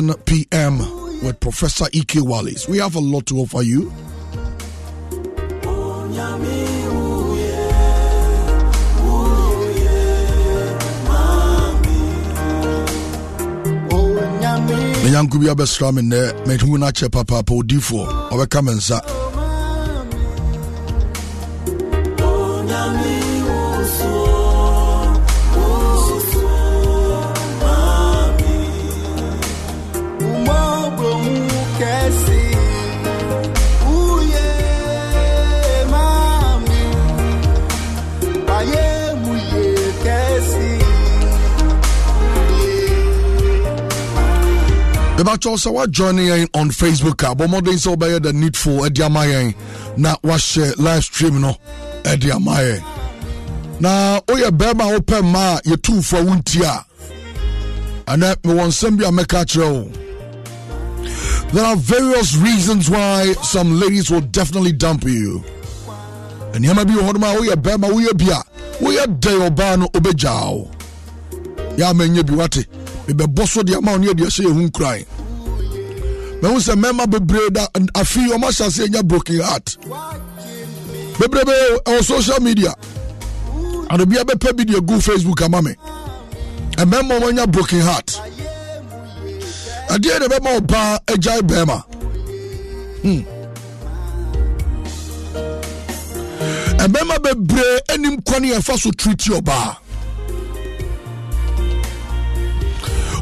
7 p.m. with Professor E.K. Wallace. We have a lot to offer you. ne yanko bi abɛsra me nnɛ mahu no akyɛ papaapa odifoɔ ɔbɛka me nsa Oh, oh mebakyɛw sɛ woajoine yɛn on facebook a ah, bɔmmɔden sɛ wobɛyɛ the needful adi ama yɛn na wahyɛ eh, live stream no adi ama yɛn na woyɛ oh, bɛrima ah. eh, a wopɛ mma a yɛtumfo a wonti a ɛnɛ mewɔ nsɛm bi a There are various reasons why some ladies will definitely dump you. And you might be one of my way, Bama, we are Bia, we are Dale Bano Obejao. Yamen Yabuati. Eh? mebɛbɔ so deɛ ma wo ne adeɛ sɛ yɛhu nkuran mahu sɛ mmarima bebree da afei ɔma hyɛ sɛ ɛnya broken heart bebrebee ɛwɔ social media adobia bɛpɛ bi deɛ gu facebook ama me mmarima ɔmanya broken heart adeɛ de bɛma ɔbaa agyae bɛrima hmm. mmarima bebree anim kwane ɛfa so triti ɔbaa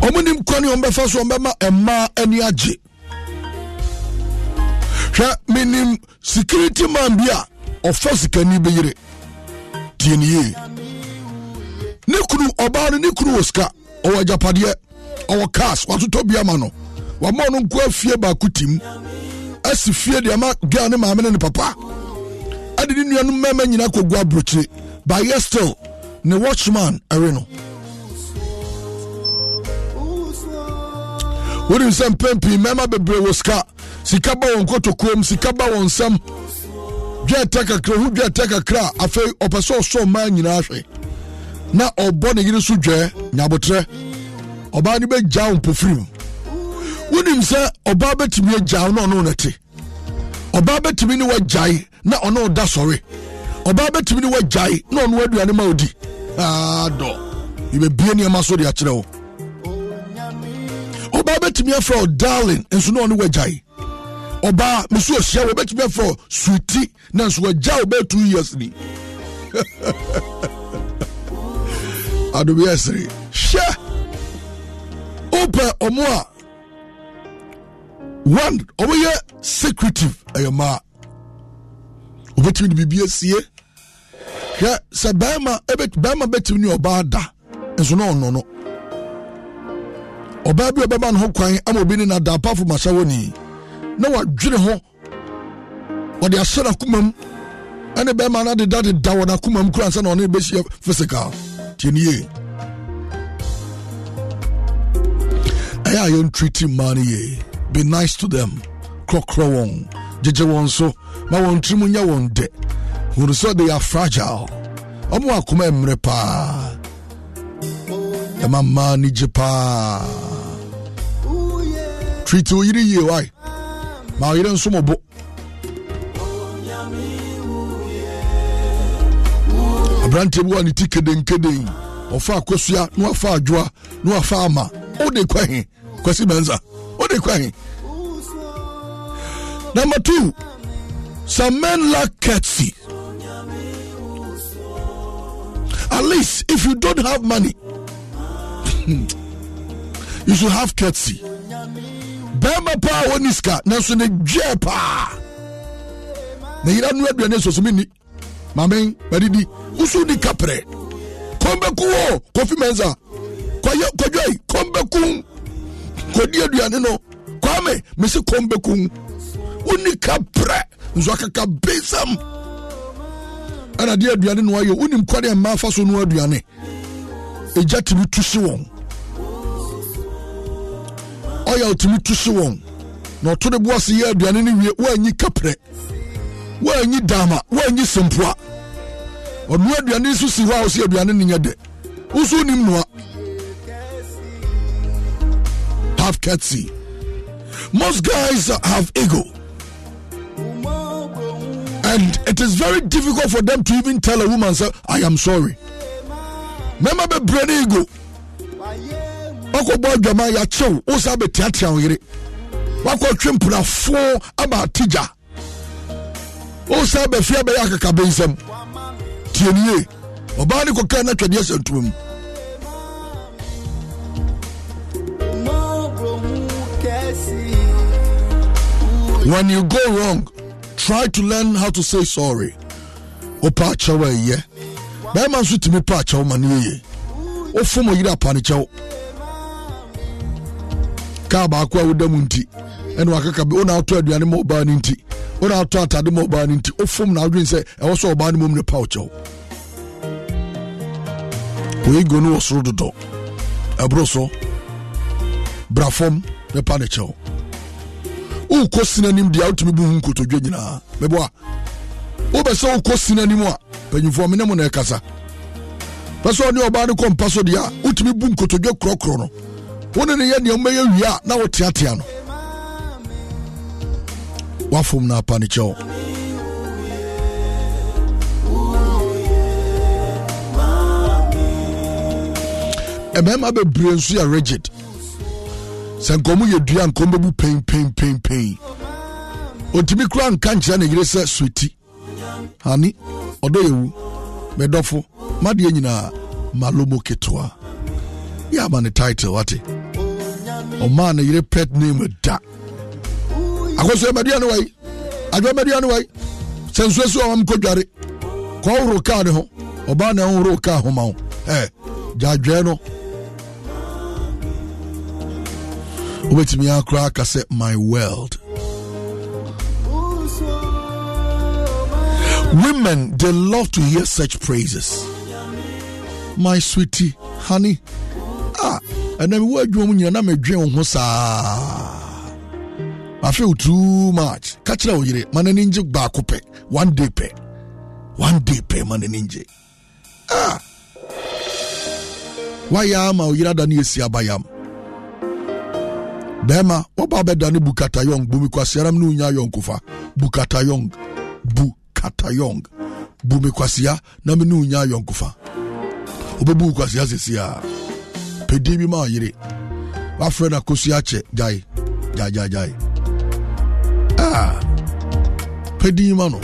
ɔmo nim kwane ɔmo bɛfa so ɔmo bɛma mmaa ani agye hwɛ menim security man bi a ɔfa sikani bɛyere tie ne yie ne kunu ɔbaa no ne kunu wɔ sika ɔwɔ agyapadeɛ ɔwɔ cars watotɔ bi ama no wama ɔno nko afie baako tim asi fie deɛ ma girl ne maame ne ne papa ɛde ne nuanom mmarima nyinaa kɔgu aburokyire bayɛ still ne watchman ɛre no wonim sɛ pempi pii mmarima bebree wɔ sika sika ba wɔn nkotokuom sika ba wɔn nsam dwɛɛtɛ kakra ho dwɛɛtɛ kakra a afei ɔpɛ sɛ ɔsɔ mmaa nyinaa hwɛ na ɔbɔ ne yere so dwɛɛ nyabotrɛ ɔbaa no bɛgya wo mpofirim wonim sɛ ɔbaa bɛtumi agyaw na ɔno nɛte ɔbaa bɛtumi ne wagyae na ɔno da sɔre ɔbaa bɛtumi ne wagyae na ɔno aduane ma odi adɔ yɛbɛbie nneɛma so de akyerɛ wo ɔbaa bɛtumi afrɛ o darling nso na ɔne wagyae ɔbaa mesu ɔhyia wɔ bɛtumi afrɛ o suti na nso wagya ɔbaa two years ni adomi ɛsere hyɛ wopɛ ɔmo a one ɔmo yɛ secretive ɛyɛ maa obɛtumi de biribi asie hwɛ sɛ bɛrima bɛtumi ne ɔbaa da nso na ɔno no ɔbaa bi ɔbɛma ne ho kwan ama obi ne na daapafo masa wɔ ni na wadwene ho wɔde ahyɛ n'akoma mu ɛne bɛrima no adeda deda wɔ n'akoma mu kura nsa na ɔne bɛhyia physical tie ne yie ɛyɛ a yɛntriti mmaa no yie be nice to them korɔkorɔ wɔn gyegye wɔn so ma wɔn tirim nyɛ wɔn dɛ wɔn sɛ they are fragile ɔmo akoma mmerɛ paa ɛma mmaa no gye paa treat wo yere yie wae ma wo yere nso mɔbo aberanteɛ bi wa ne ti kedenkeden ɔfa akosua na wafa adwoa wafa ama wode kɔ he kwasi bɛnsa wode kɔ he number two some men lack courtesy at least if you don't have money you should have courtesy bɛrima paa wɔ ne sika nanso ne dwɛɛ paa na yera no aduane sosome ni mame madidi woso di kaprɛ kɔmbɛku wɔ kofi mensa kɔdwai kɔmbɛku kɔdi aduane no kwame mese kɔmbɛku woni kaprɛ nso akaka besam ɛna deɛ aduane no ayɛ wonim kɔne ɛma fa so no aduane ɛgya tibi tu se ɔyɛ ɔtumi tu wɔn na ɔto de boase yɛ aduane no wie woanyi kaprɛ woanyi dama woanyi sempoa ɔnoa aduane nso si hɔ a ɔsi aduane no nyɛ dɛ woso nim noa have courtesy most guys have ego and it is very difficult for them to even tell a woman say i am sorry mɛma bɛbrɛ ne ego wakɔbɔ adwama yɛakyew wo sa bɛtiatia wo yere wakɔtwe mpunafo aba atigya wo bɛfie bɛyɛ akakabɛ nsɛm tienie ɔbaa ne kɔka na twɛdeɛ sɛ mu When you go wrong, try to learn how to say sorry. Opa akyɛw ye, bɛrima nso tumi pa akyɛw maniye ne yeye ofom yiri apanikyɛw kaa baako a woda mu nti ɛna wakaka bi wona atɔ aduane ma ɔbaa no nti wona atɔ atade ma ɔbaa no nti wofom na adwene sɛ ɛwɔ sɛ ɔbaa no mom ne pa wo kyɛw poigo no wɔ soro dodɔ ɛboro so bra fam ne pa ne kyɛw wokɔ sina nim deɛ wotumi bu hu nkotodwe nyinaa meboa wobɛ sɛ wokɔ sina nim a panyimfoɔ mene mo na ɛkasa pɛ sɛ ɔne ɔbaa no kɔ mpa so deɛ a bu nkotodwe korɔkorɔ no wone ne yɛ nea womɛyɛ wie a na woteatea no wafom no apa no kyɛ wo mmarima bebree nso yɛ rigid sɛ nkɔmmu yɛ dua nkɔm bɛbu pɛn pɛn pain pain otumi kura nka nkyerɛ ne yere sɛ sweti ani ɔdɔ yɛ wu mɛdɔfo madeɛ nyinaa malomo ketewa yɛ ama ne title wate ɔmaa ne yere pet name da akɔso ɛmadua ne wai adwa madua ne wai sɛ nsuo si ɔma mkɔdware kɔhoro kaa ne ho ɔbaa na ɛhohoro kaa ho ma wo no wobɛtumi akora aka sɛ my world women they love to hear such praises my sweetie honey ah ɛnna mi wɔ adwuma mu nyina na mi dwe ho saa afei too much ka kyerɛ o yere ma n'ani ngye baako pɛ one day pɛ one day pɛ ma n'ani ngye ah wayɛ ama o yere ada ne esi aba yam bɛrima wɔba bɛda ne bukatayong bumikwasiara mu ne onya yɔnkofa bukatayong bukatayong bumikwasiya na mu ne onya yɔnkofa obɛbu kwasiya sesiaa pɛdin bi ma yere wafrɛ no akosi akyɛ gyae gyaegyagyae a ah, pɛdin ma no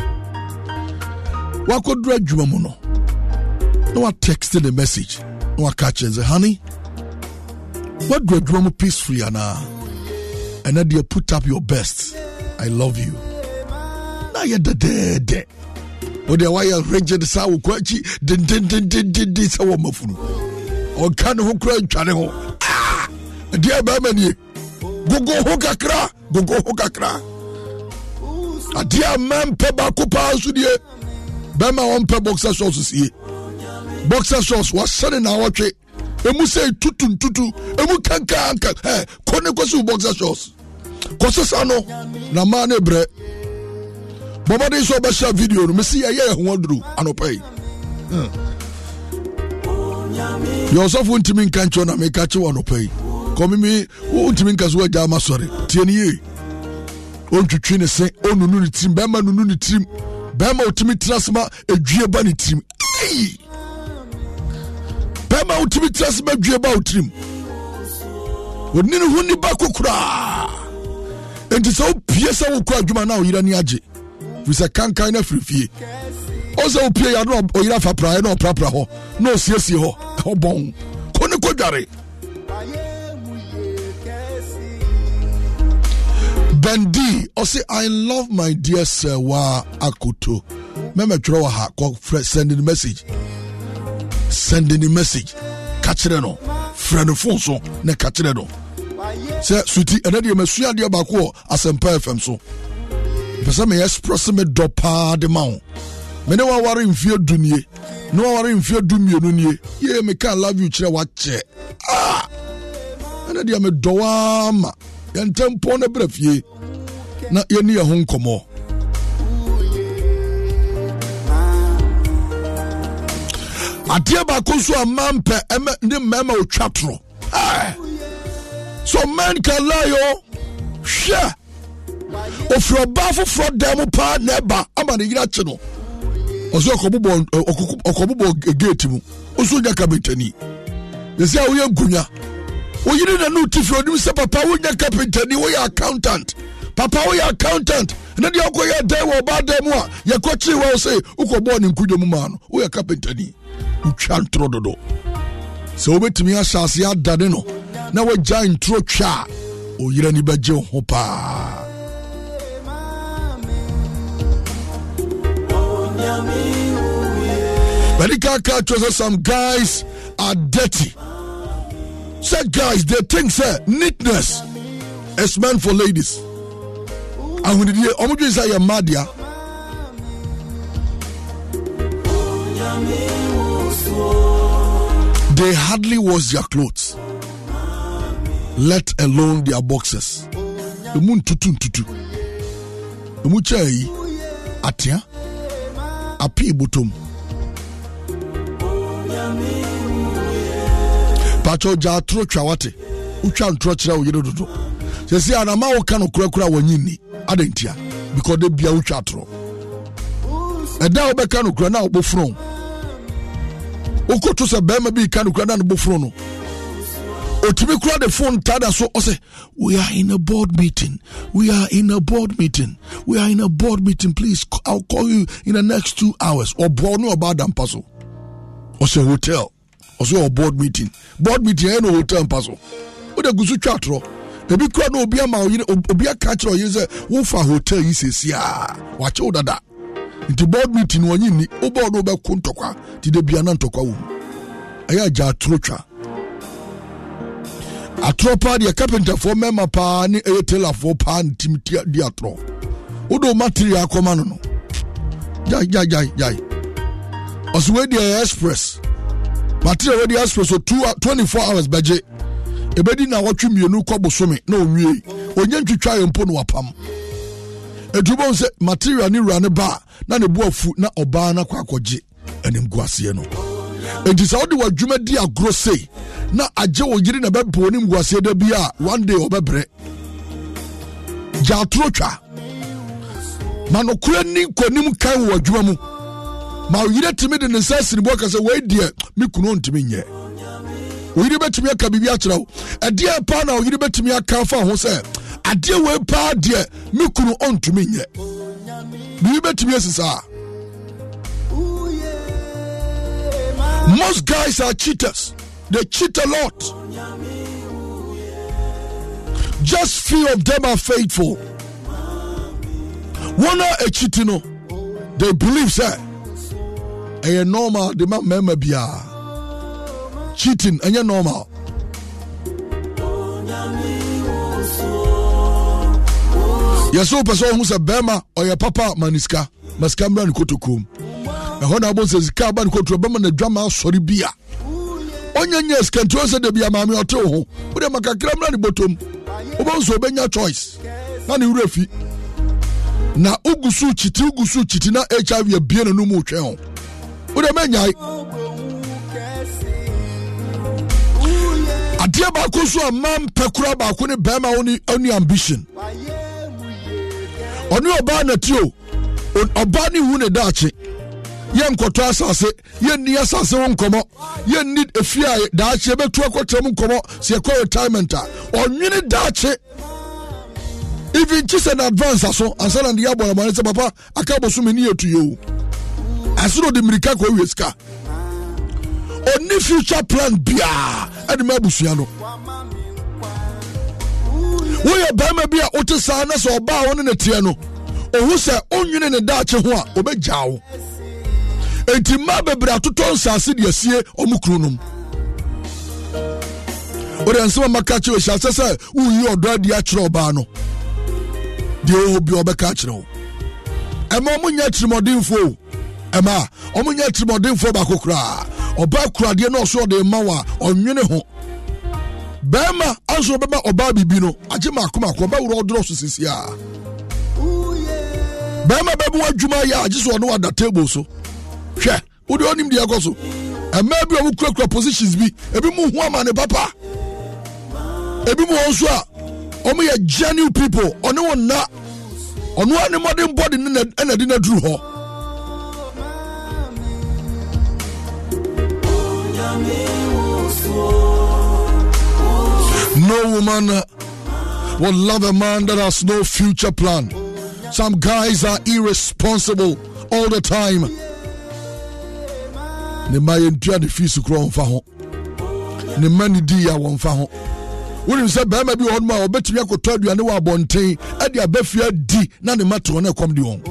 wakɔduru adwuma mu no na watext the message na waka kyerɛ sɛ hane waduru adwuma mu peacefully anaa ɛnɛ deɛ put up your best i love you na yɛ dɛdɛɛdɛ wo deɛ woayɛ regye de saa wokɔ akyi dendendendenden sɛ wɔ mafunu ɔnka ne ho kora ntwane ho ah! deɛ bɛrima nie gogo ho kakra gogo ho kakra adeɛ a mɛmpɛ baako paa so die bɛrima wɔmpɛ boxer shorts sie boxer shorts wɔahyɛ ne naawɔtwe ɛmu sɛ tutu ntutu ɛmu kankanka ɛ kɔ ne kɔsi wo boxer shorts kɔsesa no na maa ne brɛ bɔmɔden sɛ ɔbɛhyɛ video no mesi yɛyɛ yɛ ho yi hmm yɛ ɔsɔfo ntumi nka nkyɛw na meka kye wɔ nɔpa yi kɔmimi wontumi nka so woagya ama sɔre tie ne yie ɔntwitwi ne se ɔnunu ne tirim bɛrima nunu ne tirim bɛrima ɔtumi tena se ma adwie ba ne tirim ei bɛrima wotumi tena se ma adwie ba wo tirim ɔni ne ho ni ba kokoraa enti sɛ wopie sɛ wokɔ adwuma na woyera ni agye firi sɛ kankan no afiri fie ɔsɛ opie ya na ɔyera fa praeɛ na ɔprapra hɔ na ɔsiesie hɔ ɔbɔn kɔ ne kɔdware Ben D ɔsɛ I love my dear sir wa akoto mɛmɛtwerɛ wɔ ha kɔ frɛ sending message sending message ka kyerɛ no frɛ no so ne ka kyerɛ no sɛ suti ɛnɛ deɛ masua adeɛ baako wɔ asɛmpa fm so pɛ sɛ express me dɔ paa de ma wo mene waware mfie du nie ne waware mfie du mmienu nie ye meka love you kyerɛ wakyɛ a ah! ɛne deɛ medɔw a ma yɛntɛm pɔn no brɛ fie na yɛni yɛ ho nkɔmmɔ adeɛ baako so a ma mpɛ ne mmarima otwa torɔ ah! so man can lie o hwɛ ofiri ɔbaa foforɔ dan mu paa na ɛba ama ne yere akye no ɔsɛ ɔkɔbobɔ gate mu woso nya kapentani ɛsɛ a woyɛ nkonya woyere na no tifiri onim sɛ papa wonya kapentani woyɛ accountant papa woyɛ accountant ɛna deɛ wokɔyɛ dan wɔ ɔba dan mu a yɛkɔkyere wɔ sɛ wokɔbɔɔ ne nkonya mu maa no woyɛ kapentani wotwa ntorɔ dodo sɛ wobɛtumi ahyɛ aseɛ adane no na woagya nturo twa a oyera ni bɛgye wo ho paa medical culture says some guys are dirty. Say guys, they think say neatness is meant for ladies. And when they omu do say madia. They hardly wash their clothes, let alone their boxes. The moon tutun tutu. The mucha atia api butum patro gya atoro twa wate wotwa ntorɔ kyerɛ dodo sɛsi anama woka no korakora wɔnyi ni ade ntia because de bia wotwa atorɔ ɛda wobɛka no kora na wobɔforo wokɔto sɛ bɛrima bi ka no kora na no bɔforo no otumi kura de phone tada so ose. we are in a board meeting we are in a board meeting we are in a board meeting please i'll call you in the next two hours ɔboɔ ne ɔba adampa so ɔsɛ hotel ɔsɛ ɔwɔ board meeting board meeting ɛyɛ eh, no hotel mpa so wode gu so twa atorɔ ebi kura na obi ama oyere obi aka kyerɛ oyere sɛ wofa hotel yi sesi aa dada nti board meeting wɔnyi ni wo board wo bɛko ntɔkwa ti de bia na ntɔkwa wɔ mu ɛyɛ agya atoro twa atorɔ paa deɛ kapentafoɔ mɛma paa ne ɛyɛ telafoɔ paa ne tim di atorɔ wode wo material akɔma no no gyae gyae gyae gyae ɔsɛ wei deɛ express material wei deɛ express so two uh, twenty four hours bɛgye ebedi na wɔtwe mmienu kɔ bosome na owie onye ntwitwa yɛ mpo na wapam edubo nsɛ material ne wura ne ba na ne bu afu na ɔbaa na kɔ akɔgye ɛne nkuaseɛ no nti sɛ wode w'adwuma di agorɔ sei na agye wo yere na bɛbɛ wo ne nkuaseɛ da bi a one day ɔbɛbrɛ gyaatoro twa ma nokora ni nkɔnim kan wɔ adwuma mu ma oyere tumi de ne nsa sinibu aka sɛ wei deɛ me kunu ntumi nyɛ oyere bɛtumi aka biribi akyerɛ wo ɛdeɛ paa na oyere bɛtumi aka fa ho sɛ adeɛ wei paa deɛ me kunu ɔntumi nyɛ biribi bɛtumi asi saa most guys are cheaters they cheat a lot just few of them are faithful wɔn a ɛkyiti no they believe sɛ ɛyɛ normal de ma mmarima biara cheating ɛnyɛ normal yɛsɛ wopɛ sɛ wohu sɛ bɛrima ɔyɛ papa ma ne sika ma sika mmra ne kotokom ɛhɔ na wobɛhu sɛ sika aba ne kotokuo bɛma nadwama asɔre bia ɔnyɛ nyɛ sikantio sɛ da bia maame ɔte wo ho wode ma kakra mmra ne bɔtom wobɛhu sɛ wobɛnya choice na ne werɛ fi na wogu so kyiti wogu so kyiti na hiv abie no no mu wotwɛn ho wode mɛnyae adeɛ baako so a ma mpɛ kora baako ne bɛrima wo ne ambition ɔne ɔbaa nati o ɔbaa ne hu ne daakye yɛnkɔtɔ asase yɛnni asase ho nkɔmmɔ yɛnni efie a daakye yɛbɛtu akɔtɛm nkɔmmɔ sɛ yɛkɔ retirement a ɔnwene daakye even kyesɛ no advance aso ansa na ne yɛabɔ namane sɛ papa aka bɔsome ne yɛtu yɛ o ɛsoro de mmirika kɔ wie sika oni future plan biara ɛde ma abusua no woyɛ barima bi a wote saa na sɛ ɔbaa wo ne ne no ohu sɛ onwene ne daakye ho a obɛgyaa wo enti mmaa bebree atotɔ nsase de asie ɔmo kuronom wode nsɛm a maka kyerɛ hyɛ sɛ sɛ woyi ɔdɔ adi akyerɛ ɔbaa no deɛ ɔwɔ ɔbɛka akyerɛ wo ɛma ɔmo nyɛ akyirimɔdenfoɔ o ɛma a ɔmonyɛ tirimɔdenfoɔ baako koraa ɔbaa kuradeɛ na ɔso ɔde ma wo ɔnwene ho anso bɛma ɔbaa bibi no agye so a yɛ agye so so hwɛ wode ɔnim deɛ ɛkɔ so ɛmaa bi a wokurakura positions bi ebi mu hu ama ebi mu a ɔmo yɛ genuine people ɔne nna ɔno ne ɛna de na No woman uh, will love a man that has no future plan. Some guys are irresponsible all the time. ne mma yɛntua ne fii sokorɔ wɔmfa ho ne mma ne dii a wɔmfa ho wonim sɛ barima bi wɔ hɔ a wɔbɛtumi akɔtɔ aduane wɔ abɔnten ɛde abafia di na ne ma to hɔ no ɛkɔm de wɔn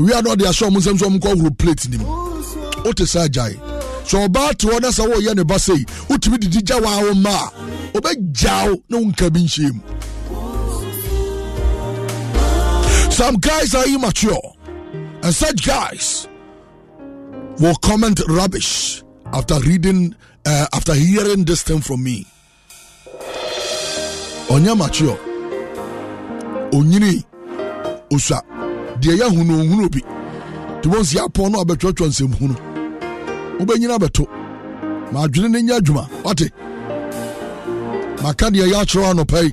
owia no ɔde ahyɛ ɔmo nsɛm sɛ ɔmo nkɔ ahoro plate nim wote saa gyae sɛ ɔbaa te hɔ na sɛ woyɛ ne ba sei wotumi didi gya waa wo ma a ɔbɛgyaw na wonka bi nhyia mu some guys are immature and such guys will comment rubbish after reading uh, after hearing this thing from me ɔnyɛ mature onyini osua deɛ yɛhunu ohunu bi tí wọn si apɔn no abɛtwɛtwɛ nsɛm hunu wobɛnyina bɛto ma adwene no nyɛ adwuma wate maka deɛ yɛ akyerɛ anɔpa yi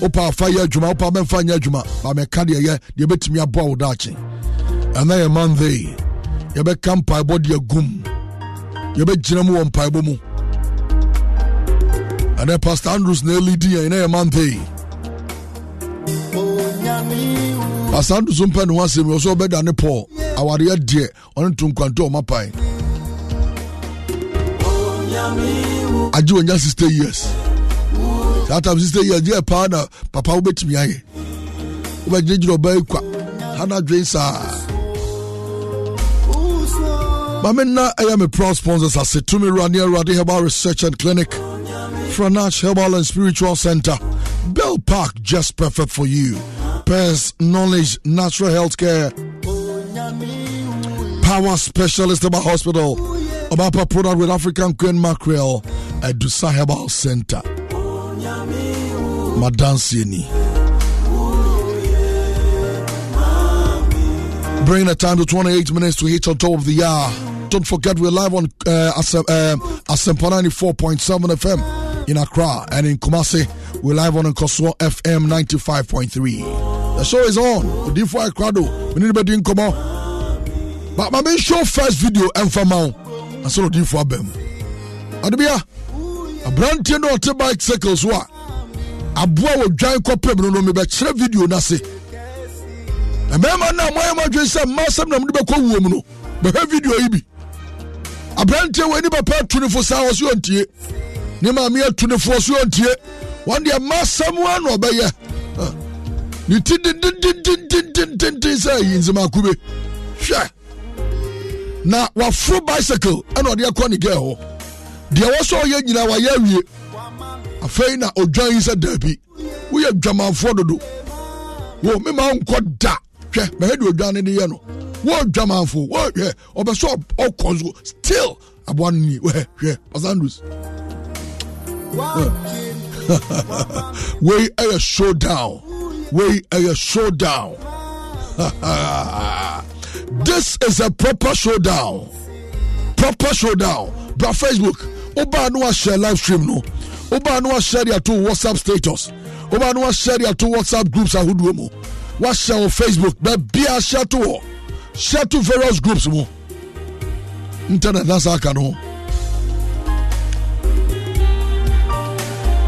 wopa afa yɛ adwuma wopa bɛmfa nyɛ adwuma ma meka deɛ yɛ deɛ bɛtumi aboa wo daakye ɛna yɛ monthey yɛbɛka mpaebɔ de agum yɛbɛgyina mu wɔ mpaebɔ mu ɛnɛ pastor andrews na ɛlidi yɛn ɛnɛ yɛ monthey pastor andrews mpɛ ne ho asɛm yɛ sɛ ɔbɛda ne pɔɔ awareɛ deɛ ɔne to ɔma pae agye wɔnya 60 years saa time 60 years deɛ paa eh? ah. na papa wobɛtumi ayɛ wobɛgyinagyina ɔbaa kwa hana dwen saa mame nna ɛyɛ me proud sponsors ase tumi wurane awurade herbal research and clinic franach herbal and spiritual center bell park just perfect for you pairs knowledge natural health care power specialist herbal hospital about Obapa product with African Queen Mackerel at Dusa Herbal Center. Madansieni. Bring the time to 28 minutes to hit on top of the hour. Don't forget we're live on uh, Asem, uh, Asempa 94.7 FM in Accra and in Kumasi. We're live on Nkoswa FM 95.3. The show is on. Odifo Akrado. We need to be doing come on. But my main show first video and for asɔrɔ odiifo aba mu adebia aberanteɛ no ɔte bike cycle so a aboa wɔ dwan kɔpem no no mebɛkyerɛ video no ase mmarima no a moayɛ mo adwene sɛ mma asɛm na mode bɛkɔ wuo mu no bɛhwɛ video yi bi aberanteɛ wɔ ani papa atu ne fo saa wɔ so ɔntie ne maame atu ne foɔ so ɔntie wɔn deɛ mma asɛm a na ɔbɛyɛ ne ti dendendendendendenden sɛ yi na waforo bicycle ɛna ɔde akɔ ne girl hɔ deɛ wɔsɔ ɔyɛ nyinaa wayɛ awie afei na odwan yi sɛ daabi woyɛ dwamanfoɔ dodo wo mema nkɔ da hwɛ mɛhɛ de odwan ne de yɛ no wo dwamanfo wo hwɛ ɔbɛ so ɔkɔ so still aboa no nie hwɛ hwɛ pasandus wei ɛyɛ showdown wei ɛyɛ showdown This is a proper showdown. Proper showdown. Bra Facebook. Oba no share live stream no. Oba no share your two WhatsApp status. Oba no share your two WhatsApp groups ahodoɔ mu. Wa share on Facebook. be a share to all. Share to various groups mu. Internet that's how ka no.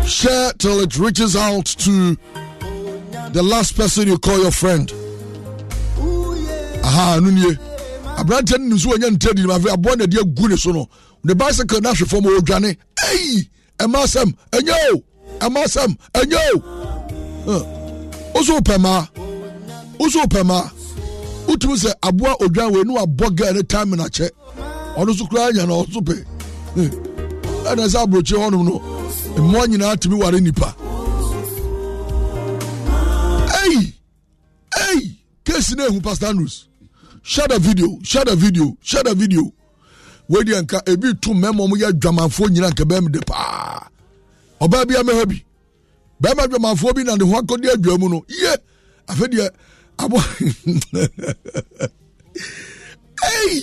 Share till it reaches out to the last person you call your friend. aha no nie aberanteɛ no nim sɛ wanya ntira dinim afei aboa na de agu ne so no ne bicycle no ahwe fam ɔdwane ei ɛma asɛm ɛnyɛ o ɛma asɛm ɛnyɛ o woso wopɛ maa woso wopɛ maa wotumi sɛ aboa odwan wei ne wabɔ gaa ne time no akyɛ ɔno so koraa nya no ɔso pɛ ɛna sɛ aborɔkyerɛ hɔnom no mmoa nyinaa tumi ware nipa ei ei kesi no ɛhu pastor andrews share the video share the video share the video wei deɛ nka ebi tu mmarima ɔmo yɛ adwamanfoɔ nyinaa nka bɛrɛ mu de paa ɔbaa bi amɛhɛ bi bɛrima adwamanfoɔ bi na ne ho akɔdi adwa mu no yie afɛ deɛ abɔ eyi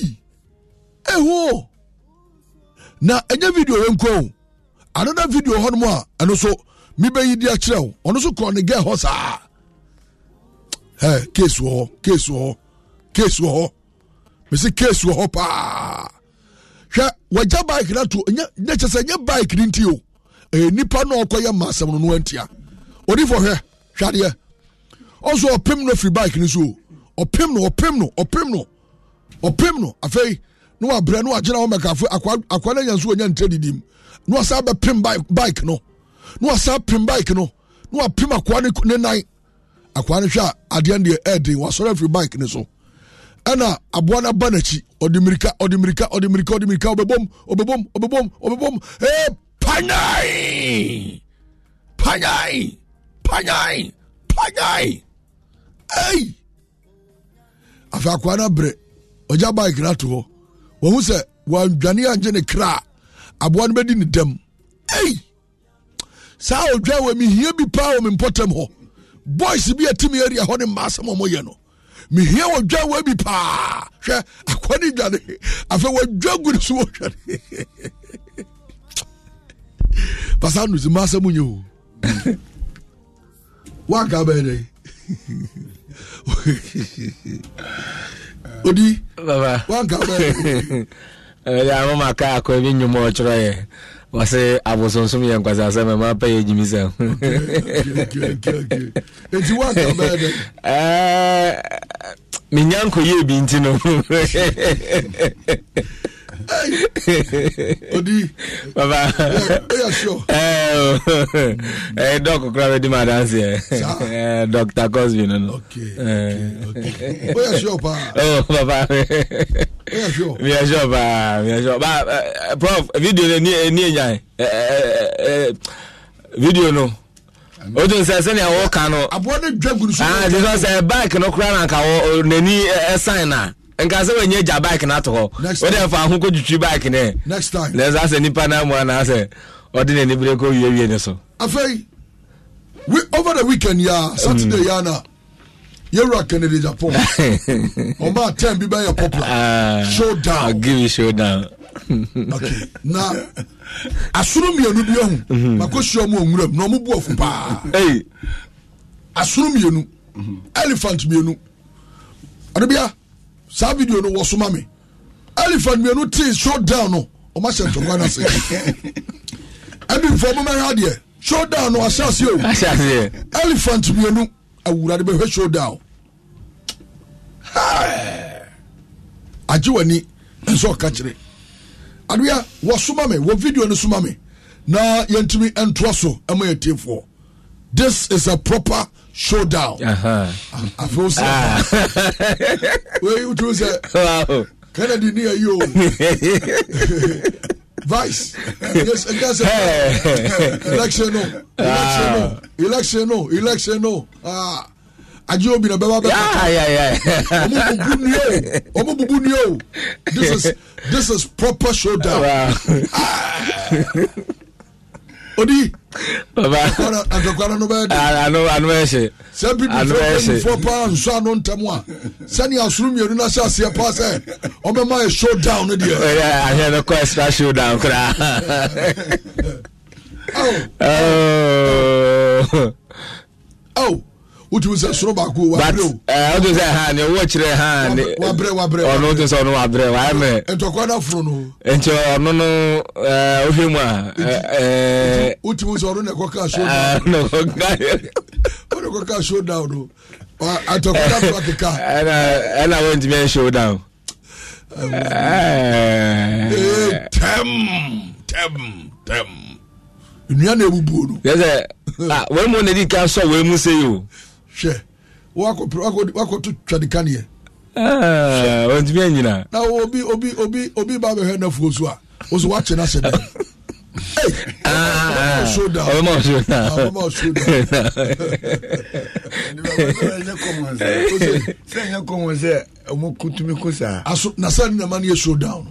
na enye video yɛ nko anoda video hɔ nom a ɛno so mebɛyi di akyerɛ wo ɔno so kɔɔ ne gɛ hɔ saa ɛ hey, case wɔ hɔ case hɔ case wɔ hɔ mesi case wɔ hɔ paa hwɛ wɔgya bike na to nye nye kyɛ sɛ nye bike ni nti o ɛyɛ nipa na ɔkɔyɛ maasɛm no no ntia odifo hwɛ hwadeɛ ɔnso ɔpem no firi bike ni so o ɔpem no ɔpem no ɔpem no ɔpem no afei ne wa brɛ ne wa gyina wɔn mɛka akwa akwa ne nya nso wɔnya ntere didim ne wa saa bɛ pem bike bike no ne wa saa pem bike no ne wa pem akwa ne ne nan akwa ne hwɛ a adeɛ deɛ ɛɛden wasɔrɔ afiri bike ni so ɛna aboa no ba n'akyi ɔde mmirika ɔde mmirika ɔde mmirika ɔde mmirika ɔbɛbom ɔbɛbom ɔbɛbom ɔbɛbom ee panyan panyan panyan panyan ei afei akoa no abrɛ ɔgya bike no ato hɔ wɔhu sɛ wandwane angye ne kra aboa no bɛdi ne dɛm ei saa odwa wɔ mehia bi paa wɔ me mpɔtam hɔ boys bi atimi aria hɔ ne mmaa sɛm ɔmɔyɛ no mehia wɔdwa wa bi paa hwɛ akɔne dwane afei wɔdwa gu ne so wɔhwɛne pasa no zima asɛm nyɛ o woanka bɛɛ dɛn odi woanka bɛɛ ɛde amamaka akɔ bi nnwuma ɔkyerɛ yɛ wɔse abosonsom yɛ nkwasa sɛ mɛma pɛ yɛ gyimi sɛm nti woaka bɛɛ dɛ eh, menya nkɔyɛ bi nti no odi baba ẹ dọkụ kura bẹ di ma dansi ẹ dọkita cosby nínú. o yà sọ paa. o baba o yà sọ. mi yà sọ paa mi yà sọ paa prof video ni ni enya ye video no. o tun sɛ sɛnea wɔka no. aboɔ ne dwa guru so. aa ah, sisan bike no kura na nka n'ani ɛsan eh, eh, na. nka sɛ wanyɛ gya bike no ato hɔ wode fa ho kɔtwitwi bike ne nɛ saa sɛ nnipa no amu anaasɛ ɔde n'ani berɛ kɔ wiewie ne so afei we, over the weekend yɛa saturday mm. yɛa no yɛwura kennedy japan ɔma ten bi bɛyɛ popular ah, showdown I'll give you showdown okay na asoro mmienu bi ahu makɔhyia mhm. mu ɔnwuram na ɔmo bu ɔfo paa asoro mmienu elephant mmienu adebia saa video no wɔ soma mi elephant mmienu ti showdown no ɔmo ahyɛ ntoma na se ɛbi nfa ɔmo mɛhɛ adeɛ showdown no ahyɛ ase o elephant mmienu awura de bɛhwɛ showdown agye w'ani nso ɔka kyerɛ adeɛ wɔ soma mi wɔ video no soma mi na yɛntumi ntoa so ɛmo yɛ tie foɔ this is a proper showdown. àfẹ́ ah, sẹ́ ah. Where you tún sẹ́ kennedy ní ẹ̀yí o vice yes ẹ gẹ́sẹ̀ election no oh. ah. election no oh. election no oh. election no ajé obi na bẹ́ẹ̀ bá bẹ́ẹ̀ kọ́ ọmọ bubu ni o ọmọ bubu ni o this is this is proper showdown odi ntɔkwara no bɛyɛ dɛ ah, sɛ bi bifɛmufoɔ paa nso ano ntam a sɛnea asoro mmienu no ahyɛ aseɛ paa sɛ ɔbɛma yɛ showdown no deɛ extra showdown koraa wotumi sɛ soro baako wabrɛ eh, wotumi sɛ ha ne wɔ kyerɛ ha wabrɛ wabrɛ ɔno wotumi sɛ ɔno wabrɛ wayɛ mɛ ntɔkwa no aforo no nti ɔno no eh, wohwɛ mu a eh, wotumi sɛ ɔno na ɛkɔka showdown ah, ɛkɔka showdown no atɔkwa no aforo akeka ɛna wɔntumi ɛ showdown tɛm tɛm tɛm nnua na ebubu o no yɛ sɛ ah, wɔn mu na edi ka sɔ wɔn se yi o. hwɛ wakɔto twa de eh, ɔntumi anyina na obi obi obi obi ba bɛhwɛ nafuo so a no ahyɛ dɛ ọmọ ọsùn náà ọmọ ọsùn náà sẹyìn kọmọ sẹ ọmọ kuntumi ko sa. aso na sani nama ni ye show down.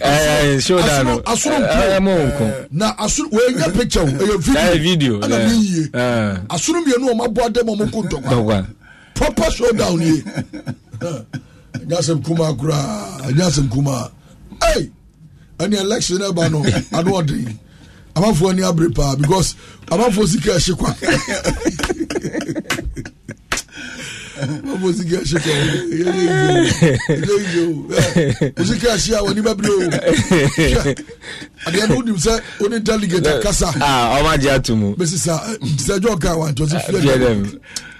ɛɛ show down no asoro nkun ɛɛ mo nkun. na asoro o ye n ye picture o ye video ɛɛ video ɛna mi ye asoro mienu o ma bɔ adé ma o ma ko ntɔkwa ntɔkwa proper show down ye. n y'a sɛ n kuma kura n y'a sɛ n kuma ɛɛ ɛne election ɛba no ano ɔden amanfoɔ ani abere paa because amanfoɔ sika ɛhye kwa amanfoɔ sika ɛhye kwa yɛyɛ o sika ɛhye a wɔn nipa bere o adeɛ no wonim sɛ wone delegate akasa ɔma ah, gye ato mu bɛsi sa sɛ dwɔ ka wantɔ se filɛ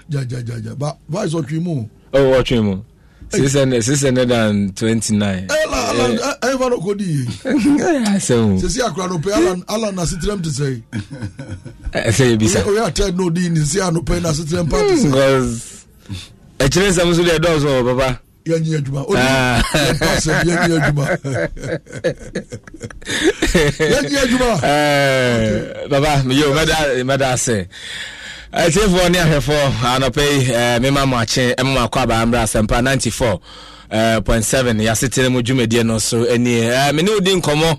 gyagyagyaja ba vice ɔtwe mu o ɔtwe mu six hundred six hundred and twenty nine. ẹ eh, la alan ẹ yẹ fa n'o ko di ye. sẹ́wọ̀n sisi akura n'o pe alan alan na sitirem ti sẹ́yìn. ẹ eh, eh, sẹ́yìn bisa. o y'a tẹ n'o di nin si a n'o pe na sitirem pa ti sẹ́yìn. because ẹ kyerẹ sàmúsù de ẹ dọ́wọ́ sọ̀rọ̀ bàbá. yẹn ni ẹjuma o ni yẹn pa sẹ yẹn ni ẹjuma yẹn ni ẹjuma. bàbá mi yóò mẹ́ta mẹ́ta sẹ́. atiefoɔ ne ahwɛfoɔ anɔpɛ yi eh, mema mo akye mma akɔ abaa mmerɛ asɛmpa 94.7 eh, yɛasetene mu dwumadie no so ani eh, mene wodi nkɔmmɔ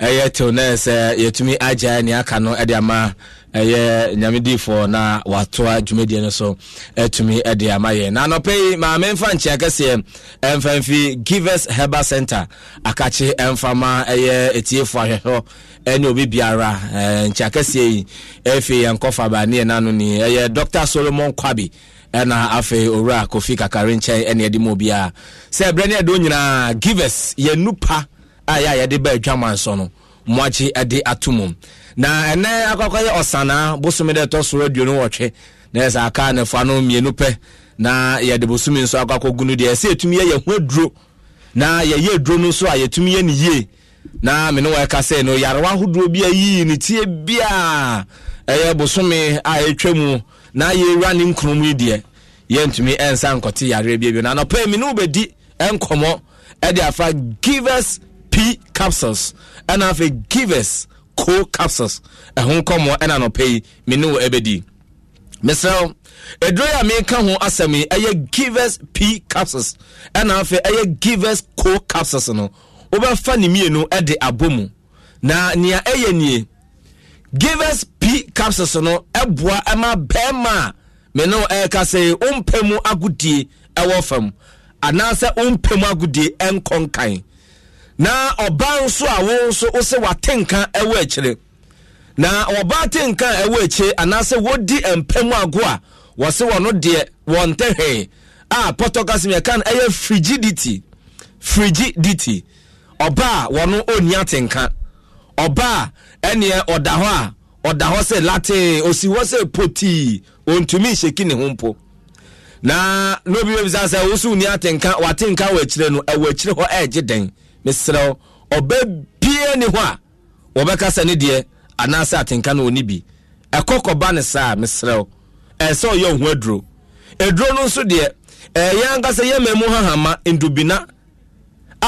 ɛyɛ tew ne sɛ yɛtumi agyae ne aka no de ama ɛyɛ nyamediifoɔ na watoa dwumadie no so atumi de ama yɛ na anɔpɛ yi maame mfa nkyea kɛseɛ ɛmfa mfi givers herba center akakye mfa ma ɛyɛ ɛtiefoɔ ahwɛhwɛ ɛne obi biara eh, nkyɛ akɛseɛ yi afei yɛnkɔfa baaneɛ no ano ni ɛyɛ dr solomon kwabi ɛna afei owura kofi kakare nkyɛn ɛne ɛde mu obiara sɛ ɛberɛ ne ɛdeɔ nyinaa givers yɛ pa a yɛ a yɛde ba adwaman nso no mmoagye ɛde ato mu na ɛnɛ akɔkɔ yɛ ɔsanaa bosome dɛ ɛtɔ soro aduonu wɔtwe na yɛ sɛ aka nefa no mmienu pɛ na yɛde bosome nso akɔkɔ gu no deɛ ɛsɛ yɛtumi yɛ yɛ ho aduro na yɛyɛ aduro no nso a yɛtumi yɛ ne yie na mene wɔɛka sɛ no yarewa ahodoɔ bi ayii ne tie bia ɛyɛ bosome a ɛtwa mu na yɛwura ne nkromu yi deɛ yɛntumi ɛnsa nkɔte yareɛ bia bi na anɔpɛ mene wobɛdi ɛnkɔmmɔ ɛde afa givers p capsules ɛna afei givers co capsules ɛho nkɔmmɔ ɛna anɔpɛ yi mene wɔ ɛbɛdi mesrɛw ɛduro yi a meka ho asɛm yi ɛyɛ givers p capsules ɛna afei ɛyɛ givers co capsules no wobɛfa ne mmienu ɛde abɔ mu na nea ɛyɛ nie givers p capsules no ɛboa ɛma bɛrima a me no ɛreka sɛ wompɛ mu agodie ɛwɔ fam anaasɛ wompɛ mu agodie ɛnkɔnkan na ɔbaa nso a wo nso wo wate nka ɛwɔ akyire na ɔbaa te nka ɛwɔ akyire anaasɛ wodi mpɛ mu ago a wɔse wɔno deɛ wɔntɛ hwee a pɔtɔkasim yɛka no ɛyɛ frigidity frigidity ɔba a wɔno ɔnni atenka ɔba a ɛneɛ ɔda hɔ a ɔda hɔ sɛ latee osi hɔ sɛ potii ɔntumi nhyɛki ne ho mpo na na obi bɛbisa sɛ woso wonni atenka watenka wɔ akyire no ɛwɔ akyire hɔ ɛregye den meserɛ ɔba bie ne hɔ a wɔbɛka sɛ ne deɛ anaasɛ atenka no ɔni bi ɛkɔ kɔba ne saa meserɛ ɛsɛ ɔyɛ ɔho aduro aduro no nso deɛ ɛyɛ ankasa yɛ mamu hahama ndubina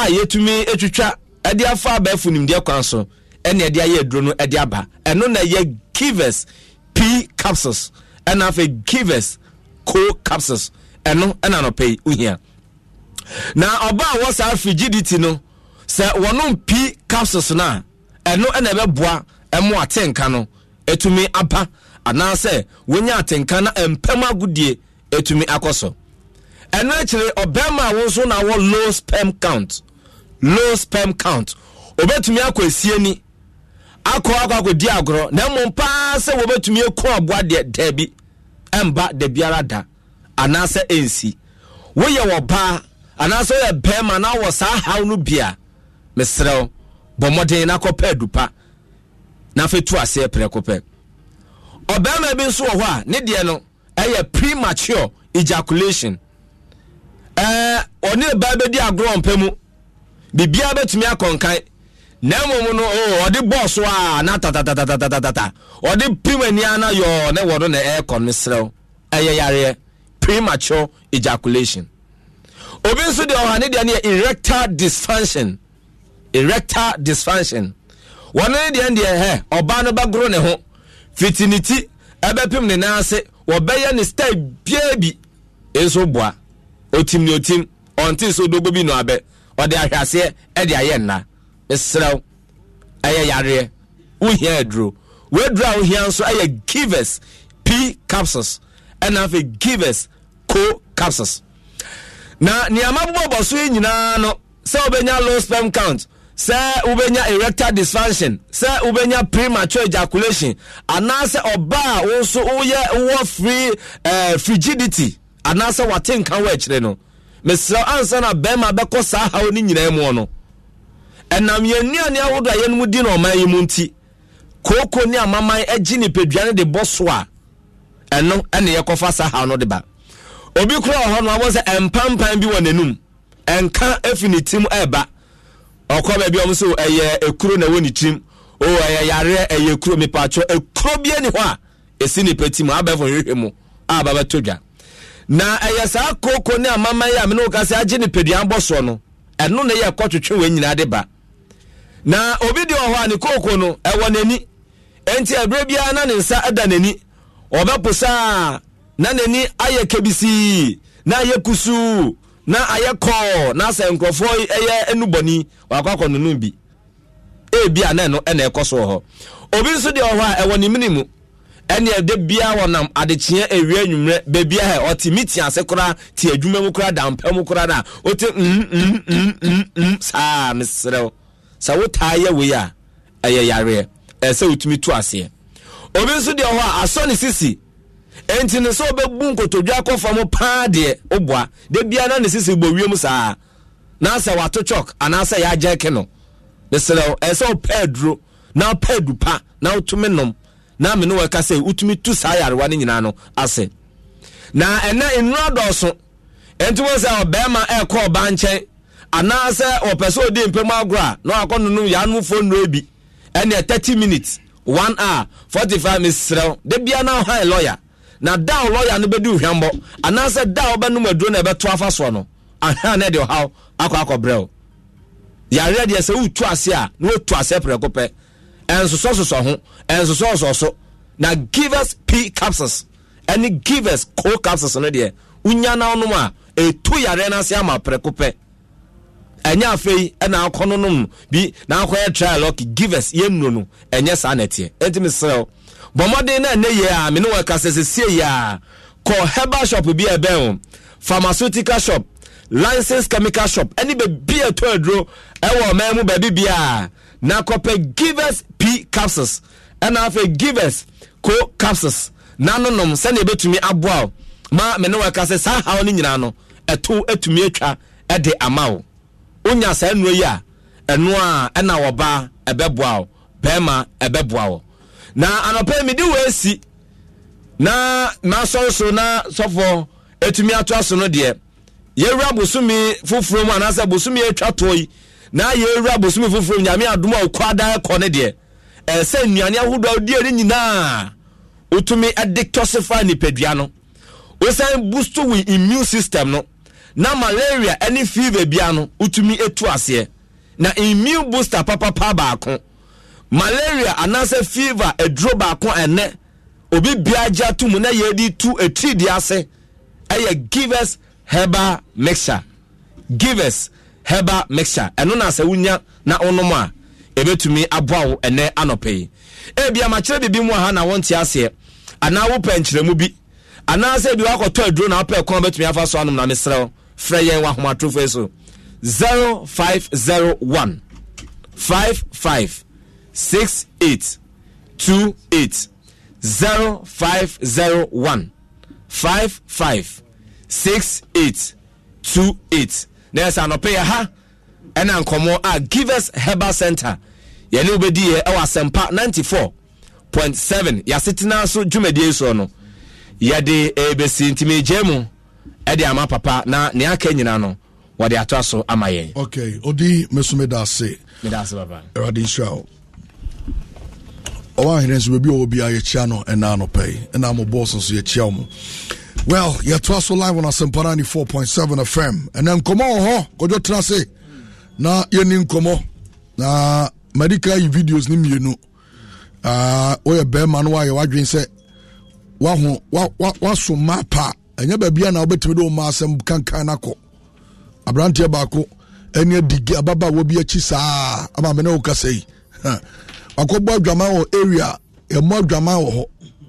a yɛtumi twitwa de afa abɛɛfo nimdeɛ kwan so ɛne ɛde ayɛ aduro no ɛde aba ɛno na ɛyɛ givers p capsules ɛna afei givers co capsules ɛno ɛna nɔpɛ yi wohia na ɔba a wɔ saa frigidity no sɛ wɔnom p capsules no a ɛno ɛna ɛbɛboa ɛmo atenka no ɛtumi aba anaasɛ wonya atenka na mpɛm agodie ɛtumi akɔ so ɛno akyiri ɔbɛrima a wo nso na wɔ low sperm count low sperm count obetumi akɔ esie ni akɔ akɔ akɔ di agorɔ na mmom paa sɛ wobetumi ekɔ aboa deɛ dɛbi ɛmba dɛbiara da anaasɛ ensi woyɛ wɔ baa anaasɛ woyɛ bɛrima na wɔ saa haw no bia mesrɛw bɔ mmɔden na akɔ pɛ adupa na afei tu aseɛ pɛrɛko pɛ ɔbɛrima bi nso wɔ hɔ a ne deɛ no ɛyɛ premature ejaculation ɛɛ ɔne baa bɛdi agorɔ mpɛ mu biribiara bɛtumi akɔnkan na mmom no ɔde bɔɔso a na tatatatatata ɔde pim ani ana yɔɔ ne wɔdo na ɛrekɔ no serew ɛyɛ yareɛ premature ejaculation obi nso deɛ ɔhane deɛ no yɛ erectile dysfunction erectile dysfunction wɔn ne deɛ deɛ hɛ ɔbaa no bɛgoro ne ho fiti ne ti ɛbɛpem ne nan ase wɔbɛyɛ ne style bie bi nso boa otim ne otim ɔnte so dogo bi no abɛ ɔde ahwɛaseɛ ɛde ayɛ nna meserɛw ɛyɛ yareɛ wohia aduro waduro a wohia nso ɛyɛ givers p capsules ɛna afei givers co capsules na nneɛma bobɔbɔ so yi nyinaa no sɛ wobɛnya low sperm count sɛ wobɛnya erectile dysfunction sɛ wobɛnya premature ejaculation anaasɛ ɔbaa wo nso woyɛ wowɔ free uh, frigidity anaasɛ wate nka wɔ akyire no mesrɛ ansa na bɛrima bɛkɔ saa haw no nyinaa mu no ɛnam yɛn nnuane ahodoɔ a yɛnom di na ɔman yi mu nti kooko ne amaman agye de bɔ so a ɛno ɛne yɛkɔfa saa haw no de ba obi kora wɔ hɔ no abɔ sɛ bi wɔ n'anum ɛnka afi ne ɛreba ɔkɔ baabi ɔm so oh, ɛyɛ ekuro na ɛwɔ ne tirim o oh, ɛyɛ yareɛ ɛyɛ ekuro mipaatwɛ ekuro bie ni a esi nipa na ɛyɛ saa kooko ne amama yi a mene woka sɛ agye ne padua bɔ soɔ no ɛno na yɛ kɔtwetwe wei nyinaa de ba na obi deɛ ɔhɔ a ne kooko no ɛwɔ n'ani enti ɛberɛ biara na ne nsa ɛda n'ani ɔbɛpo saa na n'ani ayɛ kebisii na ayɛ kusuu na ayɛ kɔɔ na asɛ nkurɔfoɔ ɛyɛ enubɔni wakɔ akɔ nonom bi ebi a na ɛno ɛna ɛkɔ so hɔ obi nso deɛ ɔhɔ a ɛwɔ ne mene mu ɛne ɛde bia wɔnam adekyeɛ ewia anwummerɛ baabia hɛ ɔte meeting ase koraa te adwuma mu koraa dampa mu koraa na wote mm, mm, mm, saa meserɛ wo wotaa yɛ wei a ɛyɛ yareɛ ɛɛ wotumi to aseɛ obi nso deɛ hɔ a asɔ ne sisi ɛnti ne sɛ paa deɛ da bia na ne sisi bɔ wiem saa wato anaasɛ yɛagyɛ ke no aduro na adu pa na nom na amene wɔka sɛ wotumi tu saa yarewa no nyinaa no ase na ɛnɛ nnura dɔɔso ɛnti wɔn sɛ ɔbɛrima ɛrekɔ ɔbaa nkyɛn anaasɛ ɔpɛ sɛ ɔdi mpɛm agorɔ a na wakɔ nonom yanom fo nnuro bi ɛnɛ thirty minutes one hour forty five minutes serɛw de bia na ɔha lɔya na da o lɔya no bɛdi ohwɛmbɔ anaasɛ da o bɛnum aduro na ɛbɛto afa soɔ no ahɛn ne de ɔhaw akɔ akɔ brɛw yareɛ deɛ sɛ wotu ase a na wotu ase prɛko pɛ ɛnsosɔsosɔ ho ɛnsosɔsɔ so na givers p capsules ɛne givers co capsules no deɛ wonya na wonom a ɛtu yareɛ no ase ama prɛko pɛ ɛnyɛ afei ɛna akɔ no bi na akɔyɛ trial ɔke givers yɛnnuo no ɛnyɛ saa nɛteɛ ɛnti meserɛ wo bɔ mmɔden no ɛnɛ yie a mene wɔka sɛ sɛsie yie a kɔ herbal shop bi a e ɛbɛn wo pharmaceutical shop license chemical shop ɛne e e bi a ɛtɔ aduro ɛwɔ ɔman mu baabi bia a na kɔpɛ givers p capsules ɛna afei givers co capsules nanonom nonom sɛnea ebɛtumi aboa o ma mene wɔka sɛ saa haw no nyinaa no ɛto atumi atwa ɛde ama o wonya saa nnuro yi a ɛno a ɛna wɔbaa ɛbɛboa o bɛrima ɛbɛboa o na anɔpɛ mede wɔ asi na masɔre so na sɔfoɔ ɛtumi ato aso no deɛ yɛwura bosome foforɔ mu anaasɛ bosome atwa toɔ yi na yɛwura bosomi foforɔ nyame adom a wokɔ adan kɔ ne deɛ ɛɛ sɛ nnuane ahodoɔ a wodie no nyinaa wotumi de tɔsefa nipadua no wosan boost wo immune system no na malaria ne fever bia no wotumi tu aseɛ na immune booster papapa baako malaria anaasɛ fever aduro baako ɛnɛ obi bia gya to mu na yɛde tu etiri di ase ɛyɛ givers herbal mixture givers heba mixture ɛno na sɛ wonya na wonom a ɛbɛtumi aboa wo ɛnɛ anɔpɛ yi ebia makyerɛ bibi mu a ha na wɔnte aseɛ anaa wopɛ nkyerɛmu bi anaasɛ bi wakɔtɔ aduro na wopɛ kwan bɛtumi afa so anom na meserɛ frɛ yɛn wahomatorofo yi so zero one five five six eight two eight na ɛsɛ anɔpɛ yɛ ha ɛna nkɔmɔ a givers herbal center yɛne wobɛdi yɛ ɛwɔ asɛmpa 94.7 yɛasetena so dwumadie soɔ no yɛde ɛbɛsi eh, ntimi gyae mu ɛde ama papa na nea aka nyina no wɔde ato so ama yɛn ok odi mesome da ase awurade nhyira wo ɔwɔ ahene nso baabi a ɔwɔ biara yɛkyia no ɛna anɔpɛ yi ɛna mo bɔɔso nso yɛkyia wo mu well yɛtoa so live on asɛmpa 4.7 fm ɛnɛ nkɔmmɔ wɔ hɔ kɔdwo tena se na yɛni nkɔmmɔ na madika yi videos no mmienu ah, woyɛ bɛrima no woayɛ woadwen sɛ waho waso ma pa ɛnyɛ baabia na wobɛtumi de wo ma asɛm kankan no akɔ aberanteɛ baako ɛne adigi ababaawa bi akyi saa ama mene wo kasa yi wakɔbɔ adwaman wɔ area ɛmmɔ adwaman wɔ hɔ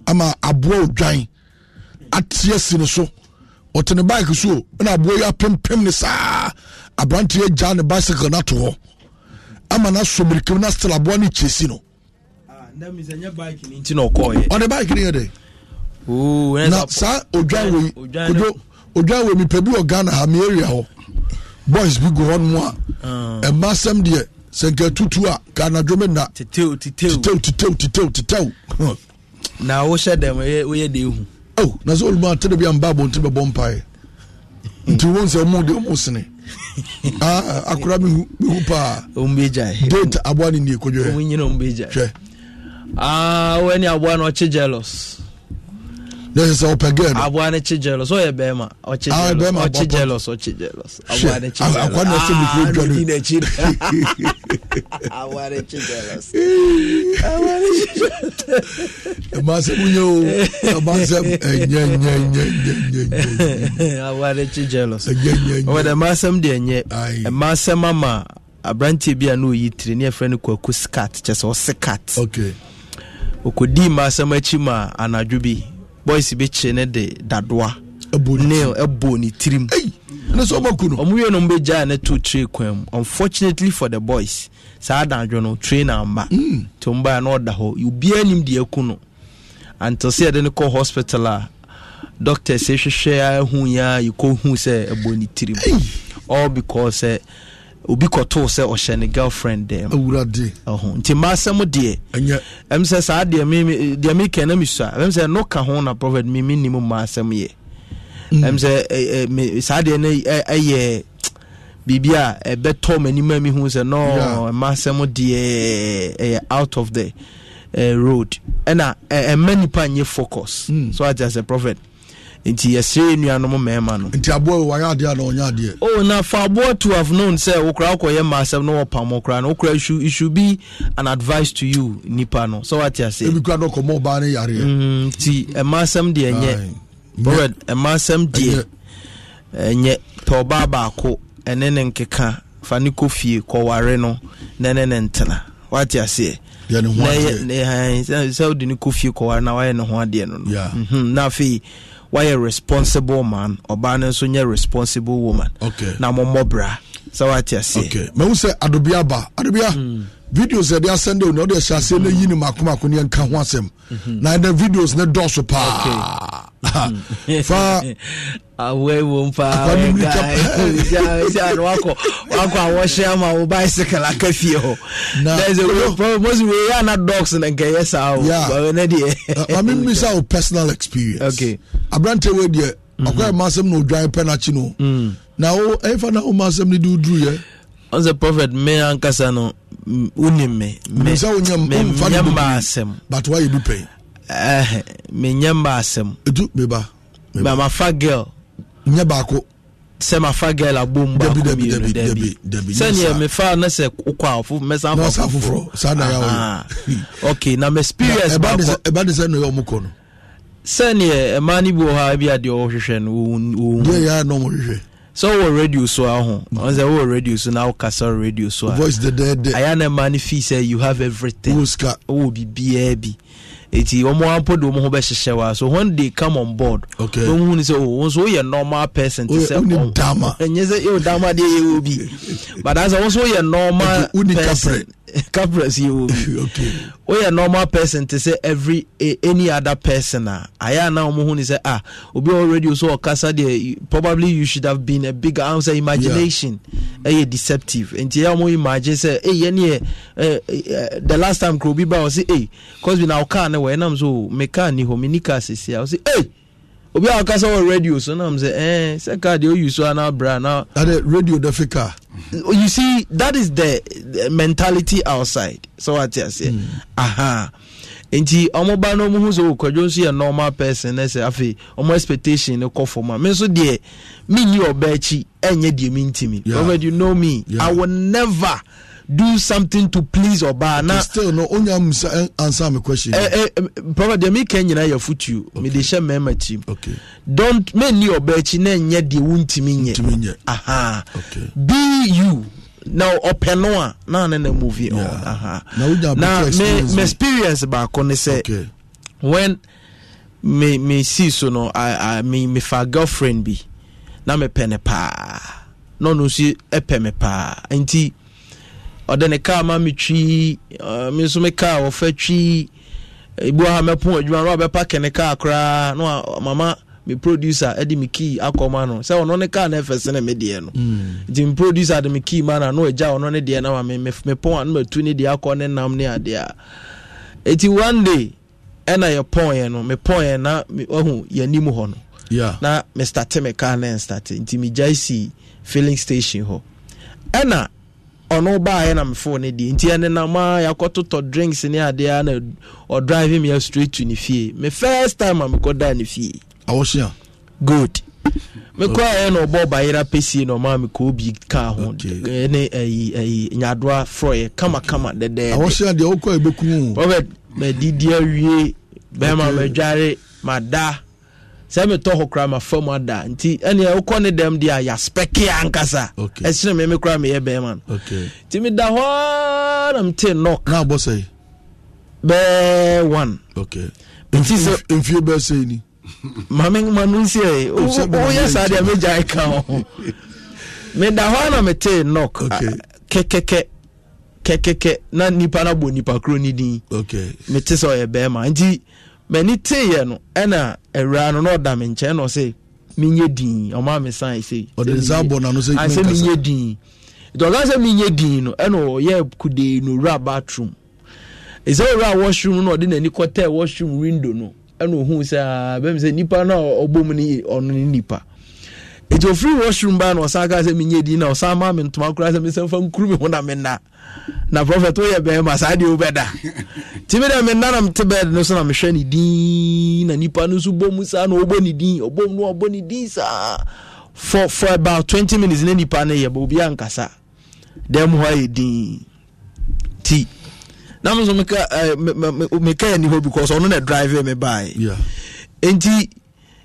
ama aboa odwan ateɛ si ne so ɔte ne bike so ɛna aboɔ yi apempem ne saa aberanteɛ gyaa ne bicycle no ato hɔ ama no asɔ ah, birikim no astel aboa no kyɛsi no ɔne bike no yɛ dɛ na saa odwan wei kodo odwan wei mepɛ bi wɔ ghana ha me hɔ boys bi gu hɔ no mu a ah. ɛma asɛm deɛ sɛ nka tutu a ka anadwo me nna titew titew titew titew na wohyɛ dɛm woyɛ de hu oh na sɛ olumu atɛnɛ bi anba abɔnten bɛ bɔ mpae nti wɔn sɛ ɔmo de ɔmo sene aa ah, ah, akora mi hu mi hu paa ɔmo bɛ gya ni nie kodwo yɛ ɔmo nyina ɔmo bɛ gya ah, jealous ne sɛ ɔpɛ girl no aboa ne kye jealous ɔyɛ bɛrima ɔkye jealous ɔkye eh, jealous ɔkye eh, jealous aboa ne kye jealous akwa na ɛsɛ bifo dwa no di n'akyi aboa ne kye jealous aboa ne kye jealous ɛma asɛm nyɛ o ɛma eh, asɛm ɛnyɛ nyɛ nyɛ nyɛ nyɛ aboa ne kye jealous ɛnyɛ nyɛ nyɛ ɔwɔde ɛma asɛm deɛ nyɛ ɛma asɛm ama aberanteɛ bi a na oyi tiri ne yɛfrɛ no kwaku scat kyɛ sɛ ɔse cat okay okodi ma asɛm akyi ma anadwo bi boys bi kye ne de dadoa nail ɛbɔ ne tirim ɔmo wie no mbɛgyaa ne to tray kwan mu unfortunately for the boys saa adadwo no tray na amba mm. nti ɔmo baa na ɔda hɔ obiara nim deɛ aku no until sɛ yɛde no kɔ hospital a doctor sɛ hwehwɛ ahu yɛ a yɛkɔ hu sɛ ɛbɔ ne tirim all because uh, obi kɔtoo sɛ ɔhyɛ ne girlfriend dɛm awurade ɛho nti maasɛm deɛ ɛnyɛ ɛm sɛ saa deɛ me deɛ mekɛ na mesua ɛm sɛ no ka ho na prophet me mennim maasɛm yɛ mm. ɛm sɛ saa deɛ no ɛyɛ biribi a ɛbɛtɔ m'anim a mehu sɛ no maasɛm deɛ ɛyɛ out of the uh, road ɛna ɛma nipa nyɛ focus mm. so agya sɛ prophet nti yɛsrɛ nnuanom mmarima no nti aboa wɔayɛ adeɛ a na o na fa aboa to have known sɛ wokora wokɔyɛ ma asɛm no wɔpam wokora no wokora isu isu bi an advice to you nipa no sɛ wate ase ebi kora dɔkɔ mɔ ɔbaa ne yareɛ mhm, nti ɛma asɛm deɛ nyɛ bɔrɛd ɛma asɛm deɛ ɛnyɛ pɛ eh, ɔbaa baako ɛne ne nkeka fa ne kɔ fie kɔware no na ne ne ntena wate aseɛ sɛ wode ne kɔ fie kɔware na wayɛ ne ho adeɛ no no mhm. na afei wayɛ responsible man ɔbaa no nso nyɛ responsible woman okay. na mommɔ bra sɛ so, wate aseɛ okay. mahu sɛ adobia aba adobia mm videos yɛde asɛn de o na ɔde ɛhyɛ aseɛ na yi ne mako mako ne yɛnka ho asɛm na ɛna videos ne dɔɔso paa fa awɔe wom paawakɔ awɔhyɛ ama wo bicycle aka fie hɔ mos wei ana dogs na nkɛyɛ saa ne deɛ uh, uh, mamemmisa wo personal experience okay. aberante wei deɛ ɔkɔ mhm. yɛ ma asɛm mm. na ɔdwan pɛ no akyi no na ɛmfa na wo asɛm no de woduruyɛ ɔsɛ prophet me ankasa no wonim me menyɛmba asɛm but woayɛ bi pɛi eh, menyɛmba asɛm ɛdu meba ba mafa girl nyɛ baako sɛ mafa girl abom baakosɛneɛ mefa no sɛ wokɔ a mɛsa foforɔ saa na yɛ ok na mexperienceɛba ne sɛ no yɛ ɔmo kɔ no sɛneɛ ɛma e no bi wɔ hɔ a bia deɛ ɔwɔhwehwɛ no wɔwudeɛ yɛa na ɔmɔhwehwɛ sɛ wowɔ radio so a ho mhm. ɔn sɛ wowɔ radio so na wokasa radio so a voice dɛdɛɛdɛ ayɛ na ma no fii sɛ you have everything wowɔ biribiaa bi eti wɔn ampo de wɔn ho bɛhyehyɛ wa so when they come on board okay wɔn mu ni sɛ o oh, nso oyɛ normal person ti sɛ ɔn ɛnyɛ sɛ ewu dama de ewu bi but as a wɔn nso oyɛ normal person capres yi wo bi woyɛ normal person to say every a, any other person a ayɛ na wɔn ho ni ah we wɔ radio so ɔkasa deɛ probably you should have been a bigger answer. imagination ɛyɛ yeah. deceptive And yɛ wɔn imagine sɛ eh yɛ ni yɛ the last time kuro bi ba wɔ si we cause bi na ɔkaa when I'm so oh, me kaa ni hɔ me ni sisi a obi a ɔkasa wɔ radio so nam sɛ ɛn eh, sɛ car deɛ oyi so ana bra na. ade radio de fi car. Mm. you see that is the, the mentality outside so wa ti ase. aha nti ɔmo ba na ɔmo ho sɛ okwadwo nso yɛ normal person na sɛ afei ɔmo expectation ne kɔ fam a me nso deɛ mi nyi ɔbɛ akyi ɛnyɛ deɛ mi ntimi. yeah. Robert you know me yeah. i will never do something to please ọba na. still no onye amusa eh, answer my question. ẹ ẹ papa deɛ mi kɛ nyinaa yɛ futu mi de hyɛ mɛɛma ti okay. don't mɛ ni ọba akyi na nyɛ deɛ wo ntumi aha okay. be you now ɔpɛ no a na ne na movie yeah. on aha Now na me me experience baako ne sɛ okay. when me me see so no i i me me fa girlfriend bi na me pɛ pa. paa na ɔno nso e pɛ me pa. nti ɔde ne kaa ma me twi me nso me kaa wɔfa twi ebi wɔ ha mɛpon adwuma no a bɛpa kɛne kaa koraa no a mama me producer ɛde me key akɔ ma no sɛ ɔno ne kaa na ɛfɛ sene me deɛ no mm. nti me producer de me key ma no a no agya ɔno ne deɛ na ma me mepɔn a no matu ne deɛ akɔ ne nam ne adeɛ a ɛti one day ɛna yɛpɔnyɛ no mepɔnyɛ na ɔhu yɛnim hɔ no na na mestate me kaa na ɛnstate nti megyae si filling station hɔ ɛna ɔno baayɛ na mefo ne deɛ nti ɛne nam a yɛakɔtotɔ drinks ne adeɛ na ɔdrive me straight to ne fie me first time a mekɔdaa ne fie awɔhyea good mekɔa ɛyɛ na ɔbɔ bayera pɛsie na ɔma mekɔɔ bi kaa ho eh, ne ayi eh, eh, nyadoa frɔyɛ kamakama dɛdɛɛawɔhyea deɛ wokɔ ɛbɛkum robert madidi awie bɛma madware mada sɛ metɔ hɔ koraa mafa mu ada nti ɛneɛ wokɔ ne dɛm deɛ a yɛaspɛke ankasa ɛkyerɛ me me koraa meyɛ bɛɛma no nti meda hɔ na mete nok bɛɛ one nti sɛ mfie ni mame ma no nsie oh, woyɛ saa deɛ megyae ka ho meda hɔ na mete nok kɛkɛkɛ kɛkɛkɛ na nipa no abɔ nipa koro ni din mete sɛ ɔyɛ bɛɛma nti m'ani teeɛ no ɛna awura no na ɔda nkyɛn na ɔsɛ menyɛ din ɔma me san ɛsɛ ɔde nsa abɔ n'ano sɛ ɛsɛ ah, minye din dɔgba sɛ menyɛ din no ɛna ɔyɛ kude no owura bathroom ɛsɛ owura washroom no ɔde n'ani kɔtɛɛ washroom window no ɛna ohun sɛ aa bɛm sɛ nipa na ɔbɔ mu n'i ɔno nipa nti ofiri washroom baa na ɔsan kaa sɛ menyɛ din na ɔsan maa me ntoma koraa sɛ mesɛ mfa nkuru me ho na menna na prɔfɛt woyɛ bɛrima saa deɛ wobɛda nti me dɛ menna na mete bɛd no so na mehwɛ ne din na nipa no nso bɔ mu saa na ɔbɔ ne din ɔbɔ mu no ɔbɔ ne din saa for for about twenty minutes ne nipa no yɛ bɔ obi ankasa dɛm hɔ ayɛ din ti na mo nso meka ɛɛ meka yɛ ni hɔ because ɔno na drive me baa yi nti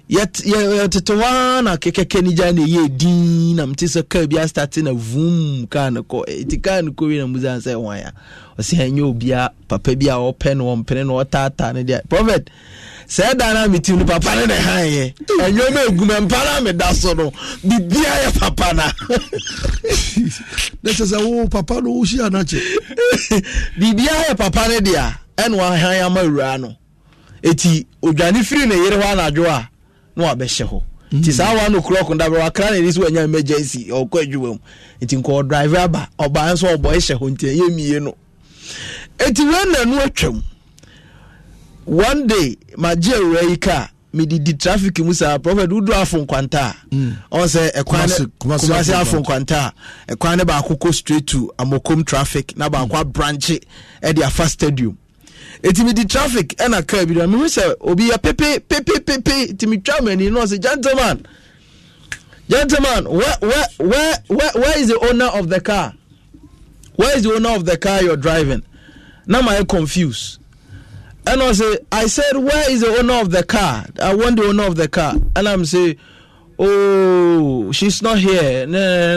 yɛtete waa na kɛkɛkɛ no gya na ɛyɛ din na mete sɛ kar bi astate na vum kar no kɔ ɛti kar no kɔwie na musan sɛ hwan a ɔsɛ ɛnyɛ obia papa bi a ɔpɛ no ɔmpene no ɔtaataa no deɛ prophet sɛ ɛda no a metim no papa no ne haeɛ ɛnwoma ɛgu m mpa no a meda so no biribia yɛ papa no na kyɛ sɛ wo papa no wohyia no akyɛ biribia yɛ papa no deɛ a ɛne wahan ama awuraa no ɛti odwane firi ne yere hɔ anadwo a na wabɛhyɛ hɔ mhm. nti saa one o'clock ndabere wakra na edisi wanya emergency ɔkɔ adwuma mu nti nkɔ ɔdraive aba ɔbaa nso ɔbɔ ɛhyɛ hɔ nti ɛyɛ mie no eti wɛn na nu atwam one day ma gye ewura yi kaa medidi traffic mu saa prophet wodu afo nkwanta a mm. ɔn sɛ ɛkwan kumasi afo nkwanta a ɛkwan ne baako kɔ straight to amokom traffic na baako abranche ɛde afa stadium ɛtumi di traffic ɛna eh, kaa bi do mehu sɛ obi yɛ pepe pepe pepe tumi twa mani no ɔsɛ gentleman gentleman where, where, where, where, where is the owner of the car where is the owner of the car you're driving now am i confused and i say i said where is the owner of the car i want the owner of the car and i'm say oh she's not here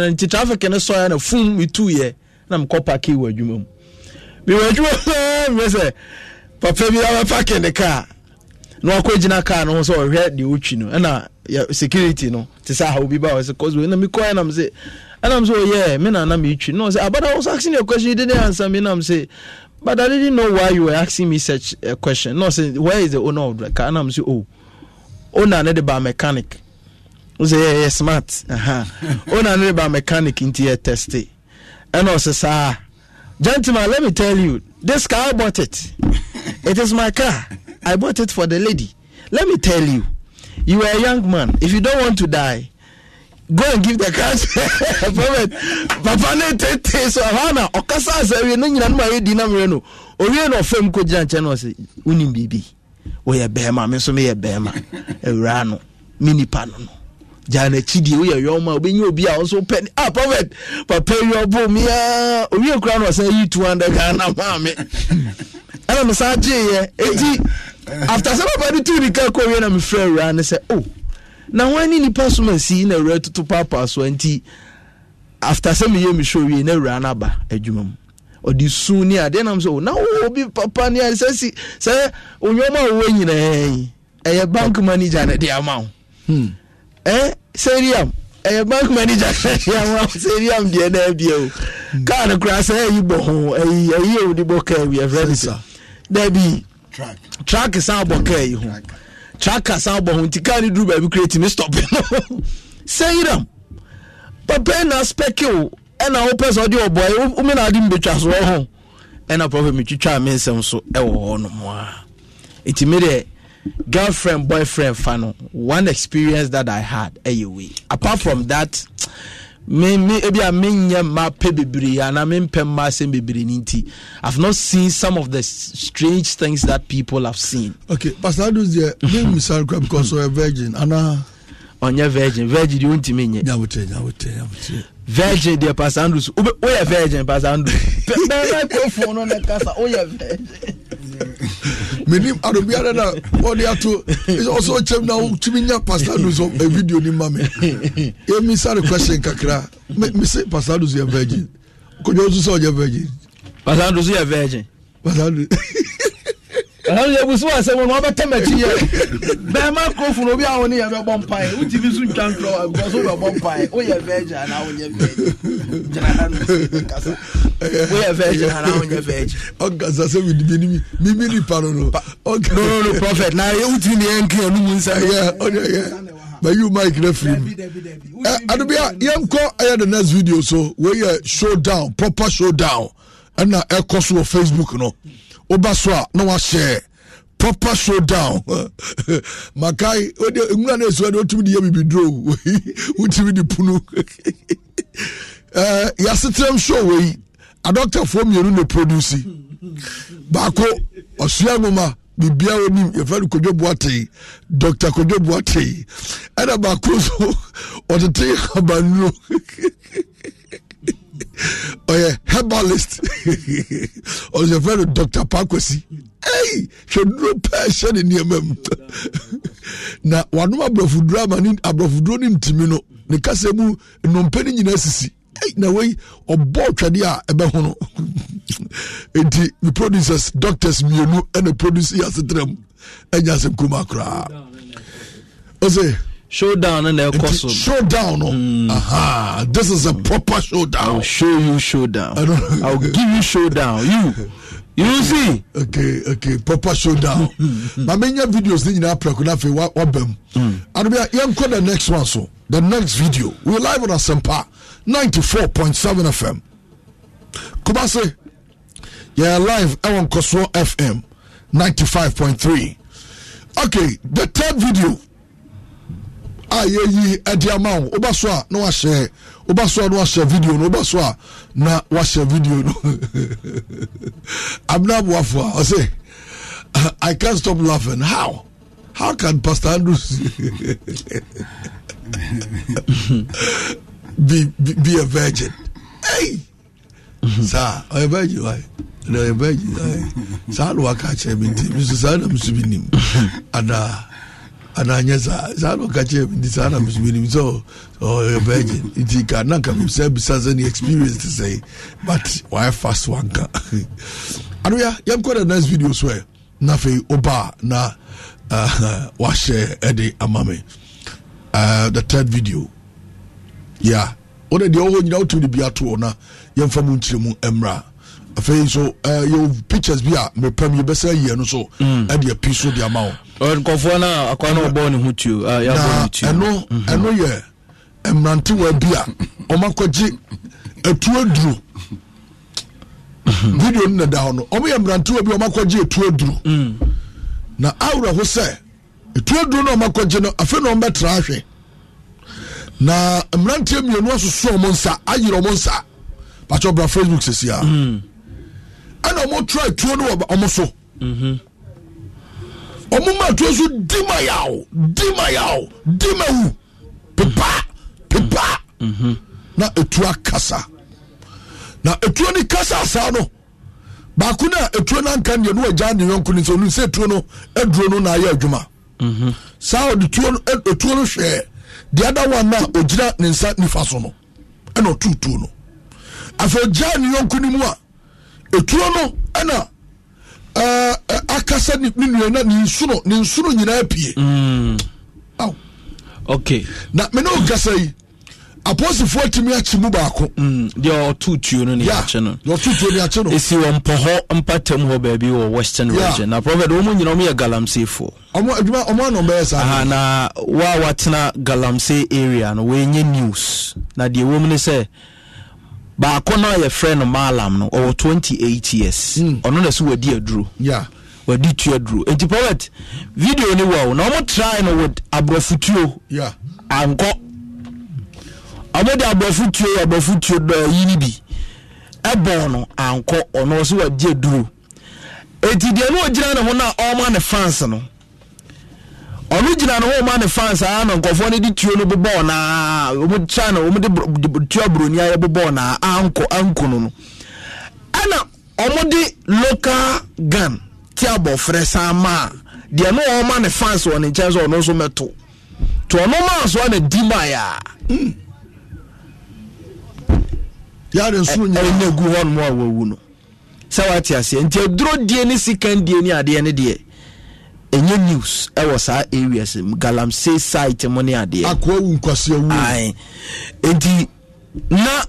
nti traffic ne sɔ ya na fun mi tu yɛ na mi kɔ paki wɔ adwuma mu mi wɔ adwuma mu mi sɛ papa bi abɛfa kene kaa na wakɔ gyina kaa no ho sɛ ɔhwɛ deɛ wotwi no ɛna security no te sɛ aha obi ba wɔ sɛ cause na mekɔ ɛnam sɛ ɛnam sɛ oh, ɔyɛ me na na metwi no sɛ abada wo so asking the question you didn't answer me nam sɛ but I didn't know why you were asking me such a question no sɛ where is the owner of the car ɛnam sɛ oh owner ne de ba mechanic wosɛ yɛ yɛ smart owner ne de ba mechanic nti yɛ teste ɛna ɔsɛ saa gentleman let me tell you this car bought it it is my car. I bought it for the lady. Let me tell you, you are a young man. If you don't want to die, go and give the cash prophet papa ne tete so ɛhɔ na ɔkasa asɛwie ne nyina no oh, oh, ma yɛ di na mmerɛ no owie na ɔfam kɔgyina nkyɛn na ɔse wonim biribi woyɛ bɛrima me nso meyɛ bɛrima eh, awura no me nipa no no gyaa n'akyi deɛ woyɛ yɔma wobɛnya obi a ɔso wopɛ ne ah prophet papa yi ɔbo mea owie kora na ɔsan yi 200 ghana maa ɛna mi saa gye yɛ after sɛ papa de tuu nika kɔ wie na mi fira awura ne sɛ o oh. na wɔn ani nipa so ma si na awura toto paapaa so nti after sɛ mi yɛ show wie na awura na ba adwuma mu ɔde sun ni adeɛ nam so na wo bi papa ni a sɛ si sɛ onyɔma a wɔwɔ nyinaa ɛyɛ bank manager na de ama wo ɛɛ sɛriam ɛyɛ bank manager na de ama wo sɛriam deɛ na ɛbie o kaa no kora sɛ ɛyi bɔ ho ɛyi ɛyi ewu de bɔ kaa wi ɛfrɛ ne sɛ dabi track san bɔ kaa yi ho track san bɔ ho nti kaa ni duru baabi kura etimi stop sɛyi dam papa na spɛki o ɛna wopɛ sɛ ɔde ɔbɔ yi wome na ade mbɛtwa so ho ɛna papa metwitwa me nsɛm so ɛwɔ hɔ nom a nti me deɛ girlfriend boyfriend fa no one experience that i had ɛyɛ eh, wei apart from that me me ebi a me nyɛ mma pɛ bebree ana me mpɛ mma asɛm bebree ni nti i not seen some of the strange things that people have seen. okay pastor adus deɛ me misari kura because ɔyɛ virgin ana. ɔnyɛ virgin virgin deɛ ontumi nyɛ. nyawute nyawute nyawute. virgin deɛ pastor andrews woyɛ virgin pastor andrews bɛɛ bɛɛ kó fún un náà kásá woyɛ virgin menim adobiara na wɔde ato ɔsɛ ɔkyɛm na wotumi nya pastado so e video ni ma me yɛmisa e no question kakra mese pastado so yɛ virgin kodwa wo so sɛ ɔnyɛ virgin pastado so yɛ virgin pastado ɛnam yɛ busu asɛm no wabɛtɛ m'akyi yɛ bɛɛma kurofo no obi a wo ne yɛ bɛbɔ mpae wotumi so ntwa nkorɔ because wobɛbɔ mpae woyɛ virgin anaa wonyɛ virgin gyina ha no kasa woyɛ virgin anaa wonyɛ virgin ɔnkasa sɛ medibinimi mimi nipa no no no no prophet na wotumi ne yɛnke ɔno mu nsa yɛ ɔnyɛ bayi o mic na firi mu adubia yɛn kɔ ɛyɛ the next video so wɔyɛ uh, showdown proper showdown ɛna ɛkɔ so wɔ facebook no. Mm -hmm woba so a na wahyɛ proper showdown makae wode nwura no ɛsua de wotumi de yɛ bibiduro wotumi de punu eh, yɛasetrɛm show wei adɔktafoɔ mmienu ne produce baako ɔsua nwoma biribia onim yɛfrɛ no kodwo boatei dr kodwo boatei ɛna baako nso ɔtete abanuro ɔyɛ herbalist ɔsɛfrɛ no dr pakosi ei hwɛduro pɛɛ hyɛ ne nneɛma mu na wanom aborɔfoduro ama ne aborɔfoduro no ntimi no ne kasa mu nnompe no nyinaa sisi ei na wei ɔbɔ twade a ɛbɛho no enti me producers doctors mmienu ɛna produce yɛ asetera mu ɛnya ase nkuma koraa ɔsɛ showdown no na ɛkɔ so showdown no mm. aha this is a proper showdown i'll show you showdown i'll give you showdown you you see okay okay proper showdown maame nya videos ni nyinaa prɛko na afei wabɛm mm. anubia yɛn kɔ the next one so the next video we live on asempa ninety four point seven fm kumase Yeah, live ɛwɔ nkɔsoɔ fm ninety five point three okay the third video a yɛyi ɛde ama wo woba so a na wahyɛ woba so a na wahyɛ video no woba so a na wahyɛ video no amena aboafo a ɔse i can't stop laughing how how can pastor Andrew be, be, be a virgin hey saa ɔyɛ virgin why na ɔyɛ virgin saa na waka kyerɛ me nti meso saa na meso bi nim anaa ananyɛ saa ka bisa sɛ ne experience but wayɛ fast wanka anoya yɛmkɔ the next video so na afei oba na uh, ɛde ama uh, the third video yeah deɛ wɔhɔ nyina wotumi de na yɛmfa mu nkyerɛ mu afei nso eh, yɛwɔ pictures bi a mepam yɛbɛsɛ yie no so mm. ɛde api so de ama wo nkɔfoɔ no akwa no ɔbɔ ne ho tuo ɛno ɛno yɛ mmerantewa bi a ɔmakɔgye atuo duro mm-hmm. video no na da hɔ no ɔmoyɛ mmerantewa bi a ɔmakɔgye atuo duro mm. na awerɛho sɛ atuo duro no ɔmakɔgye no afei na ɔmbɛtra ahwɛ na mmeranteɛ mmienu asoso ɔmo nsa ayerɛ ɔmo nsa pakyɛ ɔbra facebook sesia mm ɛna ɔmo tura atuo no wɔ ɔmo so mhm. ɔmo ma atuo so di ma yaw di ma yaw di ma wu pepa pepa mhm. na etuo akasa na etuo ni kasa saa no baako na etuo nanka deɛ no wagya ne yɔnko ne nsa onu sɛ etuo no eduro no na ayɛ adwuma mhm. saa ɔde tuo no etuo no hwɛ the other one na ogyina ne nsa nifa so no ɛna ɔtuo tuo no afɛ ogya ne yɔnko ne mu a. ɛtuo no ɛna akasa ne nuana ne nsono ne nsono nyinaa pie mm. ok na mene okasa yi aposifoɔ atumi akye mu baako mm, deɛ ɔto tuo no neakye no ɔto tuo neakye no esi wɔ mpɔ hɔ mpatam hɔ baabi wɔ western region na prophet wɔn mu nyina wɔn yɛ galamseefoɔ ɔmo adwuma ɔmo anɔ bɛyɛ saa na wa watena galamsey area no wɔnyɛ news na deɛ wɔm ne sɛ baako na yɛfrɛ no malam no ɔwɔ eight years hmm. ɔno na so wadi aduro wadi tu aduro nti poet video ni wɔ na ɔmo try no with aborɔfotuo ankɔ ɔmo de aborɔfotuo aborɔfotuo dɔɔyi ni bi ɛbɔn no ankɔ ɔno so wadi aduro eti deɛ no ogyina ne ho na ɔmo ne fans no. ɔno gyina no wɔma ne a na ah, nkɔfoɔ no de tuo no bobɔɔ naa ɔmo kya no ɔmo de tuo aburoni ayɛ bobɔɔ naa anko anko no no ɛna ɔmo de local gun ti abɔfrɛ san maa deɛ no ɔma ah, ah, hmm. eh, eh, ne fans wɔ ne nkyɛn sɛ ɔno nso mɛto to ɔno maa so ɛna di ya. yaade nsuo nyinaa ɛna gu hɔ nom a wɔwu no nti aduro die ne sikan die ne adeɛ ne deɛ. ɛnyɛ news ɛwɔ e saa areas mu galamsey site e mu ne adeɛ akoa wu e ae nti na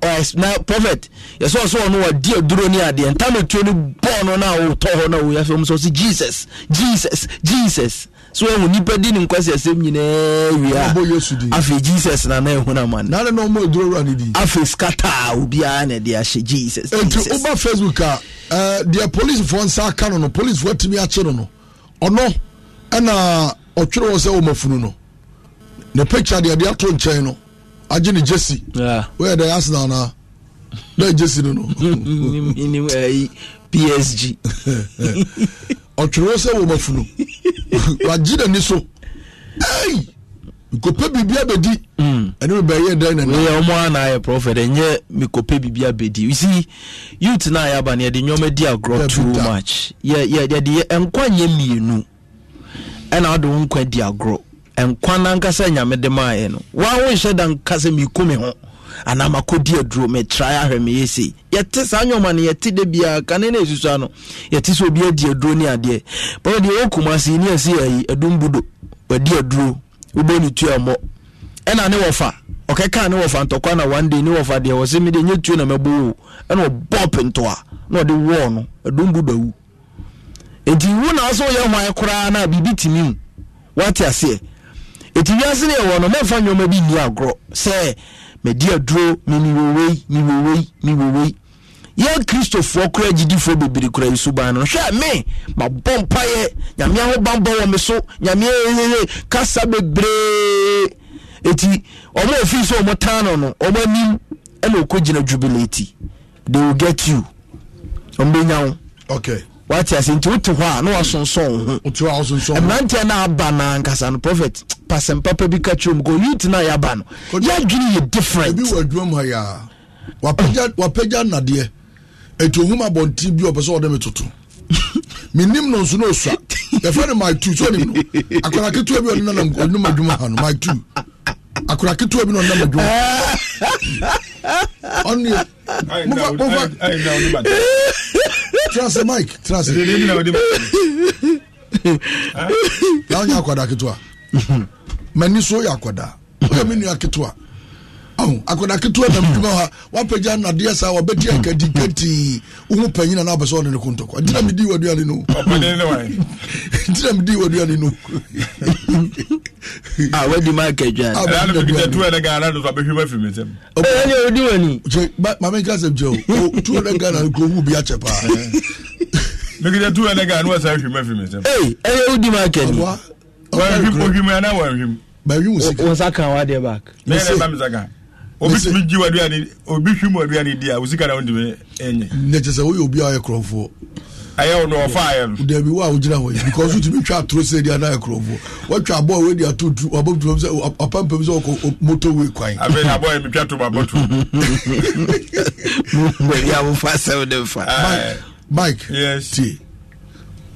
ɔs na prophet yɛsɛ ɔsɛ ɔno wadi aduro ne adeɛ ntametuo no bɔɔ no na wotɔ hɔ na woyɛ fɛm sɛ ɔse jesus jesus jesus so ɛhu nipa di ne nkwasi asɛm nyinaa wie jesus na na ɛhu nama no nane na ɔmɔ aduro wura ne obiara na ɛde ahyɛ jesus nti woba facebook a eh, deɛ policefoɔ nsa aka no no policefoɔ atumi akye no no ɔno ɛna ɔtwerɛ wɔ sɛ ɔmafunu no ne picture deɛ ɛde ato nkyɛn no agye ne jesi woyɛ dɛ arsenal na dɛ jesi no no eh, psg ɔtwerɛ wɔ sɛ wɔmafunu wagye n'ani so ei mekɔpɛ biribia bɛdi hmm. ɛne mebɛyɛ dɛn naneyɛ ɔmo a na ayɛ prɔfɛt ɛnyɛ mekɔpɛ biribia bɛdi you see youth na a yɛaba no yɛde nneɔma di agorɔ too much yɛde ɛnkwa nyɛ mmienu ɛna wode wo nkwa di agorɔ ɛnkwa no ankasa nyame de maayɛ no woa wonhyɛ da nka sɛ meku me ho anaa makɔdi aduro metrae ahwɛ meyɛ sei yɛte saa nwoma no yɛte da biaa kane no ɛsusua no yɛte sɛ obi adi aduro ne adeɛ bɛdeɛ wɔkuma sei ne asi ayi adum budo wadi aduro wobɔ ne tua mmɔ ɛna ne wɔfa ɔkɛka ne wɔfa ntɔkwa na one day ne wɔfa deɛ wɔsɛ mede nyɛ tuo na mɛbɔ o ɛna ɔbɔɔ pentoa na ɔde wɔɔ no ɛdombu dawu enti wo na sɛ woyɛ hwan koraa na biribi tumi mu woate aseɛ enti wiase ne ɛwɔ no mɛmfa nnwoma bi nni agorɔ sɛ madi aduro meniwowei mewowei mewowei yɛn kristofoɔ kora agyidifoɔ bebree kora yi suban no hwɛ me mabɔ mpaeɛ nyame ahobanbɔ wɔ me so nyame kasa bebree ɛti ɔmo ɛfiri sɛ ɔmo tan no no ɔmo anim ɛna ɔkɔgyina jubilati they will get you ɔmo bɛnya wo okay wate ase nti wote hɔ a na wasonsɔn ho mmeranteɛ no aba no ankasa no prophet pasɛmpapa bi ka kyerɛ mu kɔyut no a yɛaba no yɛadwene yɛ different wapagya nadeɛ ɛti ohun abɔnten bi ɔpɛ sɛ ɔde mi toto menim no nso na ɔsua yɛfrɛ no mike two sɛ nim no akwara ketewa bi ɔnenam ɔnenam adwuma ha no mike two akwara ketewa bi na ɔnenam adwuma ɔne mofa mofa trase mike trase na ɔnyɛ akwara ketewa mani so yɛ akwara ɔyɛ me nua ketewa akwadaa ketewa nam dwuma ha wapagya nadeɛ saa wabɛdi akadi katii wohu panyina na wopɛ sɛ ɔne no ko ntɔkwa ntina medii waduane no ntina medii waduane no ah, wadi ah, ma akadwanmamenka sɛm kyɛ tuo ne ghana no kurohu bi akyɛ paa eh. bawim obi tumi gyi waduane obi hwi mu waduane di a osika na wondimi ɛnyɛ ne kyɛ sɛ obi a woyɛ kurɔfoɔ ɛyɛ wo no ɔfa ayɛ no dabi wo a wogyina hɔ yi because wotumi twa atoro sɛ di anaa kurɔfoɔ woatwa abɔɔ wei de ato tu abɔbtuam sɛ apampam sɛ wɔkɔ moto wei kwan afei na abɔɔ metwa to mabɔto baabi a wofa sɛw ne mfa mike yes. tie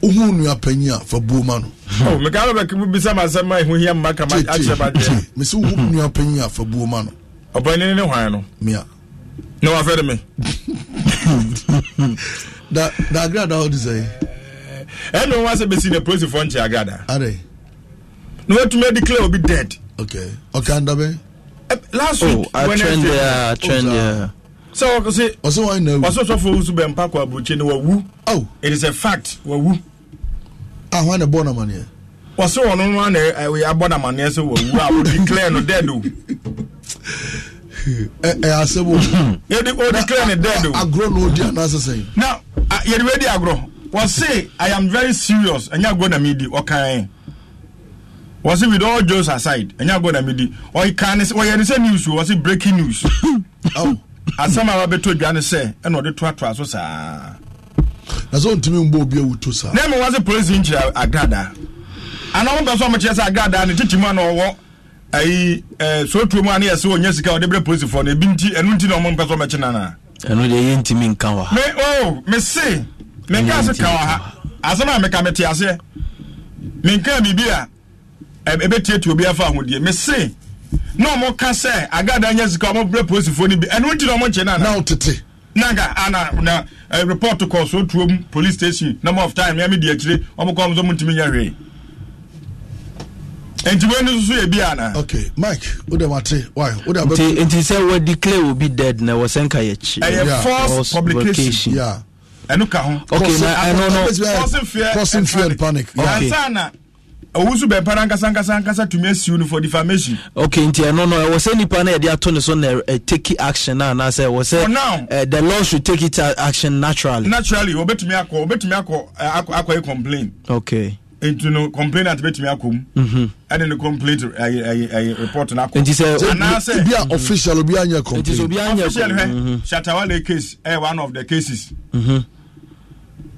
wohu nua panyin a fa buo ma no oh, meka no bɛkbisa masɛm a ɛho hia mma kama akyerɛ badeɛ mesɛ wohu nua panyin a fa buo ma no ɔbɛne ne hwan no mia na wafɛre me da agrada wode sɛ ɛne wa sɛ bɛsi ne polisifoɔ nkye agrada ade na watumi adeclare obi dead okay ɔkanda bɛ last oh, week sɛ ɔse ɔsɛ sɔfo wo so bɛmpa kɔ aburokye no wawu oh. it is a fact wawu ah hwan na bɔɔ namaneɛ wɔse ɔno no ana abɔ namaneɛ sɛ wawu a declare no dead o ẹ eh, eh, asem o. yɛde o declare ne dead o. agorɔ na di anase sɛn. na yɛde wei di agorɔ wọ́n sè i am very serious ɛnyɛ agorɔ na mi di ɔkan wọ́n sè with all jokes aside ɛnyɛ agorɔ na mi di ɔkan wɔyɛ de sɛ news o wọ́n sè breaking news. asɛm a wabɛto dwa ne sɛ ɛna ɔde toatoa so saa. na sɛ ɔntumi mbɔ obi awuto saa. na ɛmɛ wɔn sɛ polisi nkyerɛ agradaa anam bɛ sɔn mo sɛ agradaa ne titi mu a na ɔwɔ. ayi ɛɛ eh, sotuo mu a ne yɛ sɛ ɔnyɛ sika ɔde bere polisifoɔ no ebi nti ɛnu nti na ɔmo mpɛ sɛ ɔmɛkyi nana. ɛnu de yɛ ntumi nka wa. me o oh, me se me nka ase ka wa ha asɛm a meka me te aseɛ me nka biribi a ɛbɛtie tie obi afa ahodeɛ me se na ɔmo ka sɛ agada nyɛ sika ɔmo bere polisifoɔ no bi ɛnu nti na ɔmo nkyi nana. na ɔtete. nanga ana na eh, report kɔ sotuo mu police station number of time yɛ mi di akyire ɔmo kɔ ɔmo sɛ ɔmo ntumi nyɛ hwee. nti wei yɛ bi ana okay mike wode mate why wode abɛ nti sɛ wɔ declare obi dead na wɔ sɛ nka yɛ kyi ɛyɛ false publication yeah ɛno ka ho okay na ɛno no causing fear and panic okay ansana owu nso bɛnpa na nkasa nkasa nkasa tumi asiw no for defamation. ok nti ɛno no ɛwɔ sɛ nipa na yɛde ato ne so na ɛ eh, take action na anaasɛ ɛwɔ sɛ ɛ eh, the law should take it action naturally. naturally obetumi akɔ obetumi akɔ akɔ akɔ complain. okay nti no complainant bɛtumi akɔm ɛne mhm. ne complaint ayi report no akɔanaasɛ bi a official obi anyɛ complaintofficial hɛ shatawale case ɛyɛ eh, one of the cases mhm.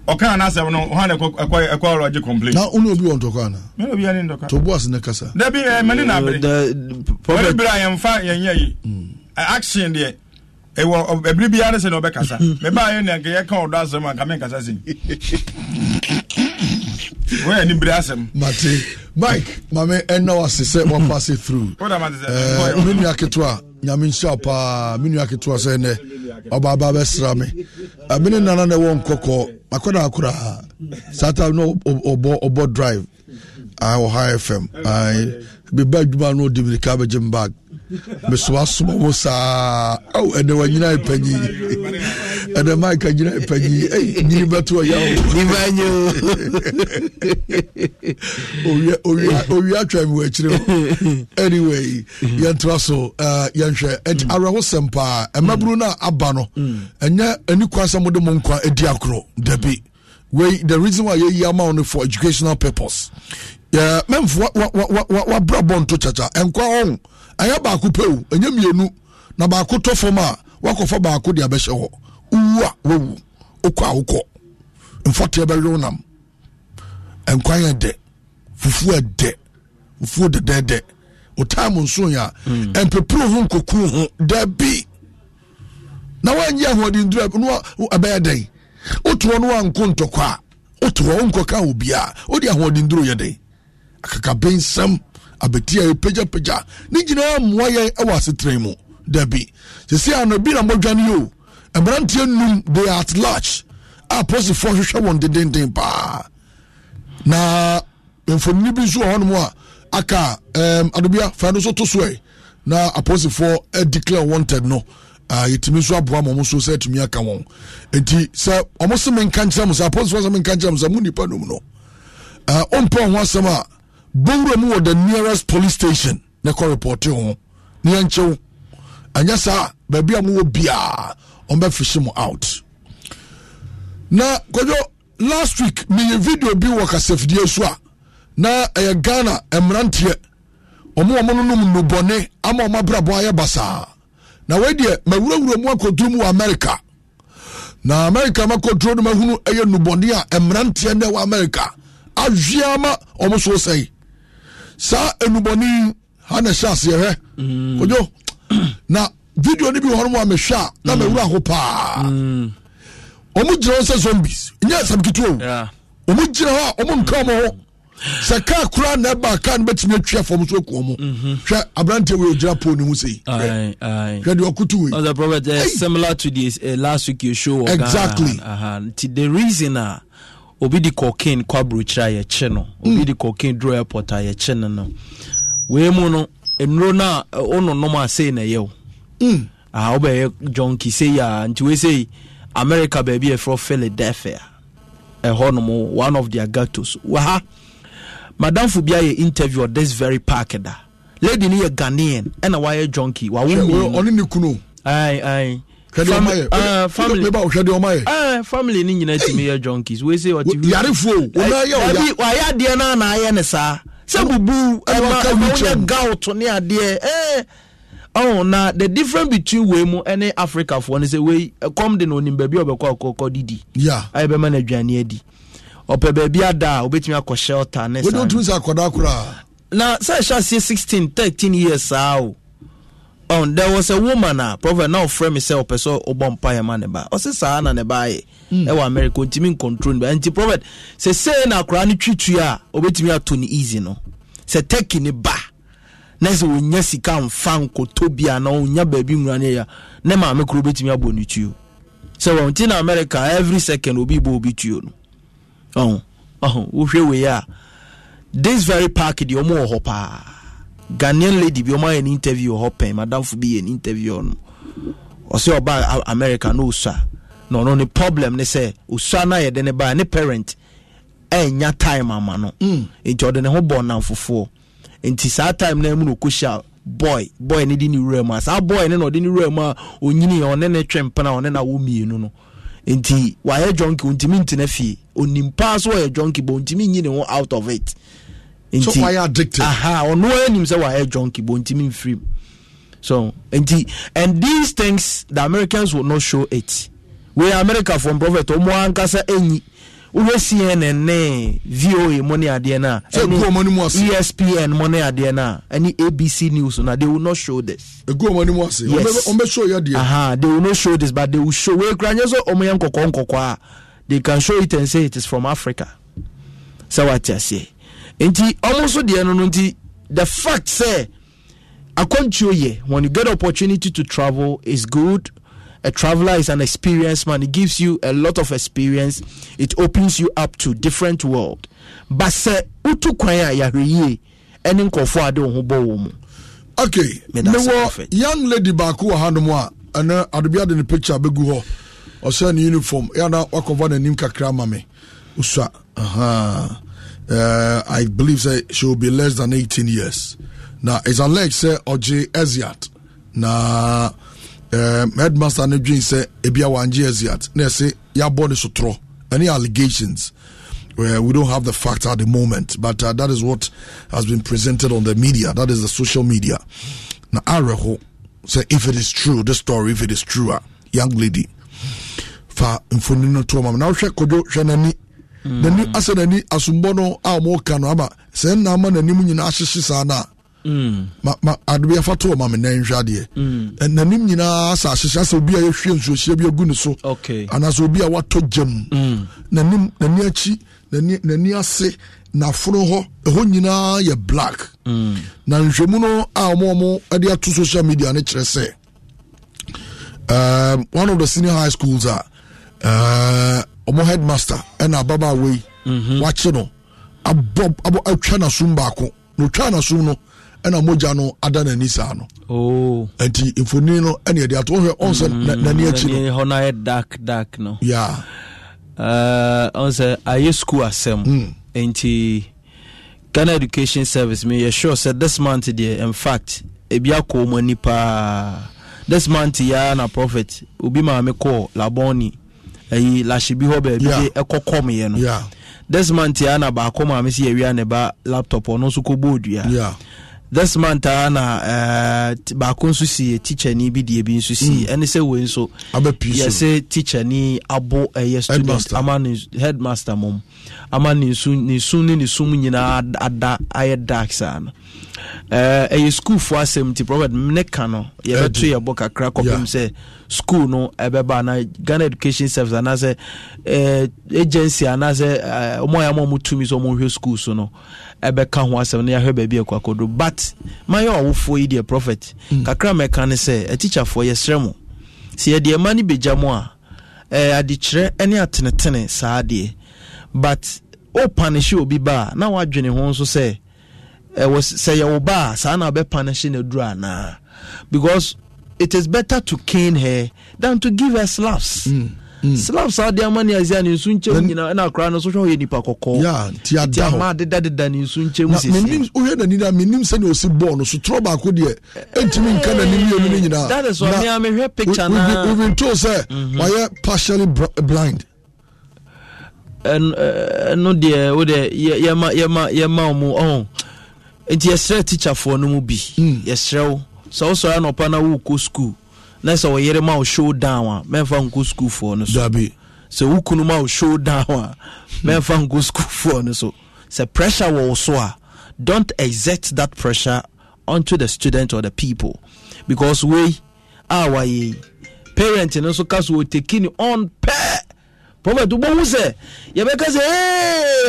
ɔka anasɛm no ɔha ne ɛkɔ ɔrɔgye complaint na wone obi wɔ ntɔkɔ ana mene obi ane ntɔkɔ to boas ne kasa da bi eh, mane na bere wɔre berɛ a yɛmfa yɛnyɛ yi action deɛ ɛwɔ ɛbere biara ne sɛ ne ɔbɛkasa mebaayɛ ne anka yɛka ɔdɔ asɛm anka menkasa sɛi wọ́n yẹ ní bere asẹm. mate mike maame ɛnna wa se sɛ wa pass it through. o da ma ti sɛ. mi nua ketewa nyame nhyia paa mi nua ketewa sɛ nɛ ɔba aba bɛ sira mi ɛbi ne nana na ɛwɔ nkɔkɔ akɔda akora sata no ɔbɔ ɔbɔ drive ɛwɔ high fm ɛɛ bi ba adwuma no di mirika abɛgye m bag. meso asoma mo saa ao ɛnɛ wanyina ɛpanyi ɛnɛ mike anyina ɛpanyi ei nyini bɛto ɔya owia atwa mi wɔakyire anyway mm. yɛntoa so yɛnhwɛ ɛnti mm. awerɛho sɛm paa ɛmaburu mm. no a aba no ɛnyɛ ani kwan sɛ mode mo nkwa adi akorɔ dabi wei the reason why yɛyi ama wo for educational purpose memfo wabrabɔ nto kyakya ɛnkwa ɔho ɛyɛ baako pewu o ɛnyɛ mmienu na baako tɔ fam a wakɔfa baako de abɛhyɛ hɔ wowu a wawu wokɔ a wokɔ mfɔteɛ bɛwerew nam nkwan yɛ dɛ fufuo ɛdɛ fufuo dɛdɛɛdɛ o time nso yɛ a hmm. mpepuru ho nkoku ho dɛbi na wɔnyɛ ahoɔden dura no ɛbɛyɛ dɛn wotoɔ no wanko ntɔkwa a wotoɔ wonkɔka obiaa wode ahoɔden duro yɛ dɛn akakabensɛm abeti a yɛpagyapagya ne nyinaa mmoa yɛn wɔ asetena mu dabi sɛsi a no bi na mɔdwane o mmeranteɛ num they at large a posifoɔ hwehwɛ wɔn dedenden paa na mfonini bi nso wɔ hɔnom a aka um, adobia fa no nso to so na aposifoɔ uh, eh, declare wanted no uh, yɛtumi nso aboa ma ɔmo so sɛ atumi aka wɔn nti sɛ ɔmo se menka nkyerɛ mo sɛ aposifoɔ sɛ menka nkyerɛ mo sɛ mo nipa nom no ɔmpɛ uh, asɛm a bowura mu wɔ the nearest police station ne kɔ report ho ne yɛn kyɛw ɛnyɛ saa baabi a mo wɔ biara bɛ fisi mo out na kɔjɔ last week meyɛ video bi wɔ kasafidie so a na ɛyɛ ghana mmeranteɛ ɔmo ɔmo nonom nnubɔne ama ɔmo abrabɔ ayɛ basaa na wei deɛ mawurawura mu akɔduru mu wɔ america na america makɔduru no mahunu ɛyɛ nnubɔne a mmeranteɛ na ɛwɔ america awia ma ɔmo so sɛe saa enubɔni ha na ɛhyɛ aseɛ hɛ mm. kojo na video ni bi wɔ hɔ a mehwɛ a na mm. mewura ho paa ɔmo gyina hɔ sɛ zombies nyɛ asɛm ketewa o gyina hɔ a ɔmo nka ɔmo ho sɛ kaa koraa na ɛba kaa no bɛtumi atwia fam so aku ɔmo mhm. hwɛ aberanteɛ wei ɔgyina pole ne ho sei hwɛ deɛ ɔkoto wei eh, similar to the uh, last week you show exactly uh -huh. the reason uh, obi di cocaine kɔ aburokyire a yɛkye no mm. obi de cocaine duro airport a yɛkye no no wei mu no nnuro no a wononom eh, a sei na ɛyɛ wo mm. a wobɛyɛ jonki sei a nti wei sei america baabi yɛfrɛ philadelphia ɛhɔ nom one of their gatos waha madam bi ayɛ interview of this very park da lady ni yɛ ghanaian ɛna wayɛ jonki wawo ɔne ne kuno ai ai Eh, family ne eh, nyina timi yɛ junkies wei sɛ yarefoɔ eh, wayɛ adeɛ no anaayɛ ne saa sɛ bubu wonyɛ gout ne adeɛ oh na the difference between we mu ne africafoɔ no sɛ wei ɛkɔm de no onim baabi a ɔbɛkɔ akɔkɔ didi ayɛ bɛma no aduane adi ɔpɛ baabi ada a wobɛtumi akɔ shelter ne saa na sɛ ɛhyɛ aseɛ 16 13 years saa o oh, there was a woman a ah, prophet na ɔfrɛ me sɛ ɔpɛ sɛ ɔbɔ mpaeɛ ma ne ba ɔse saa na ne ba yɛ ɛwɔ america ɔntumi nkontrol ne ba nti prophet sɛ sei na akoraa no twitua a ɔbɛtumi ato no easy no sɛ turkey ne ba na sɛ ɔnya sika mfa nkɔtɔ bi a na ɔnya baabi nwura no yɛ ne maame koro bɛtumi abɔ ne tuo sɛ wɔn ti na america every second obi bɔ obi tuo no ɔhun oh, ɔhun oh, wohwɛ wei a this very park deɛ ɔmo wɔ hɔ paa ghanaian lady bi ɔmo ayɛ ne interview wɔ hɔ pɛn madamfo bi yɛ ne interview hɔ no ɔsɛ ɔba america no osua na ɔno ne problem ne sɛ osua no ayɛ de ne ba ne parent ɛnya time ama no mm. nti ɔde ne ho bɔ nam fufuo nti saa time na mu na okohyia boy boy ne di ne wura mu a saa boy ne na ɔde ne wura mu a onyini ɔne ne twɛ mpana ɔne na wo mmienu no nti wayɛ junkie ontimi ntena fie onim paa so wɔyɛ junkie bɔ ontimi nyi ne ho out of it. nti wayɛ addicted aha ɔno anim sɛ wayɛ junkie bɔ ntimi mfirim so nti and these things the americans will not show it we america from prophet ɔmo ankasa ɛnyi wohwɛ cnn ne voa mo ne adeɛ no espn mo ne adeɛ no a ɛne abc news no they will not show this yes. they will not show this but they will show wei kora nyɛ sɛ ɔmo yɛ nkɔkɔɔ nkɔkɔɔ a they can show it and say it is from africa sɛ wate aseɛ nti ɔmo nso deɛ no no nti the fact sɛ akɔntuo yɛ when you get opportunity to travel is good a traveler is an experienced man it gives you a lot of experience it opens you up to different world but sɛ wotu kwan a yɛahwɛ yie ɛne nkɔfoɔ ade wo ho bɔ wɔ mu okay mewɔ young lady baako wɔ hanom a ɛnɛ adebiade ne picture bɛgu hɔ ɔsɛ ne uniform ɛana wakɔva n'anim kakra ma me osua uh -huh. uh, I believe say she will be less than 18 years. Now, it's alleged say Oji Eziat. Now, um, headmaster no dwen sɛ ebia Eziat. asiat na ɛsɛ yɛabɔ ne throw. any allegations well, we don't have the facts at the moment but uh, that is what has been presented on the media that is the social media I awerɛho Say, if it is true this story if it is true uh, young lady For information, to ma now she could do Hmm. n'ani asɛ n'ani asombɔ no a wɔn ka no ama sɛ nna ama n'anim nyinaa ahyehye saa na hmm. ma ma adobe afa to ɔma nan hwɛ adeɛ hmm. eh, n'anim nyinaa asɛ ahyehyɛ asɛ obi a yɛhwie nsuohyia bi agu ne so anaasɛ obi a watɔ gyam n'anim n'ani akyi n'ani ase n'afono hɔ ɛhɔ nyinaa yɛ black na nhwɛmu no a wɔn wɔn de ato social media ne kyerɛ sɛ um, one of the senior high schools a. Uh, ɔmo headmaster ɛna ababaawa yi mhm. wakye no abɔ abɔ atwa n'asum baako na otwa n'asum no ɛna mogya no ada n'ani saa no oh. nti mfoni no ɛna yɛde ato ɔhwɛ ɔnsɛ n'ani akyi no hɔ no ayɛ dark dark no ya ɔnsɛ uh, ayɛ school asɛm mm. nti ghana education service meyɛ sure sɛ this month deɛ in fact ebi akɔ ɔmo ani paa this month yɛa na profit obi maame kɔɔ labɔni ɛyi lahyebi hɔ baabi de ɛkɔ kɔm yɛ no this month a na baako maame si yɛwia ne ba laptop ɔno nso kɔ bɔɔ dua this na uh, baako nso si yɛ teacherni bi deɛ bi nso si mm. ɛne sɛ wei nso yɛsɛ teacherni abo ɛyɛ student ama ne headmaster mom ama ne nsu ne sum ne ne sum nyinaa ada ayɛ dark saa no Eh, ɛyɛ sukuulfoɔ asɛm nti prophet ne ka no yɛbɛto yɛbɔ kakra kɔpem sɛ skuul no ɛbɛba na ghana education service anaasɛ eh, agency anaasɛ eh, ɔmo ayɛ ama ɔmo tumi sɛ ɔmo hwɛ sukuul so no ɛbɛka ho asɛm na yɛahwɛ baabi akɔ akɔdo but mayɛ ɔwofoɔ yi deɛ prophet hmm. kakra mɛka ne sɛ atikyafoɔ yɛsrɛ mo sɛ yɛde ɛma no bɛgya mu a adekyerɛ ne atenetene saa deɛ but wopane hye obi ba a na woadwene ho nso sɛ ɛwɔ sɛ yɛwɔ ba a saa na ɔbɛpa no hye no anaa because it is better to cane her than to give her slaps mm. Mm. slaps a ɔde ama ne asia ne nsu nkyɛm nyinaa ɛna akora no so hwɛ ɔyɛ nipa kɔkɔɔ ti ama adedadeda ne nsu nkyɛm sisi wohwɛ n'ani na menim sɛnea ɔsi bɔɔl no so torɔ baako deɛ ɛntumi nka n'anim yɛ no no nyinaa na mehwɛ picture na we've told sɛ wayɛ partially blind ɛno oh, deɛ wo deɛ yɛma yɛma yɛma oh, nti yɛsrɛ teacherfoɔ no mu bi hmm. yɛsrɛ wo sɛ wosɔre anɔpa no wokɔ skul na sɛ wɔyere ma wo show down a mɛmfa nkɔ skulfoɔ no so sɛ wokunu ma wo show down a mɛmfa nkɔ skulfoɔ no so sɛ pressure wɔ wo so a don't exert that pressure onto the student or the people because wei a wayɛ parent no nso ka so wɔteki ne on prophet wobɛhu sɛ yɛbɛka sɛ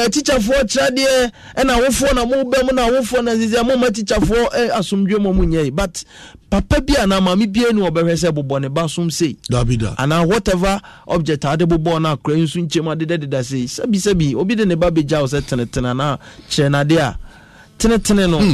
atikyafoɔ kyerɛ deɛ ɛna awofoɔ na mobɛ na awofoɔ na sisi moma tikyafoɔ eh, asomdwe mu munyɛe but papa bi anaa maame bia ni wɔbɛhwɛ sɛ bobɔ ne ba som sei anaa whatever object a wode bobɔɔ no akora nso nkyɛm adedadeda sei sɛbisɛbi obi de ne ba bɛgya wo sɛ tenetene anaa kyerɛ nadeɛ a tenetene no hmm.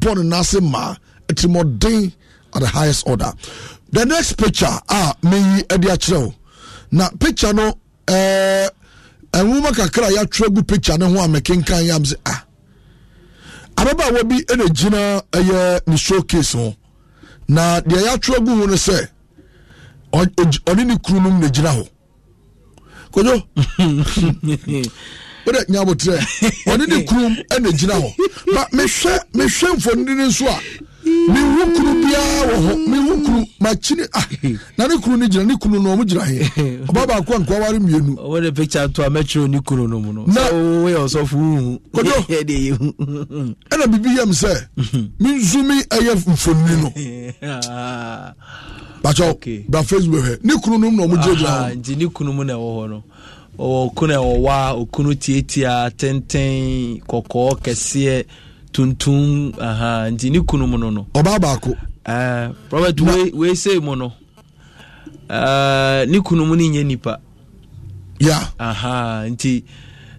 bọọdụ na nase maa atirimuɔden at the highest order the next picture a ah, meyi de akyerɛ na picture no ɛɛ eh, nwoma kakra a yɛatwerɛ gu picture no ho a mekenkan yam sɛ ah ababaawa bi na gyina ɛyɛ eh, ne showcase ho na deɛ yɛatwerɛ gu ho no sɛ ɔne na gyina hɔ kojo wode nyabotrɛ ɔne ne kurom ɛna gyina hɔ ba mehwɛ mehwɛ mfoni no nso a mehu kunu biara wɔ hɔ mehu kunu makyini a na ne kunu no gyina ne kunu no ɔmo gyina he ɔba baako a nkoa ware mmienu wɔde picture to a mɛkyerɛ ne kunu no mu no na woyɛ ɔsɔfo wohu kɔdɔ ɛna biribi yam sɛ mensu me ɛyɛ mfoni no ah. bakyɛw bra facebook hɛ ne kunu no mu na ɔmo gyina gyina hɔ ah, nti ne kunu mu na ɛwɔ hɔ no okunu ɛwɔwa okunu tiatia tenten kɔkɔɔ kɛseɛ tuntum nti ne kunu mu no no. ɔbaa baako. robert wei wei sei mu no nye nipa. aha nti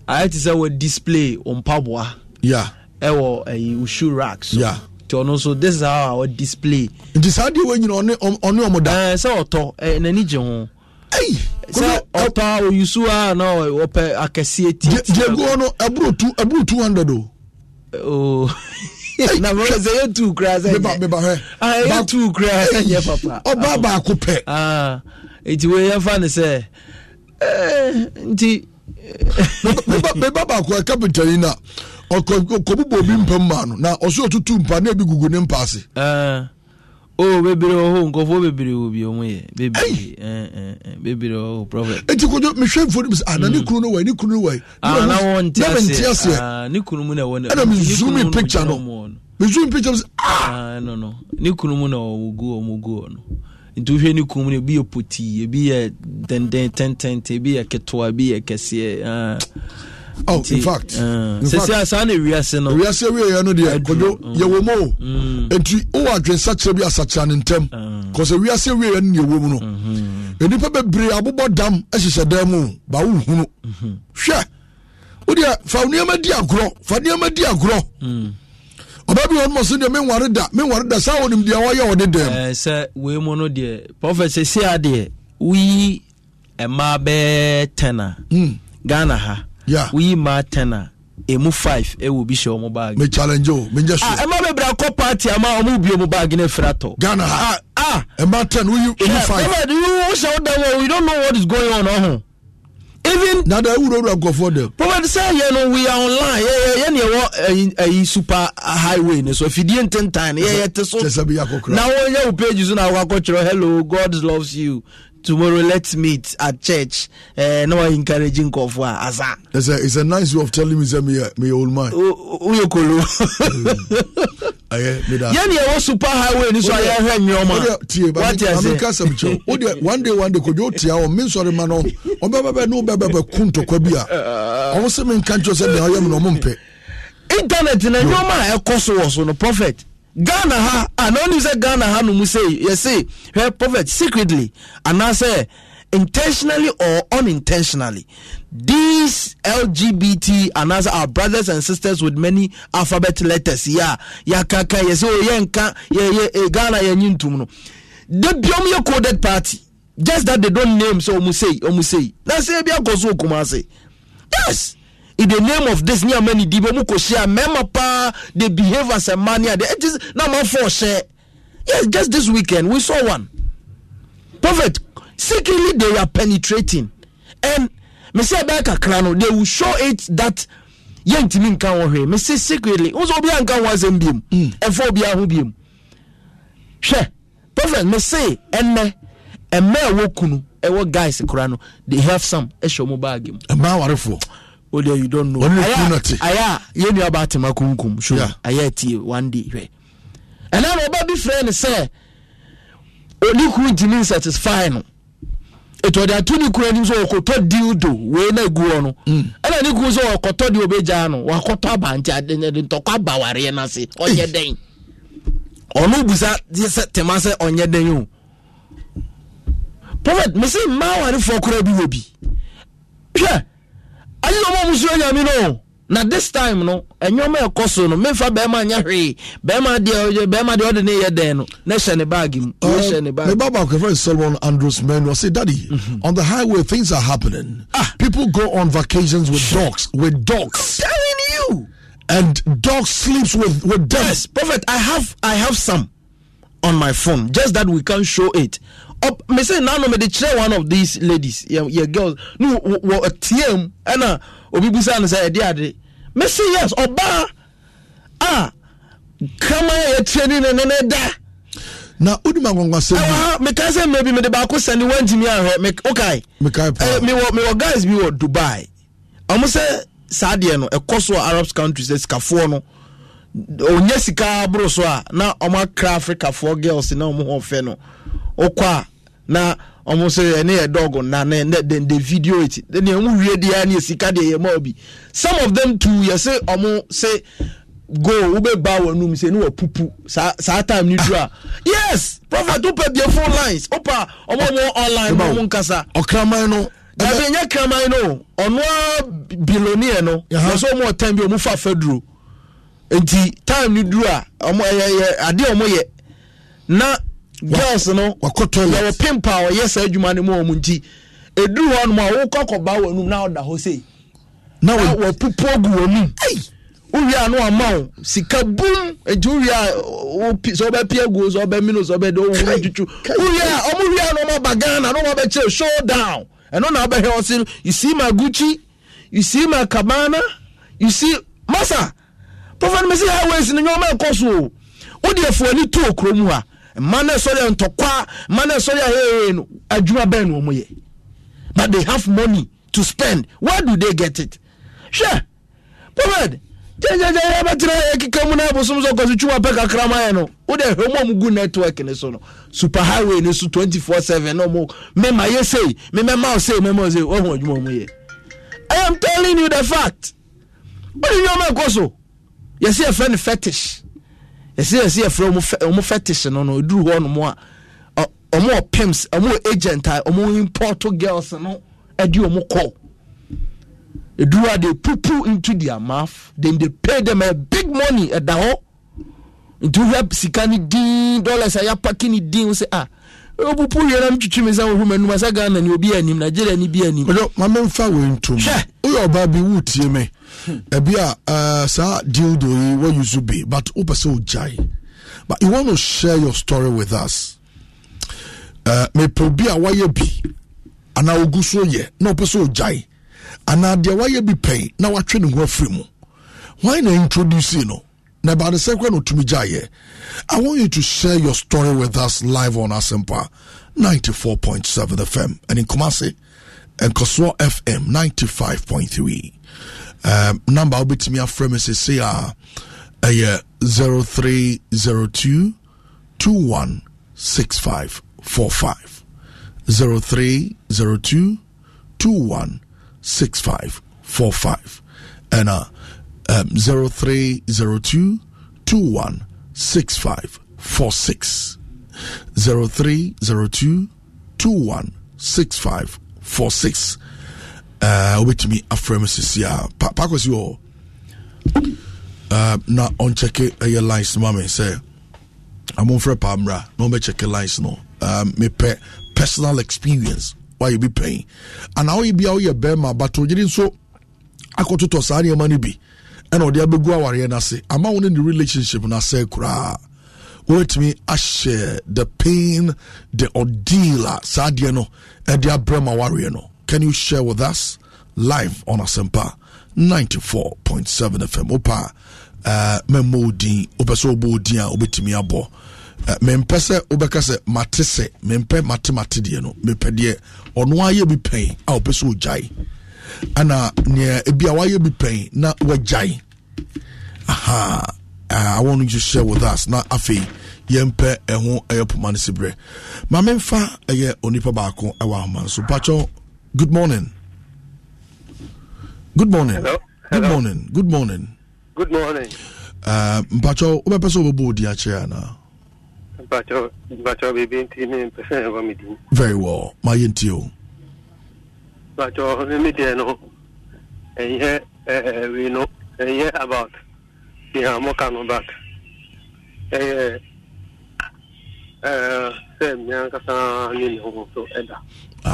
ayɛ ti sɛ wɔ display mpaboa. ya. ɛwɔ ɛyi usu rack so. ya. nti ɔno this is how our display. nti saa deɛ sɛ ɔtɔ a oyusu a na ɔpɛ akɛseɛ ti gyeguo no ɛburu ɛburu two hundred o. Oh. na mɛ sɛ yɛ tu kura sɛ nyɛ beba hɛ ah, yɛ tu kura sɛ nyɛ papa ɔba ah. baako pɛ. Ah. eti wee ya fa ni sɛ eh, nti. beba eh. baako ɛka bitɛni na ọkọ kɔbubu obi mpɛ mmaa no na ɔsɔ otutu mpa na ebi gugu ne mpa ase. Oh, bebree wɔ oh, hɔ oh, nkɔfoɔ bebree wɔ oh, bi ɔmo yɛ bebree bebree wɔ hɔ prɔfɛt. eti kojú mehwɛ nfoni mi sɛ ana ah, mm. ne kunu no wɔ ye ne kunu no wɔ ye. aa na wɔn ti ase ti ase aa ah, ne kunu mu na wɔn. ɛna mi zoom in picture no mi zoom in picture mi sɛ aa. Ah! no no ne kunu mu na wɔn gu wɔn gu wɔn no nti wohwɛ ne kunu mu no ebi yɛ poti ebi yɛ dɛndɛn tɛntɛn ebi yɛ ketewa ebi yɛ kɛseɛ aa. oh in fact eh, sisi asan na wiase no wiase wiyɛ no deɛ kodo mm. yɛwɔ mu o mm. nti wowɔ adwensa kyerɛ bi asakyera ne ntam kɔsɛ ah. wiase wiyɛ no yɛwɔ mu no mhm. nnipa bebree abobɔ dam hyehyɛ dan mu ba wohunu mhm. hwɛ wodeɛ fa di agorɔ fa di agorɔ mm. bi da da saa eh, mu no deɛ ɛmaa bɛɛ tɛn hmm. ghana ha yeah. woyi maa ten a emu five ɛwɔ bi hyɛ ɔmo baagi. mi challenge o mi n jɛ so. a ɛma bɛbɛrɛ akɔ party ama ɔmo bi ɔmo baagi ne fira tɔ. ghana ha ah, ah ɛma ten woyi emu eh, eh, five. ɛma de eh, yiwu wosan o da wɔ we don't know what is going on ɔho. Uh-huh. even. na da ewurawura nkɔfɔ dɛ. prophet sɛ yɛ no we are online yɛ yɛ yɛ ni ɛwɔ ɛyi super highway ne so fidie ntentan yɛ yɛ te so. kyesɛ bi yakɔ kura. na wɔn yɛ o page so na wakɔ kyerɛ hello god loves you tomorrow let's meet at church uh, na wa encourage nkɔfo ah, asa. it's a it's a nice way of telling me say me eh, me old man. o yɛ kolo. Mm. yanni super highway ni sɔ ayɛ hɛ nyɔma. tie ba mi mi ka o de one day one day kojú o tia wɔ mi sɔrɔ ma nɔ ɔn bɛ bɛ bɛ n'o bɛ bɛ bɛ kun tɔkɔ bi a ah. ɔn sɛ mi nkan kyɛw sɛ mi ayɛ mi na ɔmo mpɛ. internet na nyɔma a e ɛkɔ so wɔ so no prophet ghana ha ana ah, onim sɛ ghana ha no sei yɛse hwɛ prophet secretly anaasɛ intentionally or unintentionally these lgbt anaasɛ our brothers and sisters with many alphabet letters yi a yɛakaka yɛsɛ o oh, yɛnka yɛyɛ eh, ghana yɛnyi ntom no de biom yɛ coded party just that they don't name sɛ ɔmu sei ɔmu sei na sɛ bi akɔ so okuma yes in the name of this near many ẹni dìbò mu kò ṣe à mẹ́mọ̀ they behave as a man here it is náà máa fọ ọ̀ṣẹ́ yes just this weekend we saw one prophet secretly they were penetrating and mesi abẹ́ kakra no they will show it that yẹn ntumi nka wọn hwẹ mesi secretly n sọ obi a nka wọn asẹm biem ẹfọ hmm. obi ahu biem hwẹ prophet mesi ẹnẹ ẹmẹ ẹwọ kunu ẹwọ guys kura no they have some ẹhyẹ ọmọ baagi mu. ẹ máa wàrẹ fọ o de you don't know aya yɛ nua ba atema kunkum so aya tie one day hwɛ ɛna na ɔba bi frɛ no sɛ oni kuru gyini satisfy no ètò ọ̀dà tún ní kuru ẹni sọ ọkọ̀tọ̀ dildo wèé náà gu ọ no ɛna mm. ní kuru sọ ọkọ̀tọ̀ di obe gya no wakɔtɔ abante adẹnẹdẹ ntɔkọ abawareɛ n'ase ɔnyɛ dɛn ɔno busa ayi na ɔmo musoro nyame no na this time no ɛnyɔma ɛkɔ so no mefa bɛrima nyɛ hwee bɛrima deɛ bɛrima deɛ ɔde ne yɛ dɛn no na hyɛ ne baagi mu um, na hyɛ ne baagi. my baba okay friend solomon andrews man was say daddy mm-hmm. on the highway things are happening ah. people go on vacations with dogs with dogs. I'm telling you. and dogs sleeps with with dogs. yes prophet i have i have some on my phone just that we can't show it up me say now no me dey kyerɛ one of these ladies your, your girls no wɔ tie mu ɛna obi busa no sɛ ɛde ade me say yes ɔbaa a kama a yɛtie ni ne ne da. na wodim ankwankwasɛm ɛwɔ ha meka sɛ mmerɛ bi mede baako sɛne wantumi anhwɛ wokae mewɔ guys bi wɔ dubai ɔmo sɛ saa deɛ no ɛkɔ so arab countries sɛ eh, sikafoɔ no ɔnya sika boro so a na ɔmo akra girls na ɔmo fɛ no a na ɔmo sɛ ɛne yɛ dɔg na ne ne de de video eti ne ɛmu wie deɛ ne sika deɛ yɛ maa bi some of them too yɛ sɛ ɔmo sɛ goal wobɛba wɔ anum sɛ ne wɔ pupu saa saa time ne dura yes prophet wopɛ deɛ phone lines wopa ɔmo ɔmo online ma ɔmo nkasa ɔkraman no dabi nye kraman no ɔnoa biloniɛ no wɔsɛ ɔmo ɔtɛn bi ɔmo fa fɛduro nti time ne dura ɔmo ɛyɛ ɛyɛ adeɛ ɔmo yɛ na girls no yɛwɔ pimp a ɔyɛ saa adwuma no mu ɔmo nti ɛduru hɔ nom a wokɔ kɔba w'anum na ɔda hɔ sei na wɔpopo agu w'anum wowie a no ama wo sika bum nti wowie a sɛ wobɛpia aguo sɛ wobɛmi no sɛ wobɛde wowono twitwu wowie a ɔmo wie a no ɔmaba ghana na ɔmabɛkyerɛ show down ɛno na wobɛhwɛ wɔ se you see my gucci you see my cabana you see masa pɔfa no mɛsi highways no nyɛ ɔma ɛkɔ so o wode afuani too kurom ha mma no ɛsɔre a ntɔkwa mma no ɛsɔre a hee no adwuma bɛn no ɔmo yɛ but they have money to spend where do they get it hwɛ mohammed gyagyagyaya bɛtena yɛ keka mu na ɛbosom sɛ ɔkɔso twuma pɛ kakra ma yɛ no wode hwɛ mu a mugu network ne so no super highway ne so 24 7 na ɔmo mema yɛ sei memɛma wo sei mɛma wo sei woahu adwuma ɔmo yɛ i am telling you the fact wode nneɔma ɛkɔ so yɛsɛ yɛfrɛ no fetish yɛsɛ yɛsɛ yɛfrɛ ɔmo fetish no no ɛduru hɔ nom a ɔmo wɔ pimps, ɔmo wɔ agent a ɔmo import girls no ɛde ɔmo kɔ ɛduru a they put into their mouth then they pay them a big money ɛda hɔ nti wohwɛ sika no din dollars a yɛapake no din wo sɛ ah obupu yɛrɛ mi twitwi mi sa ohun mɛ numasa ghana ni obi anim nigeria ni bi anim. ɔjɔ maame nfa wo ntum woyɛ ɔbaa bi wo tie mi hmm. ebi a eh, saa dildo yi wɔ yuzu bi but o pɛ sɛ o gyae but you wan to share your story with us eh, mepɛ obi a wayɛ bi anaa ogu so yɛ na ɔpɛ sɛ o gyae anaa deɛ wayɛ bi pɛn na watwe ne ho afiri mu wɔn na introduce no. You know? na ba de sɛ kura na otumi gya i want you to share your story with us live on asempa ninety four point seven fm and in ɛne and nkɔsoɔ fm ninety five point three um, number a wobɛtumi afrɛ me sese a ɛyɛ zero three zero two two one six five four five zero three zero two two one six five four five and Uh, um, 0302 216546. 0302 216546. Uh, wobɛtumi afrɛ me sisi a pakɔsi wɔ uh, na ɔnkyɛke ɛyɛ lines no ma me sɛ amomfrɛ paa mmra na ɔbɛkyɛke lines no um, mepɛ personal experience why you be paying? And wayɛ bi pɛi anaa woyɛ bia woyɛ bɛrima but ogyere nso akɔtotɔ saa nneɛma no bi ɛna ɔde abɛgu awareɛ no ase ama wo ne ne relationship no asɛ koraa wɔbɛtumi ahyɛ the pain the ordeal a saa adeɛ no ɛde abrɛ ma awareɛ no can you share with us live on asɛmpa 94.7 fm wopa uh, mɛmmɔ odin wopɛ sɛ wobɔ odin a wobɛtumi abɔ Uh, mempɛ sɛ wobɛka sɛ mate sɛ mempɛ matemate deɛ no mepɛ deɛ ɔno ayɛ bi pɛn a wopɛ sɛ ogyae ana nea ebi a wayɛ bi pɛn na wagyae aha uh, I want you to share with us na afei yɛmpɛ ɛho ɛyɛ poma no siberɛ ma memfa ɛyɛ onipa baako ɛwɔ ahoma so patwɔ good morning good morning Hello? Hello? good morning good morning good morning uh, mpatwɔ wobɛpɛ sɛ wobɛbɔ odi akyerɛ anaa mpatwɔ mpatwɔ biribi nti mempɛ sɛ ɛwɔ me din very well ma yɛntie o But mímí deɛ no ɛnyɛ ɛɛ wei no ɛnyɛ about deɛ a mɔka no but ɛyɛ ɛɛ sɛ mmea ankasa ne ne ho so ɛda.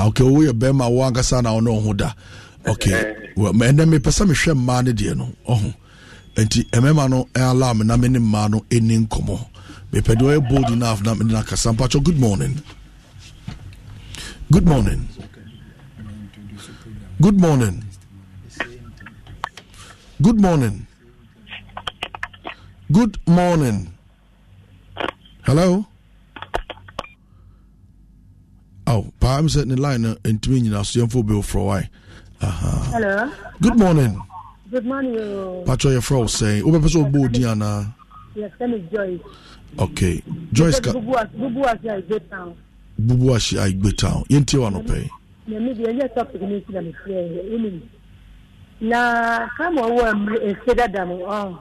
ok wo yɛ bɛrima wo ankasa na ɔno ɔho da ok ɛnɛ mepɛ sɛ mehwɛ mmaa no deɛ no ɔho nti mmarima no e, alarm na me ne mmaa no ɛni e, nkɔmmɔ mepɛ deɛ ɔyɛ bold enough na mede no akasa mpatwɔ good morning good morning Good morning. Good morning. Good morning. Hello. Oh, pa, I'm setting the line in between you now, so you're for a while. Uh-huh. Hello. Good morning. Good morning. Patrick, your fro say, Obe Peso Bo Diana. Yes, name is Joyce. Okay. Joyce. Bubu Ashi Aigbe Town. Bubu Ashi Aigbe Town. Yenti wa no pay na mi deɛ nyɛ topic no nti na mefrɛ wonim na kama ɔwɔ mmerɛ ɛsɛ dada no ɔ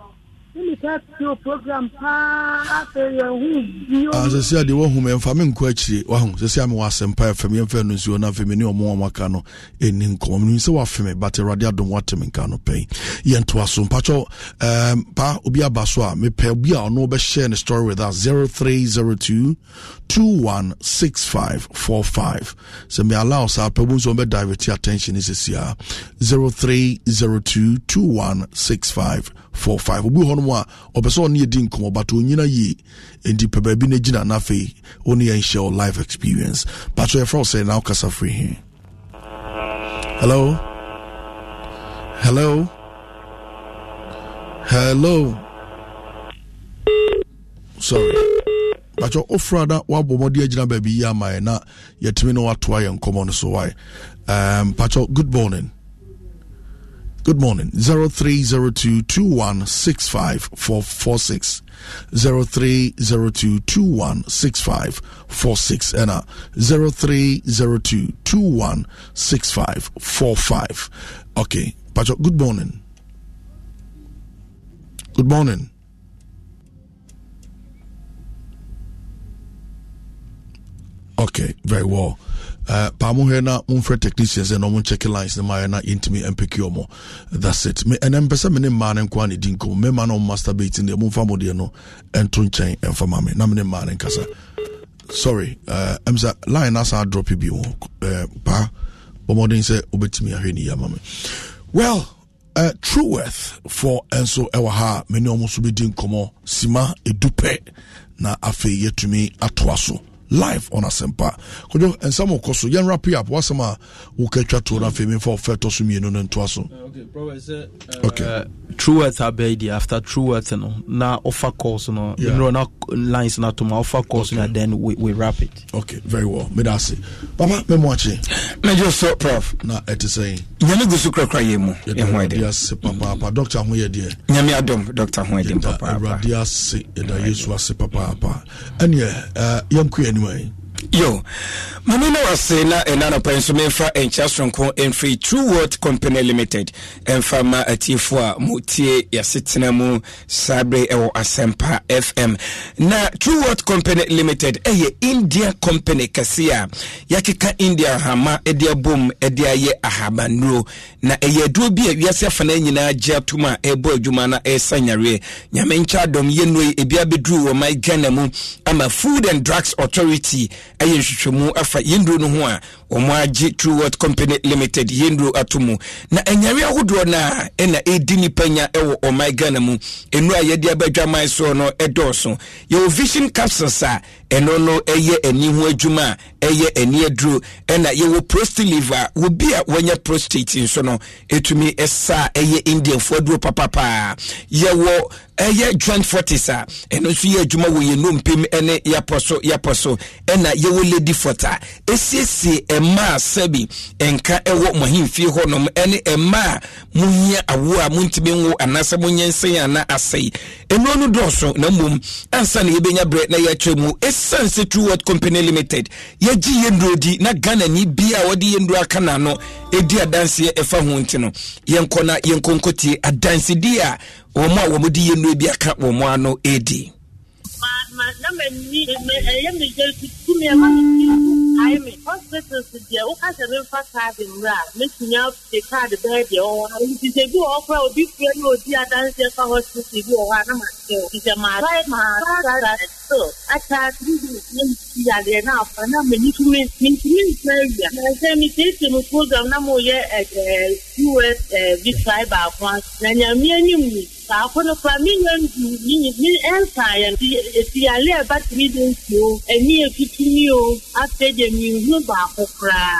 nnipa pio program paa afei yɛho bio sɛsi adeɛ woahu me mfa me nkɔ akyire wahu sɛsi a mewɔ asɛmpa fam yɛmfɛ no nsuo no afei mene ɔmo ɔmo aka no ɛni nkɔmmɔ menim sɛ woafe me but awurade adom woate me nka no pɛi yɛntoa so mpakyɛw um, pa obi aba so a mepɛ obi a ɔno wobɛhyɛ ne story with us 0302 216545 sɛ me allow saa pɛ bohu sɛ direct your attention ne sɛsia 0302216545 obi hɔ nom a ɔpɛ sɛ ɔne yɛdi nkɔmmɔ but ɔnyina yie enti pɛ baabi no gyina na afei wo ne yɛnhyɛ wo life experience patɔ yɛfrɛ wo sɛ na wokasa firi he hello hello hello sorry akyɛ ofra na wabɔ mmɔde agyina baabi yi ama yɛ na yɛtumi no watoa yɛ nkɔmmɔ no so wae um, pakyɛ good morning Good morning. 0302216546. 0302216546 and uh, 0302216545. Okay. Pacho, good morning. Good morning. okay very well uh, paamu hɛ na mfrɛ technicians ɛna ɔmo nkyɛke lines ne maayɛ na yɛntumi mpɛki ɔmo that's it me ɛnɛ mpɛ sɛ me ne mmaa no nkoa ne di nkɔm mɛma na ɔmo masturbate ne momfa mo deɛ no ɛnto nkyɛn ɛmfa ma me na me ne mmaa no nkasa sorry uh, ɛm sɛ line no asan adrɔpe bi wɔ uh, paa bɔmmɔden sɛ wobɛtumi ahwɛ ne yi ama me well uh, true worth for ɛnso ɛwɔ ha me ne ɔmo so bɛdi nkɔmmɔ sima ɛdu pɛ na afei yɛtumi atoa so live on asempa kɔdwo nsɛm wokɔ so yɛn wrap up wasɛm a wokatwa to no afei memfa ɔfɛ tɔ so mmienu no ntoa so true words are deɛ after true words no na offer calls no yeah. mmerɛ na lines no atoma offer calls okay. no then we, we wrap it okay very well meda ase papa memoakye megye so prof na ɛte sɛi nyame gu so kurakura yɛ mu ɛho ɛde ase papaapa dɔkta ho yɛ deɛ nyame adom dɔkta ho ɛde papaapa awurade ase yɛda yesu ase papaapa ɛneɛ eh, yɛnkɔ anim ayi yo mame no wase na ɛna nɔpa nso memfa ɛnkyɛ soronko ɛmfiri true world company limited ɛmfa ma atiefoɔ a motie yɛasetena mu saa bere ɛwɔ asɛmpa fm na true world company limited ɛyɛ india company kɛse a yɛakeka india hama ɛde abom ɛde ayɛ ahabannuro na ɛyɛ aduro bi a wiase afana nyinaa gye atom a ɛbɔ adwuma na ɛresa nyareɛ nyame nkyɛ adɔm yɛnnoi ebia bɛduru wɔ ma ghana mu ama food and drugs authority ɛyɛ nhwehwɛmu ɛfa yɛn duro no ho a wɔn agye true company limited yenduro ato mu na anyare ahodoɔ no a ɛna ɛdi nipa nya ɛwɔ ɔman ghana mu nnuro a yɛde abadwa man soɔ no ɛdɔɔso yɛwɔ vision capsules a ɛno no ɛyɛ ani ho adwuma a ɛyɛ ani aduro ɛna yɛwɔ prostate liver obi a wɔnyɛ prostate nso no ɛtumi ɛsa a ɛyɛ indianfoɔ aduro papapaa yɛwɔ ɛyɛ joint fortis a ɛno nso yɛ adwuma wɔ yɛn nompem ɛne yapɔ so yapɔ so ɛna yɛwɔ lady fort a ɛsiesie mmaa sɛbi nka ɛwɔ mɔhemfie hɔnom ɛne mmaa mohia awoɔ a montumi nwo anaasɛ monyɛ nsɛn ana asɛe ɛnuo no dɔɔso na mmom ansa na yɛbɛnya berɛ na yɛakyerɛ mu ɛsiane sɛ true world company limited yɛgye yɛ di na ghanani bia a wɔde yɛ nduro aka na no ɛdi adanseɛ ɛfa ho nti no yɛnkɔ na yɛnkɔnkɔtie adansedi a wɔn a wɔn de yɛ nduro bi aka wɔn ano ɛdi ɛyɛ me yɛ tumi ɛma mi ti ayɛ mi hospitals deɛ woka sɛ memfa kaade mmerɛ a mɛtumi apɛ kaade bɛyɛ deɛ wɔwɔ no nti sɛ bi wɔ hɔ koraa obi fura ne ɔdi adanseɛ fa hospital bi wɔ hɔ a na makyɛ wo nti sɛ maabae maasara so ataa three days na mesi adeɛ no afa na m'ani so me mentumi nsa awia na sɛ metietie mu program na moyɛ us visae baako aso na nyame anim ni baako no kora me nyɛ ndu me ɛnsaeɛ no ɛfiale a ɛba three days o ani ɛfiti tumi o afei deɛ mihu baako koraa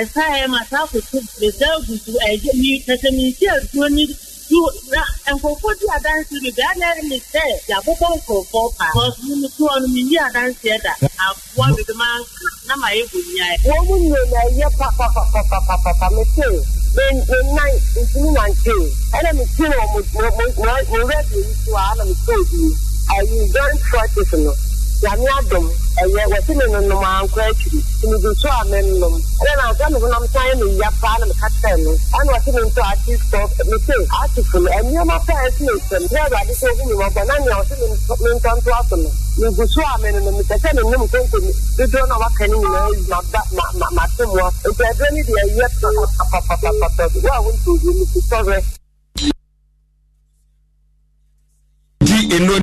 ɛsa e yɛ e ma saa koto besa agu so ɛgye mi kɛse mi nsi atuo e ni du na nkurɔfoɔ di adanse bi bɛɛ na ɛyɛ ne sɛ yabobɔ nkurɔfoɔ paa kɔsu mi to ɔno mi yi adanseɛ da aboa mi de ma na ma yɛ bɔ nia yɛ. wɔn mu nyɛ na ɛyɛ papapapapapapa mi se mi mi nan ntumi nante ɛna mi ti na ɔmo mo mo mo rɛ bi nso a ɛna mi se obi ayi very practice no nyame adom ɛyɛ wɔsi ne nonom ankɔ akyiri tumudu so a menom ɛna na asɛ me honam san yɛ ne ya paa na meka kyerɛ no ɛna wɔsi me nso ate sɔ me se atefo no nneɛma paa ɛsi ne nsɛm na awurade sɛ ohu me mmɔbɔ na nea wɔsi me ntɔnto aso no mugu so a menonom mepɛ sɛ menom konko dodoɔ na waka no nyinaa yi maba mate moɔ nti ɛberɛ no deɛ ɛyɛ papapapapapa wo a wontobi mu sisɔrɛ di eno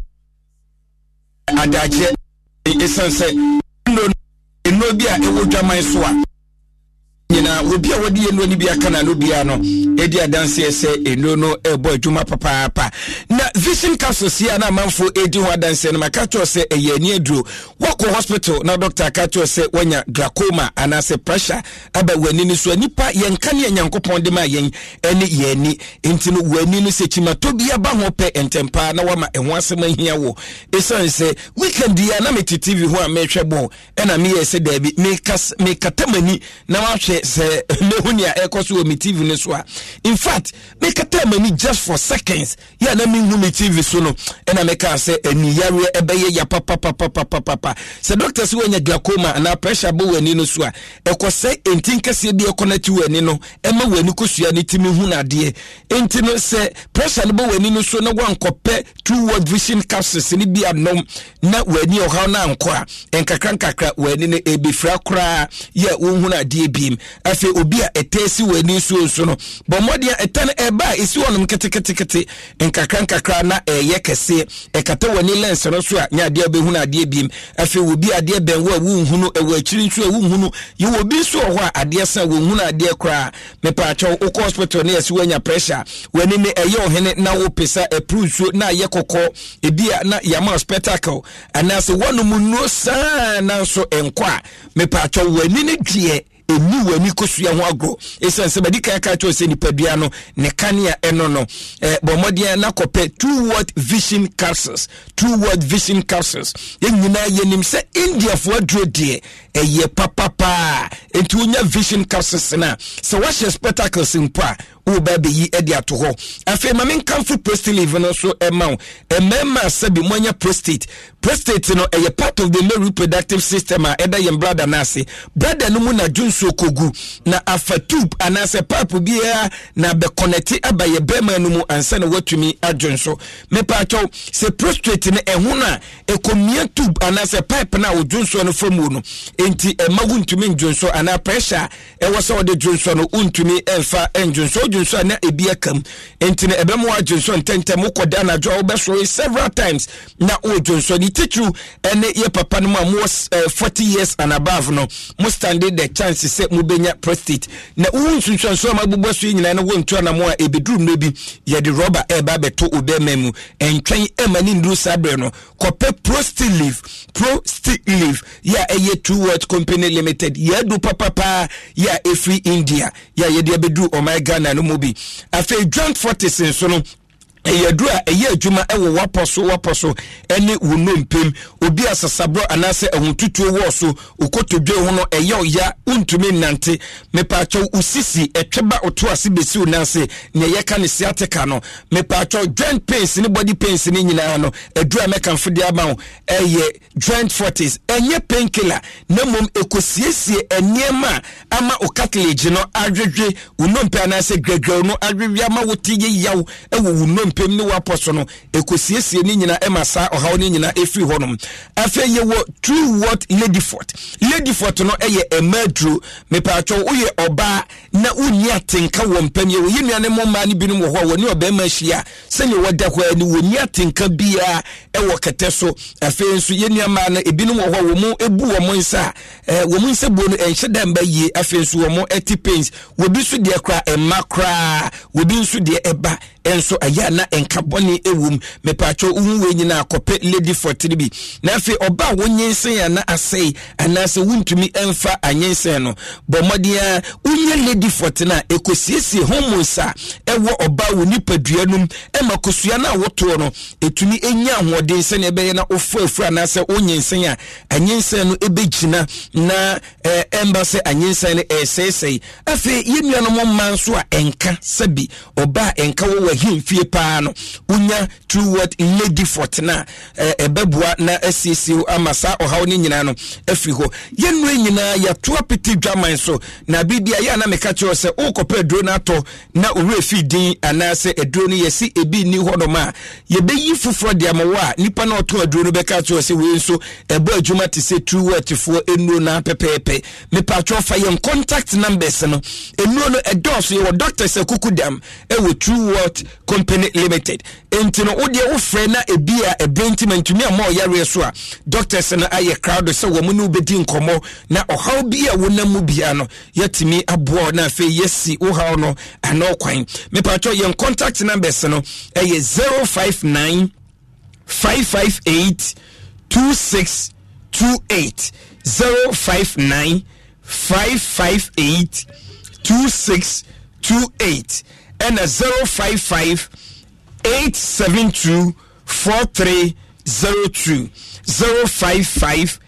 adagye ɛsiane sɛ nnuro bi a ɛwɔ dwaman so a nyinaa obi a wɔde yɛnuo no bi aka na no biara no ɛdi adanseɛ sɛ ɛnuo no ɛbɔ adwuma papaapa na vision capsule sie a na amanfoɔ ɛdi ho adanseɛ no maka kyerɛ sɛ ɛyɛ ani aduro wɔkɔ hospital na doctor aka kyerɛ sɛ wanya glaucoma anaasɛ pressure aba w'ani no so nnipa yɛnka ne nyankopɔn de ma yɛn ɛne yɛani nti no w'ani no sɛ kyimatɔ bi aba ho pɛ ntɛmpaa na wama ɛho asɛm ahia wɔ ɛsiane sɛ weekend yi a na mete tv ho a mehwɛ bɔn ɛna meyɛ sɛ na wahwɛ de sɛ mehu nea ɛkɔ so wɔ me tv no so a infact mekata m'ani just for seconds yɛ a na menhu me tv so no ɛna mekaa sɛ aniyareɛ ɛbɛyɛ ya papapapapapapa sɛ doctor sɛ woanya glaucoma anaa pressure bɔ w'ani no so a ɛkɔ sɛ ɛntin kɛseɛ bi ɛkɔ no ati w'ani no ɛma w'ani kɔsua no timi hu no adeɛ ɛnti no sɛ pressure no bɔ w'ani no so na woankɔpɛ two word vision capsules no bi anom na w'ani ɔhaw no ankɔ a ɛnkakra nkakra w'ani no ɛbɛfira koraa yɛ wohu no adeɛ biem afei obi a ɛtɛ si wɔ ani nsuo nso no bɔ mmɔden a no ɛba a ɛsi wɔnom nkakra nkakra na ɛyɛ kɛseɛ ɛkata wɔ ani lens no so a nyɛ adeɛ wobɛhunu adeɛ biem afei wɔ adeɛ bɛn wo a wonhunu ɛwɔ akyiri nso a wonhunu yɛwɔ bi nso wɔ hɔ a adeɛ sa wɔnhunu adeɛ koraa hospital ne ɛsi wɔnya pressure ne na wopɛ sa ɛpuru nsuo na ayɛ ebi a na yɛama spectacle anaasɛ wɔnom saa nanso ɛni w'ani kɔsua ho agorɔ ɛsiane sɛ bɛde kaa kaa kyɛw sɛ nipadua no ne kanea ɛno no eh, na kɔpɛ two word vision capsules two word vision capsules yɛn nyinaa yɛnim sɛ indiafoɔ duro deɛ ɛyɛ papapaa enti wonya vision capsules no a sɛ woahyɛ spectacles mpo a woba bɛyi de ato hɔ afei ma menkamfo prostate leave no so ma wo mmarima sɛbi moanya prostate prostate no ɛyɛ part of the male reproductive system a ɛda yɛn brada no ase brada no mu na dwonsuo kɔgu na afa tube anaasɛ papo biara na bɛkɔnɛte aba yɛ bɛrima no mu ansa na watumi adwon so mepaakyɛw sɛ prostate no ɛho no a ɛkɔmmia tub anaasɛ pipe no a wodwonsoɔ no fa muo no enti ɛma wontumi ndwonso anaa pressure ɛwɔ sɛ wode dwonsoɔ no wontumi ɛmfa ndwonso adwene so a na ebi aka mu nti na ɛbɛn mu adwene ntɛntɛn mu kɔda anadwo a wobɛsɔre several times na ɔredwene so ne titiriw ɛne yɛ papa no mu a mo wɔ forty years and above no mo stande the chance sɛ mo benya prostate na wohu nsunsuanso a ma bubɔ so yi nyinaa no wɔntu anamo a ebiduru mu bi yɛde rɔba ɛɛba abɛto obɛɛma mu ntwɛn ɛma ne nduru saa berɛ no kɔpɛ prostate leaf prostate leaf yɛ a ɛyɛ two word company limited yɛadu papapaa yɛ a ɛfiri india yɛ a yɛde abɛduru ɔman ghana no mu bi afei dwan fortis nso no ɛyɛduru a ɛyɛ adwuma ɛwɔ wapɔ so wapɔ so ɛne wo nompem obi a sasaborɔ anaasɛ ahotutuo wɔ so okotodwe ho no ɛyɛ ɔya wontumi nnante mepaakyɛw osisi ɛtweba ɔto ase bɛsi wo nanse nea yɛka ne siatica no mepaakyɛw joint pains ne body pains ne nyinaa no aduru a mɛkamfo de ama wo ɛyɛ joint fortis ɛnyɛ painkiller na mmom ɛkɔsiesie nneɛma a ama wo cartilage no adwedwe wo nompe anaasɛ grɛgrɛw no adwedwe ama wo te yɛ yaw ɛwɔ wo nompe mpem ne wapɔ so no ɛkɔsiesie ne nyinaa ɛma saa ɔhaw no nyinaa ɛfiri hɔnom afei yɛwɔ true word ladyfort ladyfort no ɛyɛ ɛma aduro mepaatwɔ woyɛ ɔbaa na wonni atenka wɔ mpam yɛ wɔyɛ nnuane mmɔmmaa no binom wɔ hɔ a wɔne ɔbɛrima ahyia sɛnea wɔda hɔ ani wɔnni atenka biara ɛwɔ kɛtɛ so afei nso yɛ nnuamaa no ebinom wɔ hɔ a wɔn ebu wɔn nsa a eh, wɔn nsa buo no ɛnhyɛ dan ba yie afei nso wɔn ɛte pains wɔbi nso deɛ kora ɛma koraa wɔbi nso deɛ ɛba ɛnso ɛyɛ a na ɛnka bɔne ɛwɔ mu mepatwɛ nyinaa kɔpɛ lady fɔtiri bi na afei ɔba a wonyensen ana asɛe anaasɛ wontumi ɛmfa anyensen no bɔ mmɔden a wonyɛ lady adifoɔ tena ɛkɔsiesie hormones a ɛwɔ ɔbaa wɔ nipadua no mu ɛma kosua no a wotoɔ no ɛtumi ɛnya ahoɔden sɛneɛ ɛbɛyɛ na wofuafura anaasɛ wonyensan a anyensan no ɛbɛgyina na ɛmba sɛ anyensan no ɛɛsɛesɛe afei yɛ nuanom ma nso a ɛnka sɛbi ɔbaa ɛnka wɔ wahemfie paa no wonya true word lady fortena ɛbɛboa na asiesie ama saa ɔhaw no nyinaa no afiri hɔ yɛnnuro nyinaa yɛtoa pete dwaman so na bibi a yɛ a na meka kyerɛ sɛ wokɔpɛ aduro no atɔ na owura fi din anaasɛ aduro no yɛsi ebi nni hɔnom a yɛbɛyi foforɔ de ama wo a nnipa no ɔtɔn aduro no bɛka kyerɛ sɛ wei nso ɛbɔ adwuma te sɛ tu wɔatifoɔ nnuro no pɛpɛɛpɛ mepatwerɛ fa yɛn contact numbers no nnuro no ɛdɔɔso yɛwɔ dr sɛ kuku dam ɛwɔ true world company limited nti no wodeɛ wofrɛ na ebi a ɛberɛ nti mantumi ama ɔyareɛ so a doctors no ayɛ crowd sɛ wɔ mu ne wobɛdi nkɔmmɔ na ɔhaw bi a wonam mu bia no yɛatumi aboa na na afei yɛsi wo haw no anɔ kwan mepatwɔ yɛn contact numbers no ɛyɛ 059 558 2628 059 558 2628 ɛna 055 872 4302 055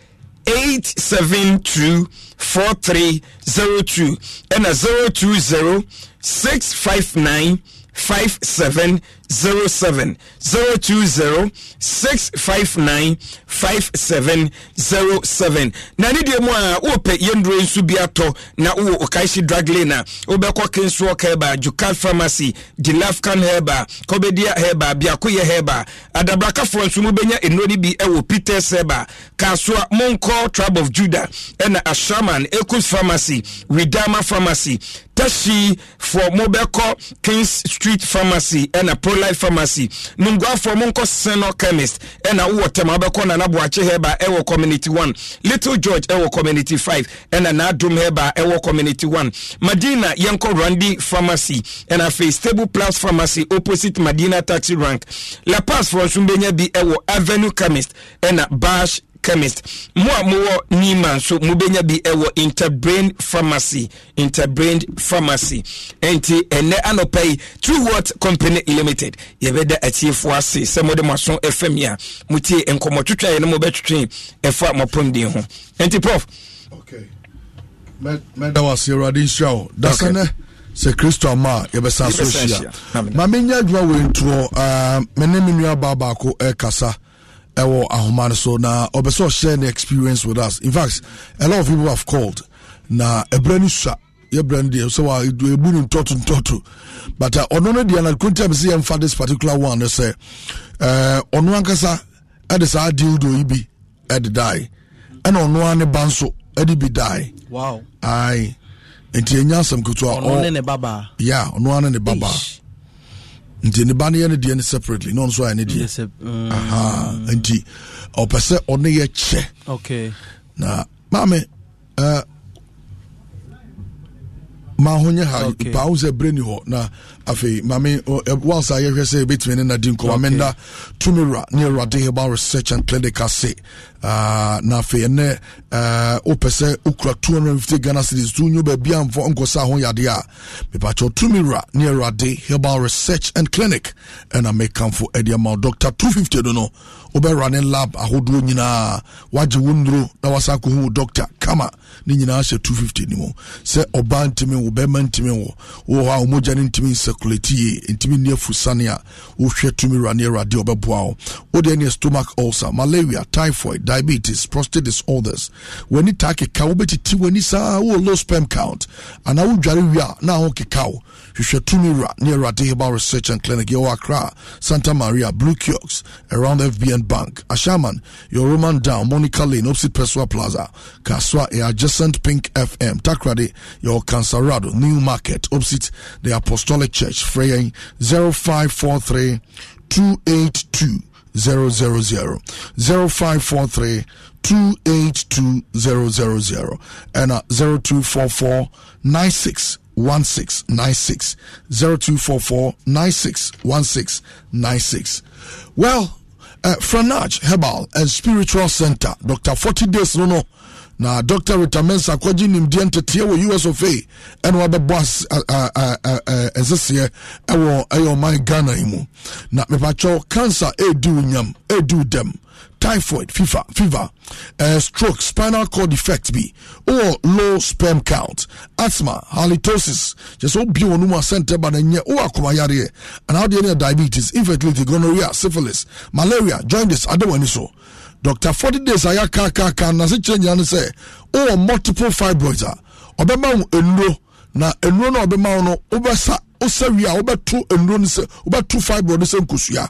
eight seven two four three zero two and a zero two zero six five nine five seven 07 020 659 5707 Nani de moa, mu a subiato, yɛnduro nso bi atɔ na wowɔ okaihyi drug lane a wobɛkɔ kensoɔk herba pharmacy delafcan heba, kobedia heba, biakuye heba, adabraka nso mubɛnya ɛnuro bi ɛwɔ peters seba, kasua, monko, tribe of juda ɛna ashaman ecus pharmacy widama pharmacy tashi for mobɛkɔ kings street pharmacy ɛna prolife pharmacy nunguafoɔ mo nkɔ Senor chemist ɛna wowɔ tɛm wobɛkɔ nanaboakye heba ɛwɔ community One, little george ɛwɔ community Five ɛna naadom heba ɛwɔ community One. madina yɛnkɔ randi pharmacy ɛna afei stable plus pharmacy opposite madina taxi rank lapas for nso bɛnya bi ɛwɔ avenue chemist ɛna bash chemist mo a mowɔ nima nso mobɛnya bi ɛwɔ interbrain pharmacy interbrain pharmacy ɛnti ɛnɛ anɔpa yi true what company limited yɛbɛda atiefoɔ ase sɛ mode mo aso ɛfam yi a motie nkɔmmɔtwitwa yɛ no mobɛtwetwe ɛfa mɔpɔmden ho ɛnti prof okay. mɛda wo ase awurade nhyira wo da nɛ sɛ kristo ama a yɛbɛsa so hyia ma menya adwuma wei ntoɔ mene me nua baa baako ɛkasa eh, ɛwɔ ahoma no so na ɔbɛ sɛ ɔhyɛ ne experience with us in fact a lot of people have called na ɛbrɛ no sua yɛbrɛ no deɛ sɛ wa ɛbu no ntɔto ntɔto but ɔno uh, no deɛ na kontam sɛ yɛmfa this particular one no sɛ ɔno ankasa ɛde saa dildo yi bi ɛde dae ɛna ɔno ne ba nso ɛde bi dae wow ae nti ɛnya asɛm ketewa ɔno ne ne yeah ɔno ne ne babaa nti ne ba no yɛ no deɛ no separately na ɔno so ayɛ ne deɛ mm. aha nti ɔpɛ sɛ ɔne yɛ kyɛ na maame uh, ma ho nyɛ ha okay. pa ho sɛ berɛ ni hɔ na afei maame wansa yɛhwɛ sɛ yɛbɛtumi ne nadi nkɔma amenda tumira ne awurade heba research and clinic ase uh, na afei ɛnɛ uh, sɛ wokura 250 ghana cities to nwo baabia mfɔ nkɔ sɛ ho yadeɛ a mepakyɛ tumira ne awurade heba research and clinic ɛna mekamfo ɛde ama wo dr 250 no no wobɛwura ne lab ahodoɔ nyinaa wagye wo nnuro na wasa akɔhu wo doctor kama ne nyinaa hyɛ 250 ni mu sɛ ɔba ntimi wo bɛma ntimi wo wowɔ hɔ a womogya no ntimi nsɛ calculate yie ntumi nni afusane a wohwɛ tumi wura ne awurade stomach ulcer malaria typhoid diabetes prostate disorders w'ani taa keka wobɛtete w'ani saa wo low sperm count anaa wodware wie a na ho keka wo hwehwɛ tumira ne awurade herbal research and clinic yɛwɔ accra santa maria blue kiox around fbn bank ashaman your roman down monica lane opposite Perswa plaza kaswa adjacent pink fm takrade your cansarado new market opposite the apostolic church freying 0543 282 000 0543 282 000 and 0244 96 9696 0244 961696. Well, uh, Franaj Herbal and Spiritual Center, Dr. 40 Days no no. Na Dr. Rita Mensa kwagye nimdeɛ nteteɛ wɔ US of A ɛna wabɛbɔ ɛsɛseɛ ɛwɔ ɛyɛ ɔman Ghana yi imu na mepatwɛw cancer ɛɛdi wo nyam ɛɛdi wo dem typhoid fever fever uh, stroke spinal cord defect bi or low sperm count asthma halitosis just so bi wonu ma center ba na nye o akoma yare and how dey diabetes infertility gonorrhea syphilis malaria join this adewani so doctor 40 days aya ka ka ka na se chenye ne se o multiple fibroids a obema wo enuro na enuro na obema wo no obesa osawi a obeto enuro ne se obeto fibroid ne se nkosua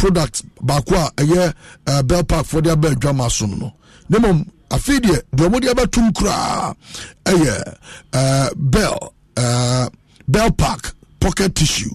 product baako a ɛyɛ eh, bell park for de Bell adwama som no ne mom afei deɛ deɛ wɔde abɛtom koraa ɛyɛ eh, bell eh, bell park pocket tissue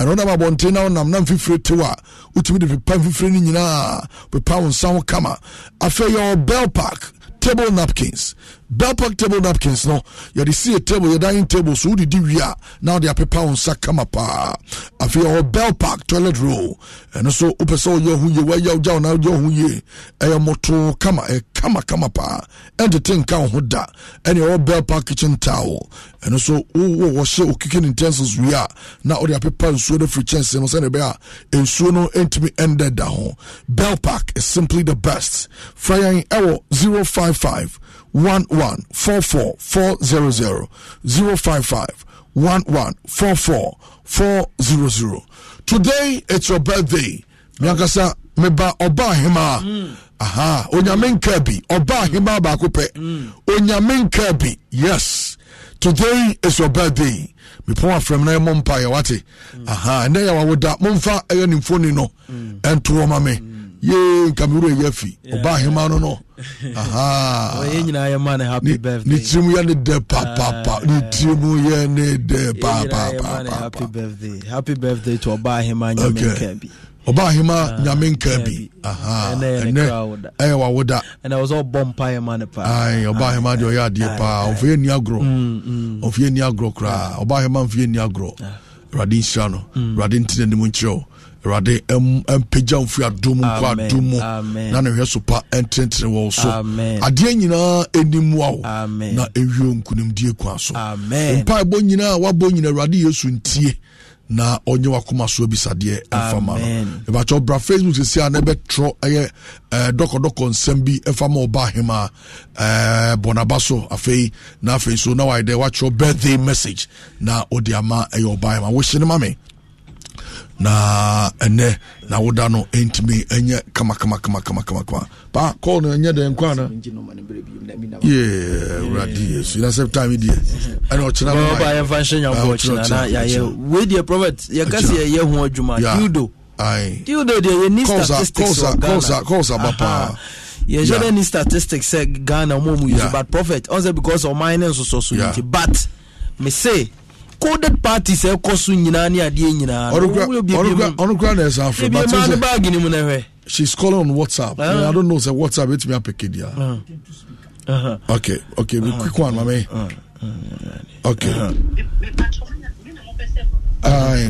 ɛno nam abɔnten na wonam nam fifire tew a wotumi de pepa mfifire no nyinaa pepa wo nsa kama afei yɛwɔ bell park table napkins Bell Park table napkins no yɛde a table yɛ dining table so wodedi wie a na wode apepa wo nsa kama paa afei Bell Park toilet roll ɛno so wopɛ sɛ woyɛ ho ye woayɛ wogya wo na woyɛ ho ye ɛyɛ mmɔtoo kama ɛ kamakama paa ɛntete nka wo ho da ɛne ɛwɔ bell park kitchen towel ɛno so wowɔ wɔhyɛ wo kitchen utensils wie a na wode apepa nsuo no firi kyɛnse no sɛne ɛbɛyɛ a nsuo no ɛntumi ɛndɛ da ho bell park is simply the best fra yɛn ɛwɔ 055 1144400 055 1144400. today it's your birthday meankasa meba ɔba ahema aha onyame nka bi ɔba ahema baako pɛ onyame nka bi yes today is your birthday mepɔn afrɛm na yɛmmɔ mpa yɛwate aha ɛnɛ yɛwawoda momfa ɛyɛ ne mfoni no ɛntoɔ ma me yee nkamewura ɛyɛ afi ɔba ahema no no ne tirim yɛ ne dɛ papapa ne ah. tirim yɛ ne dɛ papapa ọba ahịma nyame nka ɛyɛ wawoda ɔba ahema deɛ ɔyɛ adeɛ ah, paa ah, ɔmfeyɛ nni agorɔ mm, mm. ɔmfeyɛ nni agorɔ koraa ah. ɔba ahema mfeyɛ nni agorɔ awurade nhyira no mm. awurade ntena o mpagya nkɔ mu na ne hwɛ so ntenetene so adeɛ nyinaa wa na so mpaebɔ nyinaa wabɔ nyina yesu ntie na ɔnye wakoma so abisadeɛ ɛfa ma no ɛbakyɛ ɔbra facebook sɛsi a na ɛbɛtrɔ ɛyɛ e, dɔkɔdɔkɔ nsɛm bi ɛfa ma ɔba ahema e, bɔnaba so afei na afei so na wayɛ dɛ wakyerɛ birthday message na ɔde ama ɛyɛ ɔba ahema wohyɛ no ma me na ɛnɛ na woda no ɛntumi ɛnyɛ kamakamakamakama paa call no ɛnyɛ dɛn nkɔ ana awurade yesu na sɛ time deɛ ɛna ɔkyena wei deɛ prophet yɛka sɛ yɛyɛ ho adwuma dildo dildo deɛ yɛni statistics ba paa yɛhyɛ dɛ ni statistics sɛ eh, ghana ɔmɔ mu use but prophet ɔn sɛ because ɔman ne nsoso so nti but me say coded parties ɛkɔ so nyinaa ne adeɛ nyinaa na ɛsɛ afrɛ she's calling on whatsapp ah. I, don't know sɛ whatsapp ɛtumi apɛke dea ah. uh-huh. okay okay uh quick one mame okay uh-huh. aye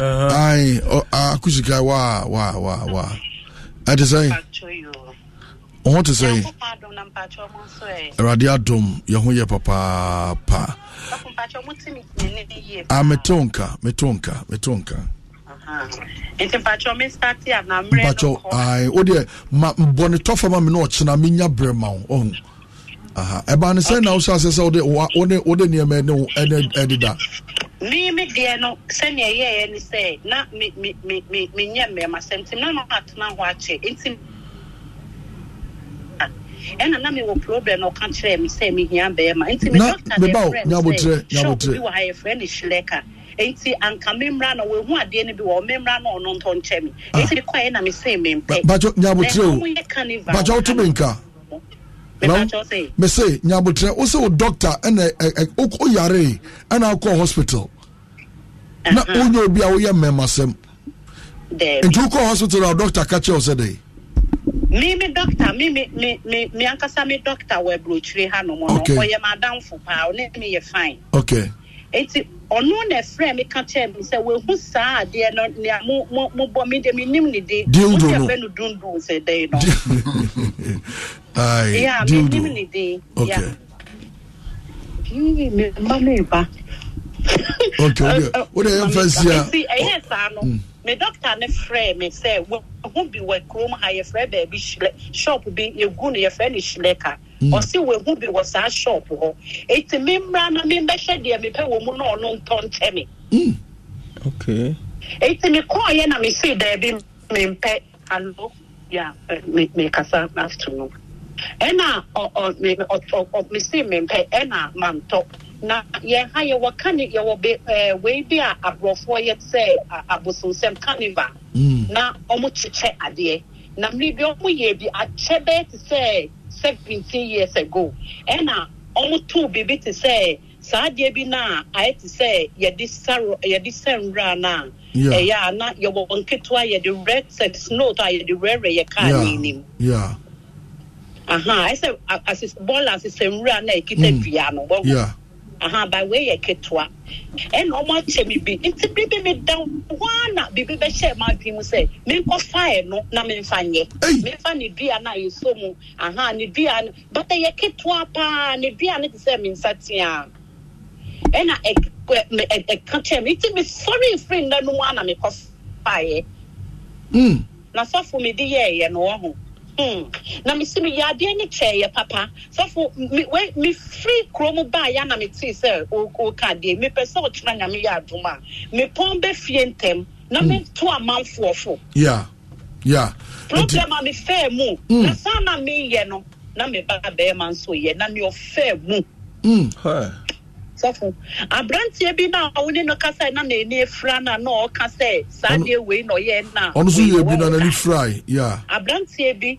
aye oh, akusika wa wa wa wa ɛte sɛ oh ɔho te sɛ awurade adom yɛ ho yɛ papaapa a mete wo nka mete wo nka mete wo nka mpakyɛ wodeɛ mbɔnetɔfa ma me ne ɔkyena menya berɛ ma wo ɔhu aha ɛba ne sɛn na wosɛ asɛ sɛ wode wode nneɛma ɛne ɛne ɛdeda me me deɛ no sɛnea ɛyɛɛ ne sɛ na menyɛ mmɛma sɛm ntim na na atena hɔ akyɛ ntim ɛna na mewɔ problem na ɔka kyerɛ me sɛ mehia bɛɛma nti me doctor ne frɛ shop bi wɔ ha yɛfrɛ ni hyerɛka nti anka wehu adeɛ bi wɔ ɔno ntɔ nti ah. de kɔɛ na mesɛ o nyabotrɛbakyɛ woto me nka mese nyabotrɛ wo sɛ wo doctor ɛna woyaree e, e, ɛna akɔ hospital na wonyɛ obi a woyɛ mmɛmasɛm nti wokɔ hospital a sɛ mimi dɔkta mimi mi mi mi ankasa mi dɔkta wɔ aburokyire ha nom no ɔyɛ madamfo paa ɔne mi yɛ fain okay eti ɔno na ɛfrɛ mi ka kyerɛ mi sɛ wehu saa adeɛ no nea mo mo mo bɔ mi de mi nim ne de mo de ɛfɛ no dundun sɛ dɛɛ no ayi yeah, dildo ya mi nim ne de okay yii mi mba mi ba okay o de o de yɛn fɛ si a ɛyɛ saa no. Mm. me doctor ne frɛ me sɛ wɔho bi wɔ kurom ha yɛfrɛ baabi hyerɛ shop bi egu no yɛfrɛ ne hyerɛka mm. ɔsi wɔho bi wɔ saa shop hɔ eti mi mmra na mi mbɛhyɛ deɛ mi pɛ wɔ mu na ɔno ntɔ ntɛ mm. okay. eti mi kɔɔ yɛ na mi si dɛbi mi mpɛ alo ya mi mi kasa afternoon ɛna ɔ ɔ mi ɔ ɔ mi si mi mpɛ ɛna ma ntɔ. na yɛha ha yɛwɔ kane yɛwɔ be eh, wei bi a aborɔfoɔ yɛ sɛ abosonsɛm kaneva mm. na wɔn kyekyɛ adeɛ na mmiri bi wɔn yɛ bi akyɛ bɛɛ te sɛ seventeen years ago ɛna ɔmotoo too biribi te sɛ saa adeɛ bi na ayɛ te sɛ yɛde saro yɛde sɛ nwura na ɛyɛ a na yɛwɔ nketewa yɛde rɛ sɛ snow to a yɛde rɛrɛ yɛ kaa ni anim aha ɛsɛ bɔɔl asese bɔɔla asese nwura na ekita mm. dua no ahaba wee yɛ ketewa ɛna ɔmo akyɛm bi nti bere bi mi da waa na biribi bɛhyɛ ɛma adwene mu sɛ menkɔ fae no na memfa nyɛ memfa ne dua no a yɛso mu aha ne dua no bata yɛ ketewa paa ne dua no te sɛ me nsa tia ɛna ɛka kyerɛ me nti mesɔre firi nna no mu a na mekɔ faeɛ na sɔfo mede yɛɛyɛ no wɔ ho na mesi mi yadeɛ ne kyɛɛyɛ papa sɔfo mi wɛ mi firi kurom ba ya na mi ti sɛ ɔka deɛ mi pɛ sɛ ɔtena nyame yɛ adum a mi pɔn bɛ fie ntɛm na mi to amanfoɔ fo. ya ya. problem a mi mu. na hmm. saa na mi yɛ no na mi ba bɛrima nso yɛ na mi ɔfɛɛ mu. sɔfo aberanteɛ eh, bi na awo ne no kasa na na ani eh, efura eh, na na ɔka sɛ saa deɛ wei na ɔyɛ na. ɔno nso fura yi ya. aberanteɛ bi.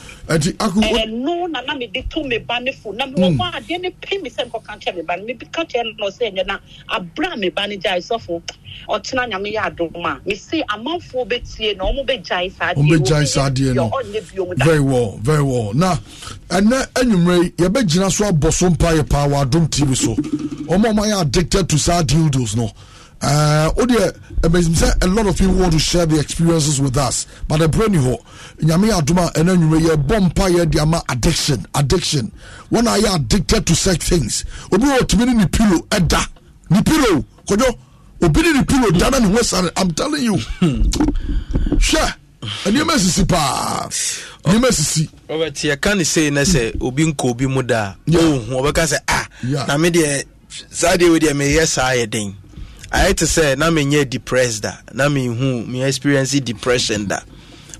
ɛnu eh, nana mi di to mi ba ne fo na mi wɔ hɔ ne pe mi sɛ nkɔ kankyɛ mi ba ne mi bi kankyɛ no sɛ ɛnyɛ na abira mi ba ne gya esɔfo ɔtena nyame yɛ adum a mi se amanfoɔ bɛ tie na ɔmo bɛ gya saa adeɛ ɔmo bɛ gya saa adeɛ no very well very well na ɛnɛ enyimire yɛ bɛ gyina so abɔ so mpa yɛ paa wɔ adum tv so ɔmo ɔmo ayɛ addicted to saa dildos no uh, wodeɛ ɛbɛsim sɛ a lot of people want to share the experiences with us but ɛbrɛ ni hɔ nyame yɛ adom a ɛna eh, nnwuma yɛbɔ mpa yɛ ama addiction addiction wɔn a yɛ addicted to such things obi wɔ tumi ne ne pillow ɛda eh, ne pillow kɔdwo obi ne ne pillow da na ne ho sare i'm telling you hwɛ hmm. eh, nneɛma sisi paa nneɛma sisi. ɔbɛti ɛka ne sei na sɛ obi nkɔ obi mu da ɔbɛka oh, sɛ ah na me deɛ saa deɛ wei deɛ meyɛ saa yɛ den ayɛ te sɛ na menyɛ depressed da na mehu me experience depression da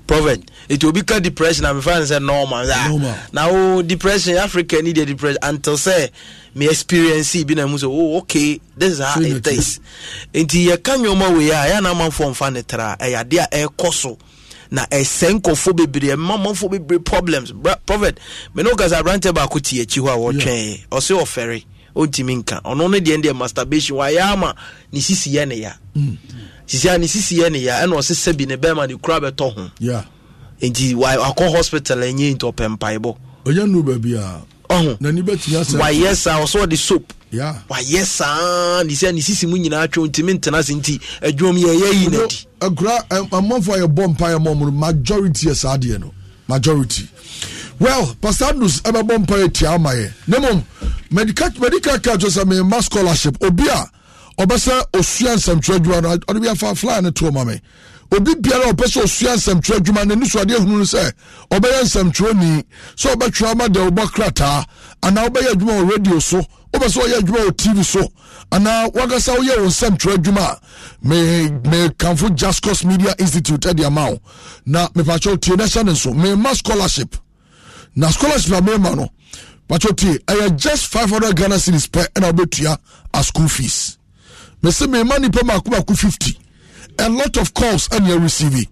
prophet nti obi ka depression a mefa ne sɛ normal a na wo depression africa ni deɛ depression until sɛ me experience bi na mu sɛ oh okay this is how it is nti yɛka nneɔma wei a yɛa na amanfoɔ mfa ne tra ɛyɛ e adeɛ a ɛrekɔ so na ɛsɛ e nkɔfoɔ bebree ɛma e amanfoɔ bebree problems prophet me no wokasa aberanteɛ baako te akyi hɔ a wɔtwɛn ɔse ɔfɛre ɔntumi nka ɔno no deɛ deɛ masturbation wayɛ ama ne sisiyɛ ne ya sisia ne sisiyɛ ne ya ɛna ɔse sɛ bi ne bɛrima ne kura bɛtɔ ho nti wakɔ hospital ɛnyɛ e nti ɔpɛ mpaebɔ ɔyɛ no baabi a ɔho nani bɛtumi asɛ wayɛ saa ɔsɛ ɔde soap wayɛ saa ne sɛ ne sisi mu nyinaa twɛ ntumi ntena se nti adwom yɛyɛ yi nadi akura amanfoɔ a yɛbɔ mpaeɛ mɔ mu no majority yɛ saa deɛ no majority well pastor andrews ɛbɛbɔ mpa yɛ tia ama yɛ ne mom medical medical care kyerɛ sɛ mema scholarship obi a ɔbɛsɛ osua nsɛmtwerɛ adwuma no ɔde bi afa flyer ne to ma me obi biara a ɔpɛ sɛ osua nsɛmtwerɛ adwuma no ani so adeɛ hunu no sɛ ɔbɛyɛ nsɛmtwerɛni sɛ ɔbɛtwerɛ ama deɛ wobɔ krataa anaa wobɛyɛ adwuma wɔ radio so wopɛ sɛ ɔyɛ adwuma wɔ tv so ana wakasa woyɛ wo nsɛmtwerɛ adwuma a mekamfo me jascos media institute ɛde ama wo na mepakyɛ wo tie na hyɛ ne nso mema scholarship na scholarship abɛma no patwo tie ɛyɛ just five hundred ghana series pɛ ɛna wobɛtua as school fees mese mema nnipa maako maako 50 a lot of calls ɛne ɛreceive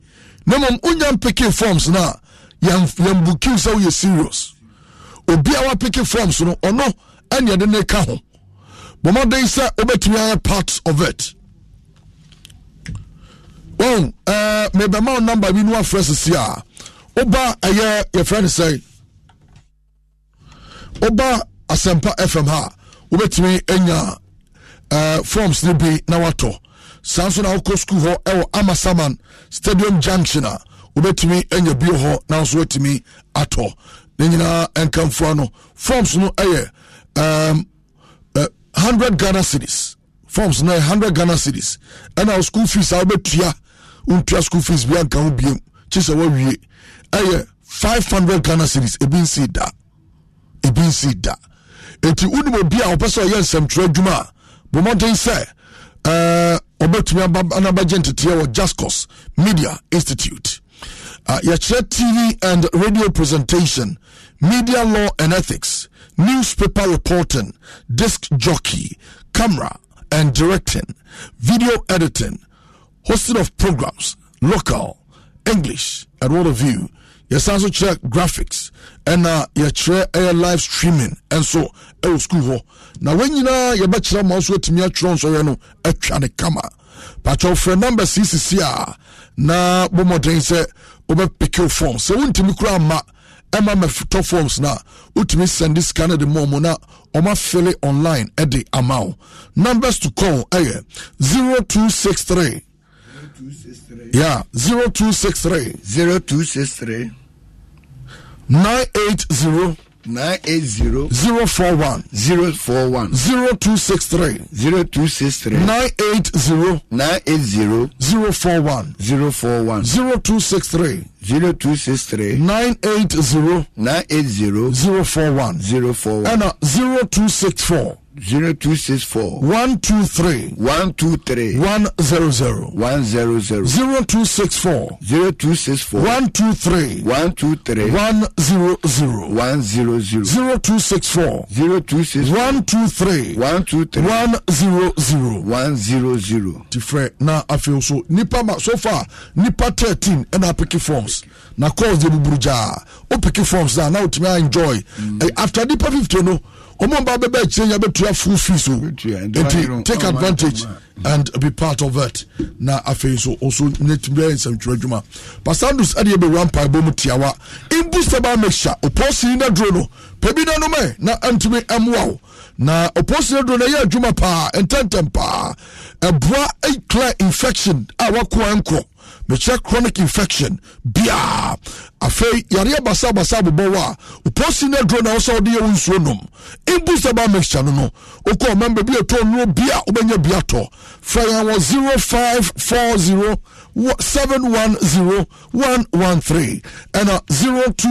na mmom wonya mpeke forms no a yɛmbukiw sɛ woyɛ serious obi a wapeke forms no ɔno ɛne ɛde ne ka ho bɔmmɔden sɛ wobɛtumi ayɛ part of it wɔn ɛɛ mebɛma wo number bi no wafrɛ sisi a woba ɛyɛ yɛfrɛ no sɛ woba asɛmpa fm ha wobɛtumi anya uh, forms no bi na watɔ saa nso na wokɔ skul hɔ ɛwɔ amasaman stadium junction a wobɛtumi anya bio hɔ nanso watumi atɔ ne nyinaa nkamfua no forms no ɛyɛ um, uh, 100 ghana cities forms no yɛ 100 ghana cities ɛna school fees a wobɛtua wontua school fees bia nka ho biam kyi sɛ woawie ɛyɛ 500 ghana cities ebi nsi da ebi nsi da eti wonim obi a ɔpɛ sɛ ɔyɛ nsɛmtwerɛ adwuma a bɔmmɔden sɛ eh, ɔbɛtumi anabɛgye nteteɛ wɔ jascos media institute uh, yɛkyerɛ tv and radio presentation media law and ethics newspaper reporting disc jockey camera and directing video editing hosting of programs local english and world of view yɛsan nso kyerɛ graphics ɛna yɛkyerɛ ɛyɛ live streaming ɛnso ɛwɔ school hɔ na wɔn nyinaa yɛbɛkyerɛ ma ɔso atumi atwerɛ nsɔyɛ no atwa ne kama patwɛ frɛ number sisisi a na bɔmmɔden sɛ wobɛpeke form sɛ wontumi kora amma ɛma mɛtɔ forms no a wotumi sɛnde sika no de ma mu na ɔma fele online ɛde ama wo numbers to call ɛyɛ 0263 yeah 0263 0263 nine eight zero. 980 041 041 0263 0263 980 980 041 041 0263 0263 980 980 041 041 ɛna 0264 zero two six four. one two three. one two three. one zero zero. one zero zero. zero two six four. zero two six four. one two three. one two three. one zero zero. one zero zero. zero two six four. zero two six. one two three. one two three. one zero zero. one zero zero. ti fẹ́ na afẹ́ so Nipa ma so far nipa thirteen ẹ̀ na apiki forms. Okay na calls de buburu gyaa wopiki forms a na wotumi enjoy. Mm. Eh, after nipa 50 no ɔmo mba bɛbɛ akyire nya bɛtua full fees o nti take advantage and be part of it na afei nso nso netumi bɛyɛ nsɛmtwerɛ adwuma pasandus ɛdeɛ bɛwura mpaebɔ mu tiawa imbu sɛba mixture ɔpɔ sini no pɛ bi nanom na antumi mmoa wo na ɔposine do no ɛyɛ adwuma paa ntɛntɛm paa ɛboa ɛkla infection a wakoa nkorɔ mekyerɛ chronic infection biaa afei yareɛ basabasa bobɔ wo a oposi no aduro na wo sɛ wode yɛ wo nsuo nom imbusa ba mixture no no wokɔ member bi ɛtɔ nnuro bi a wobɛnya bi atɔ frɛ yɛn wɔ 0540 710 113 ɛna 02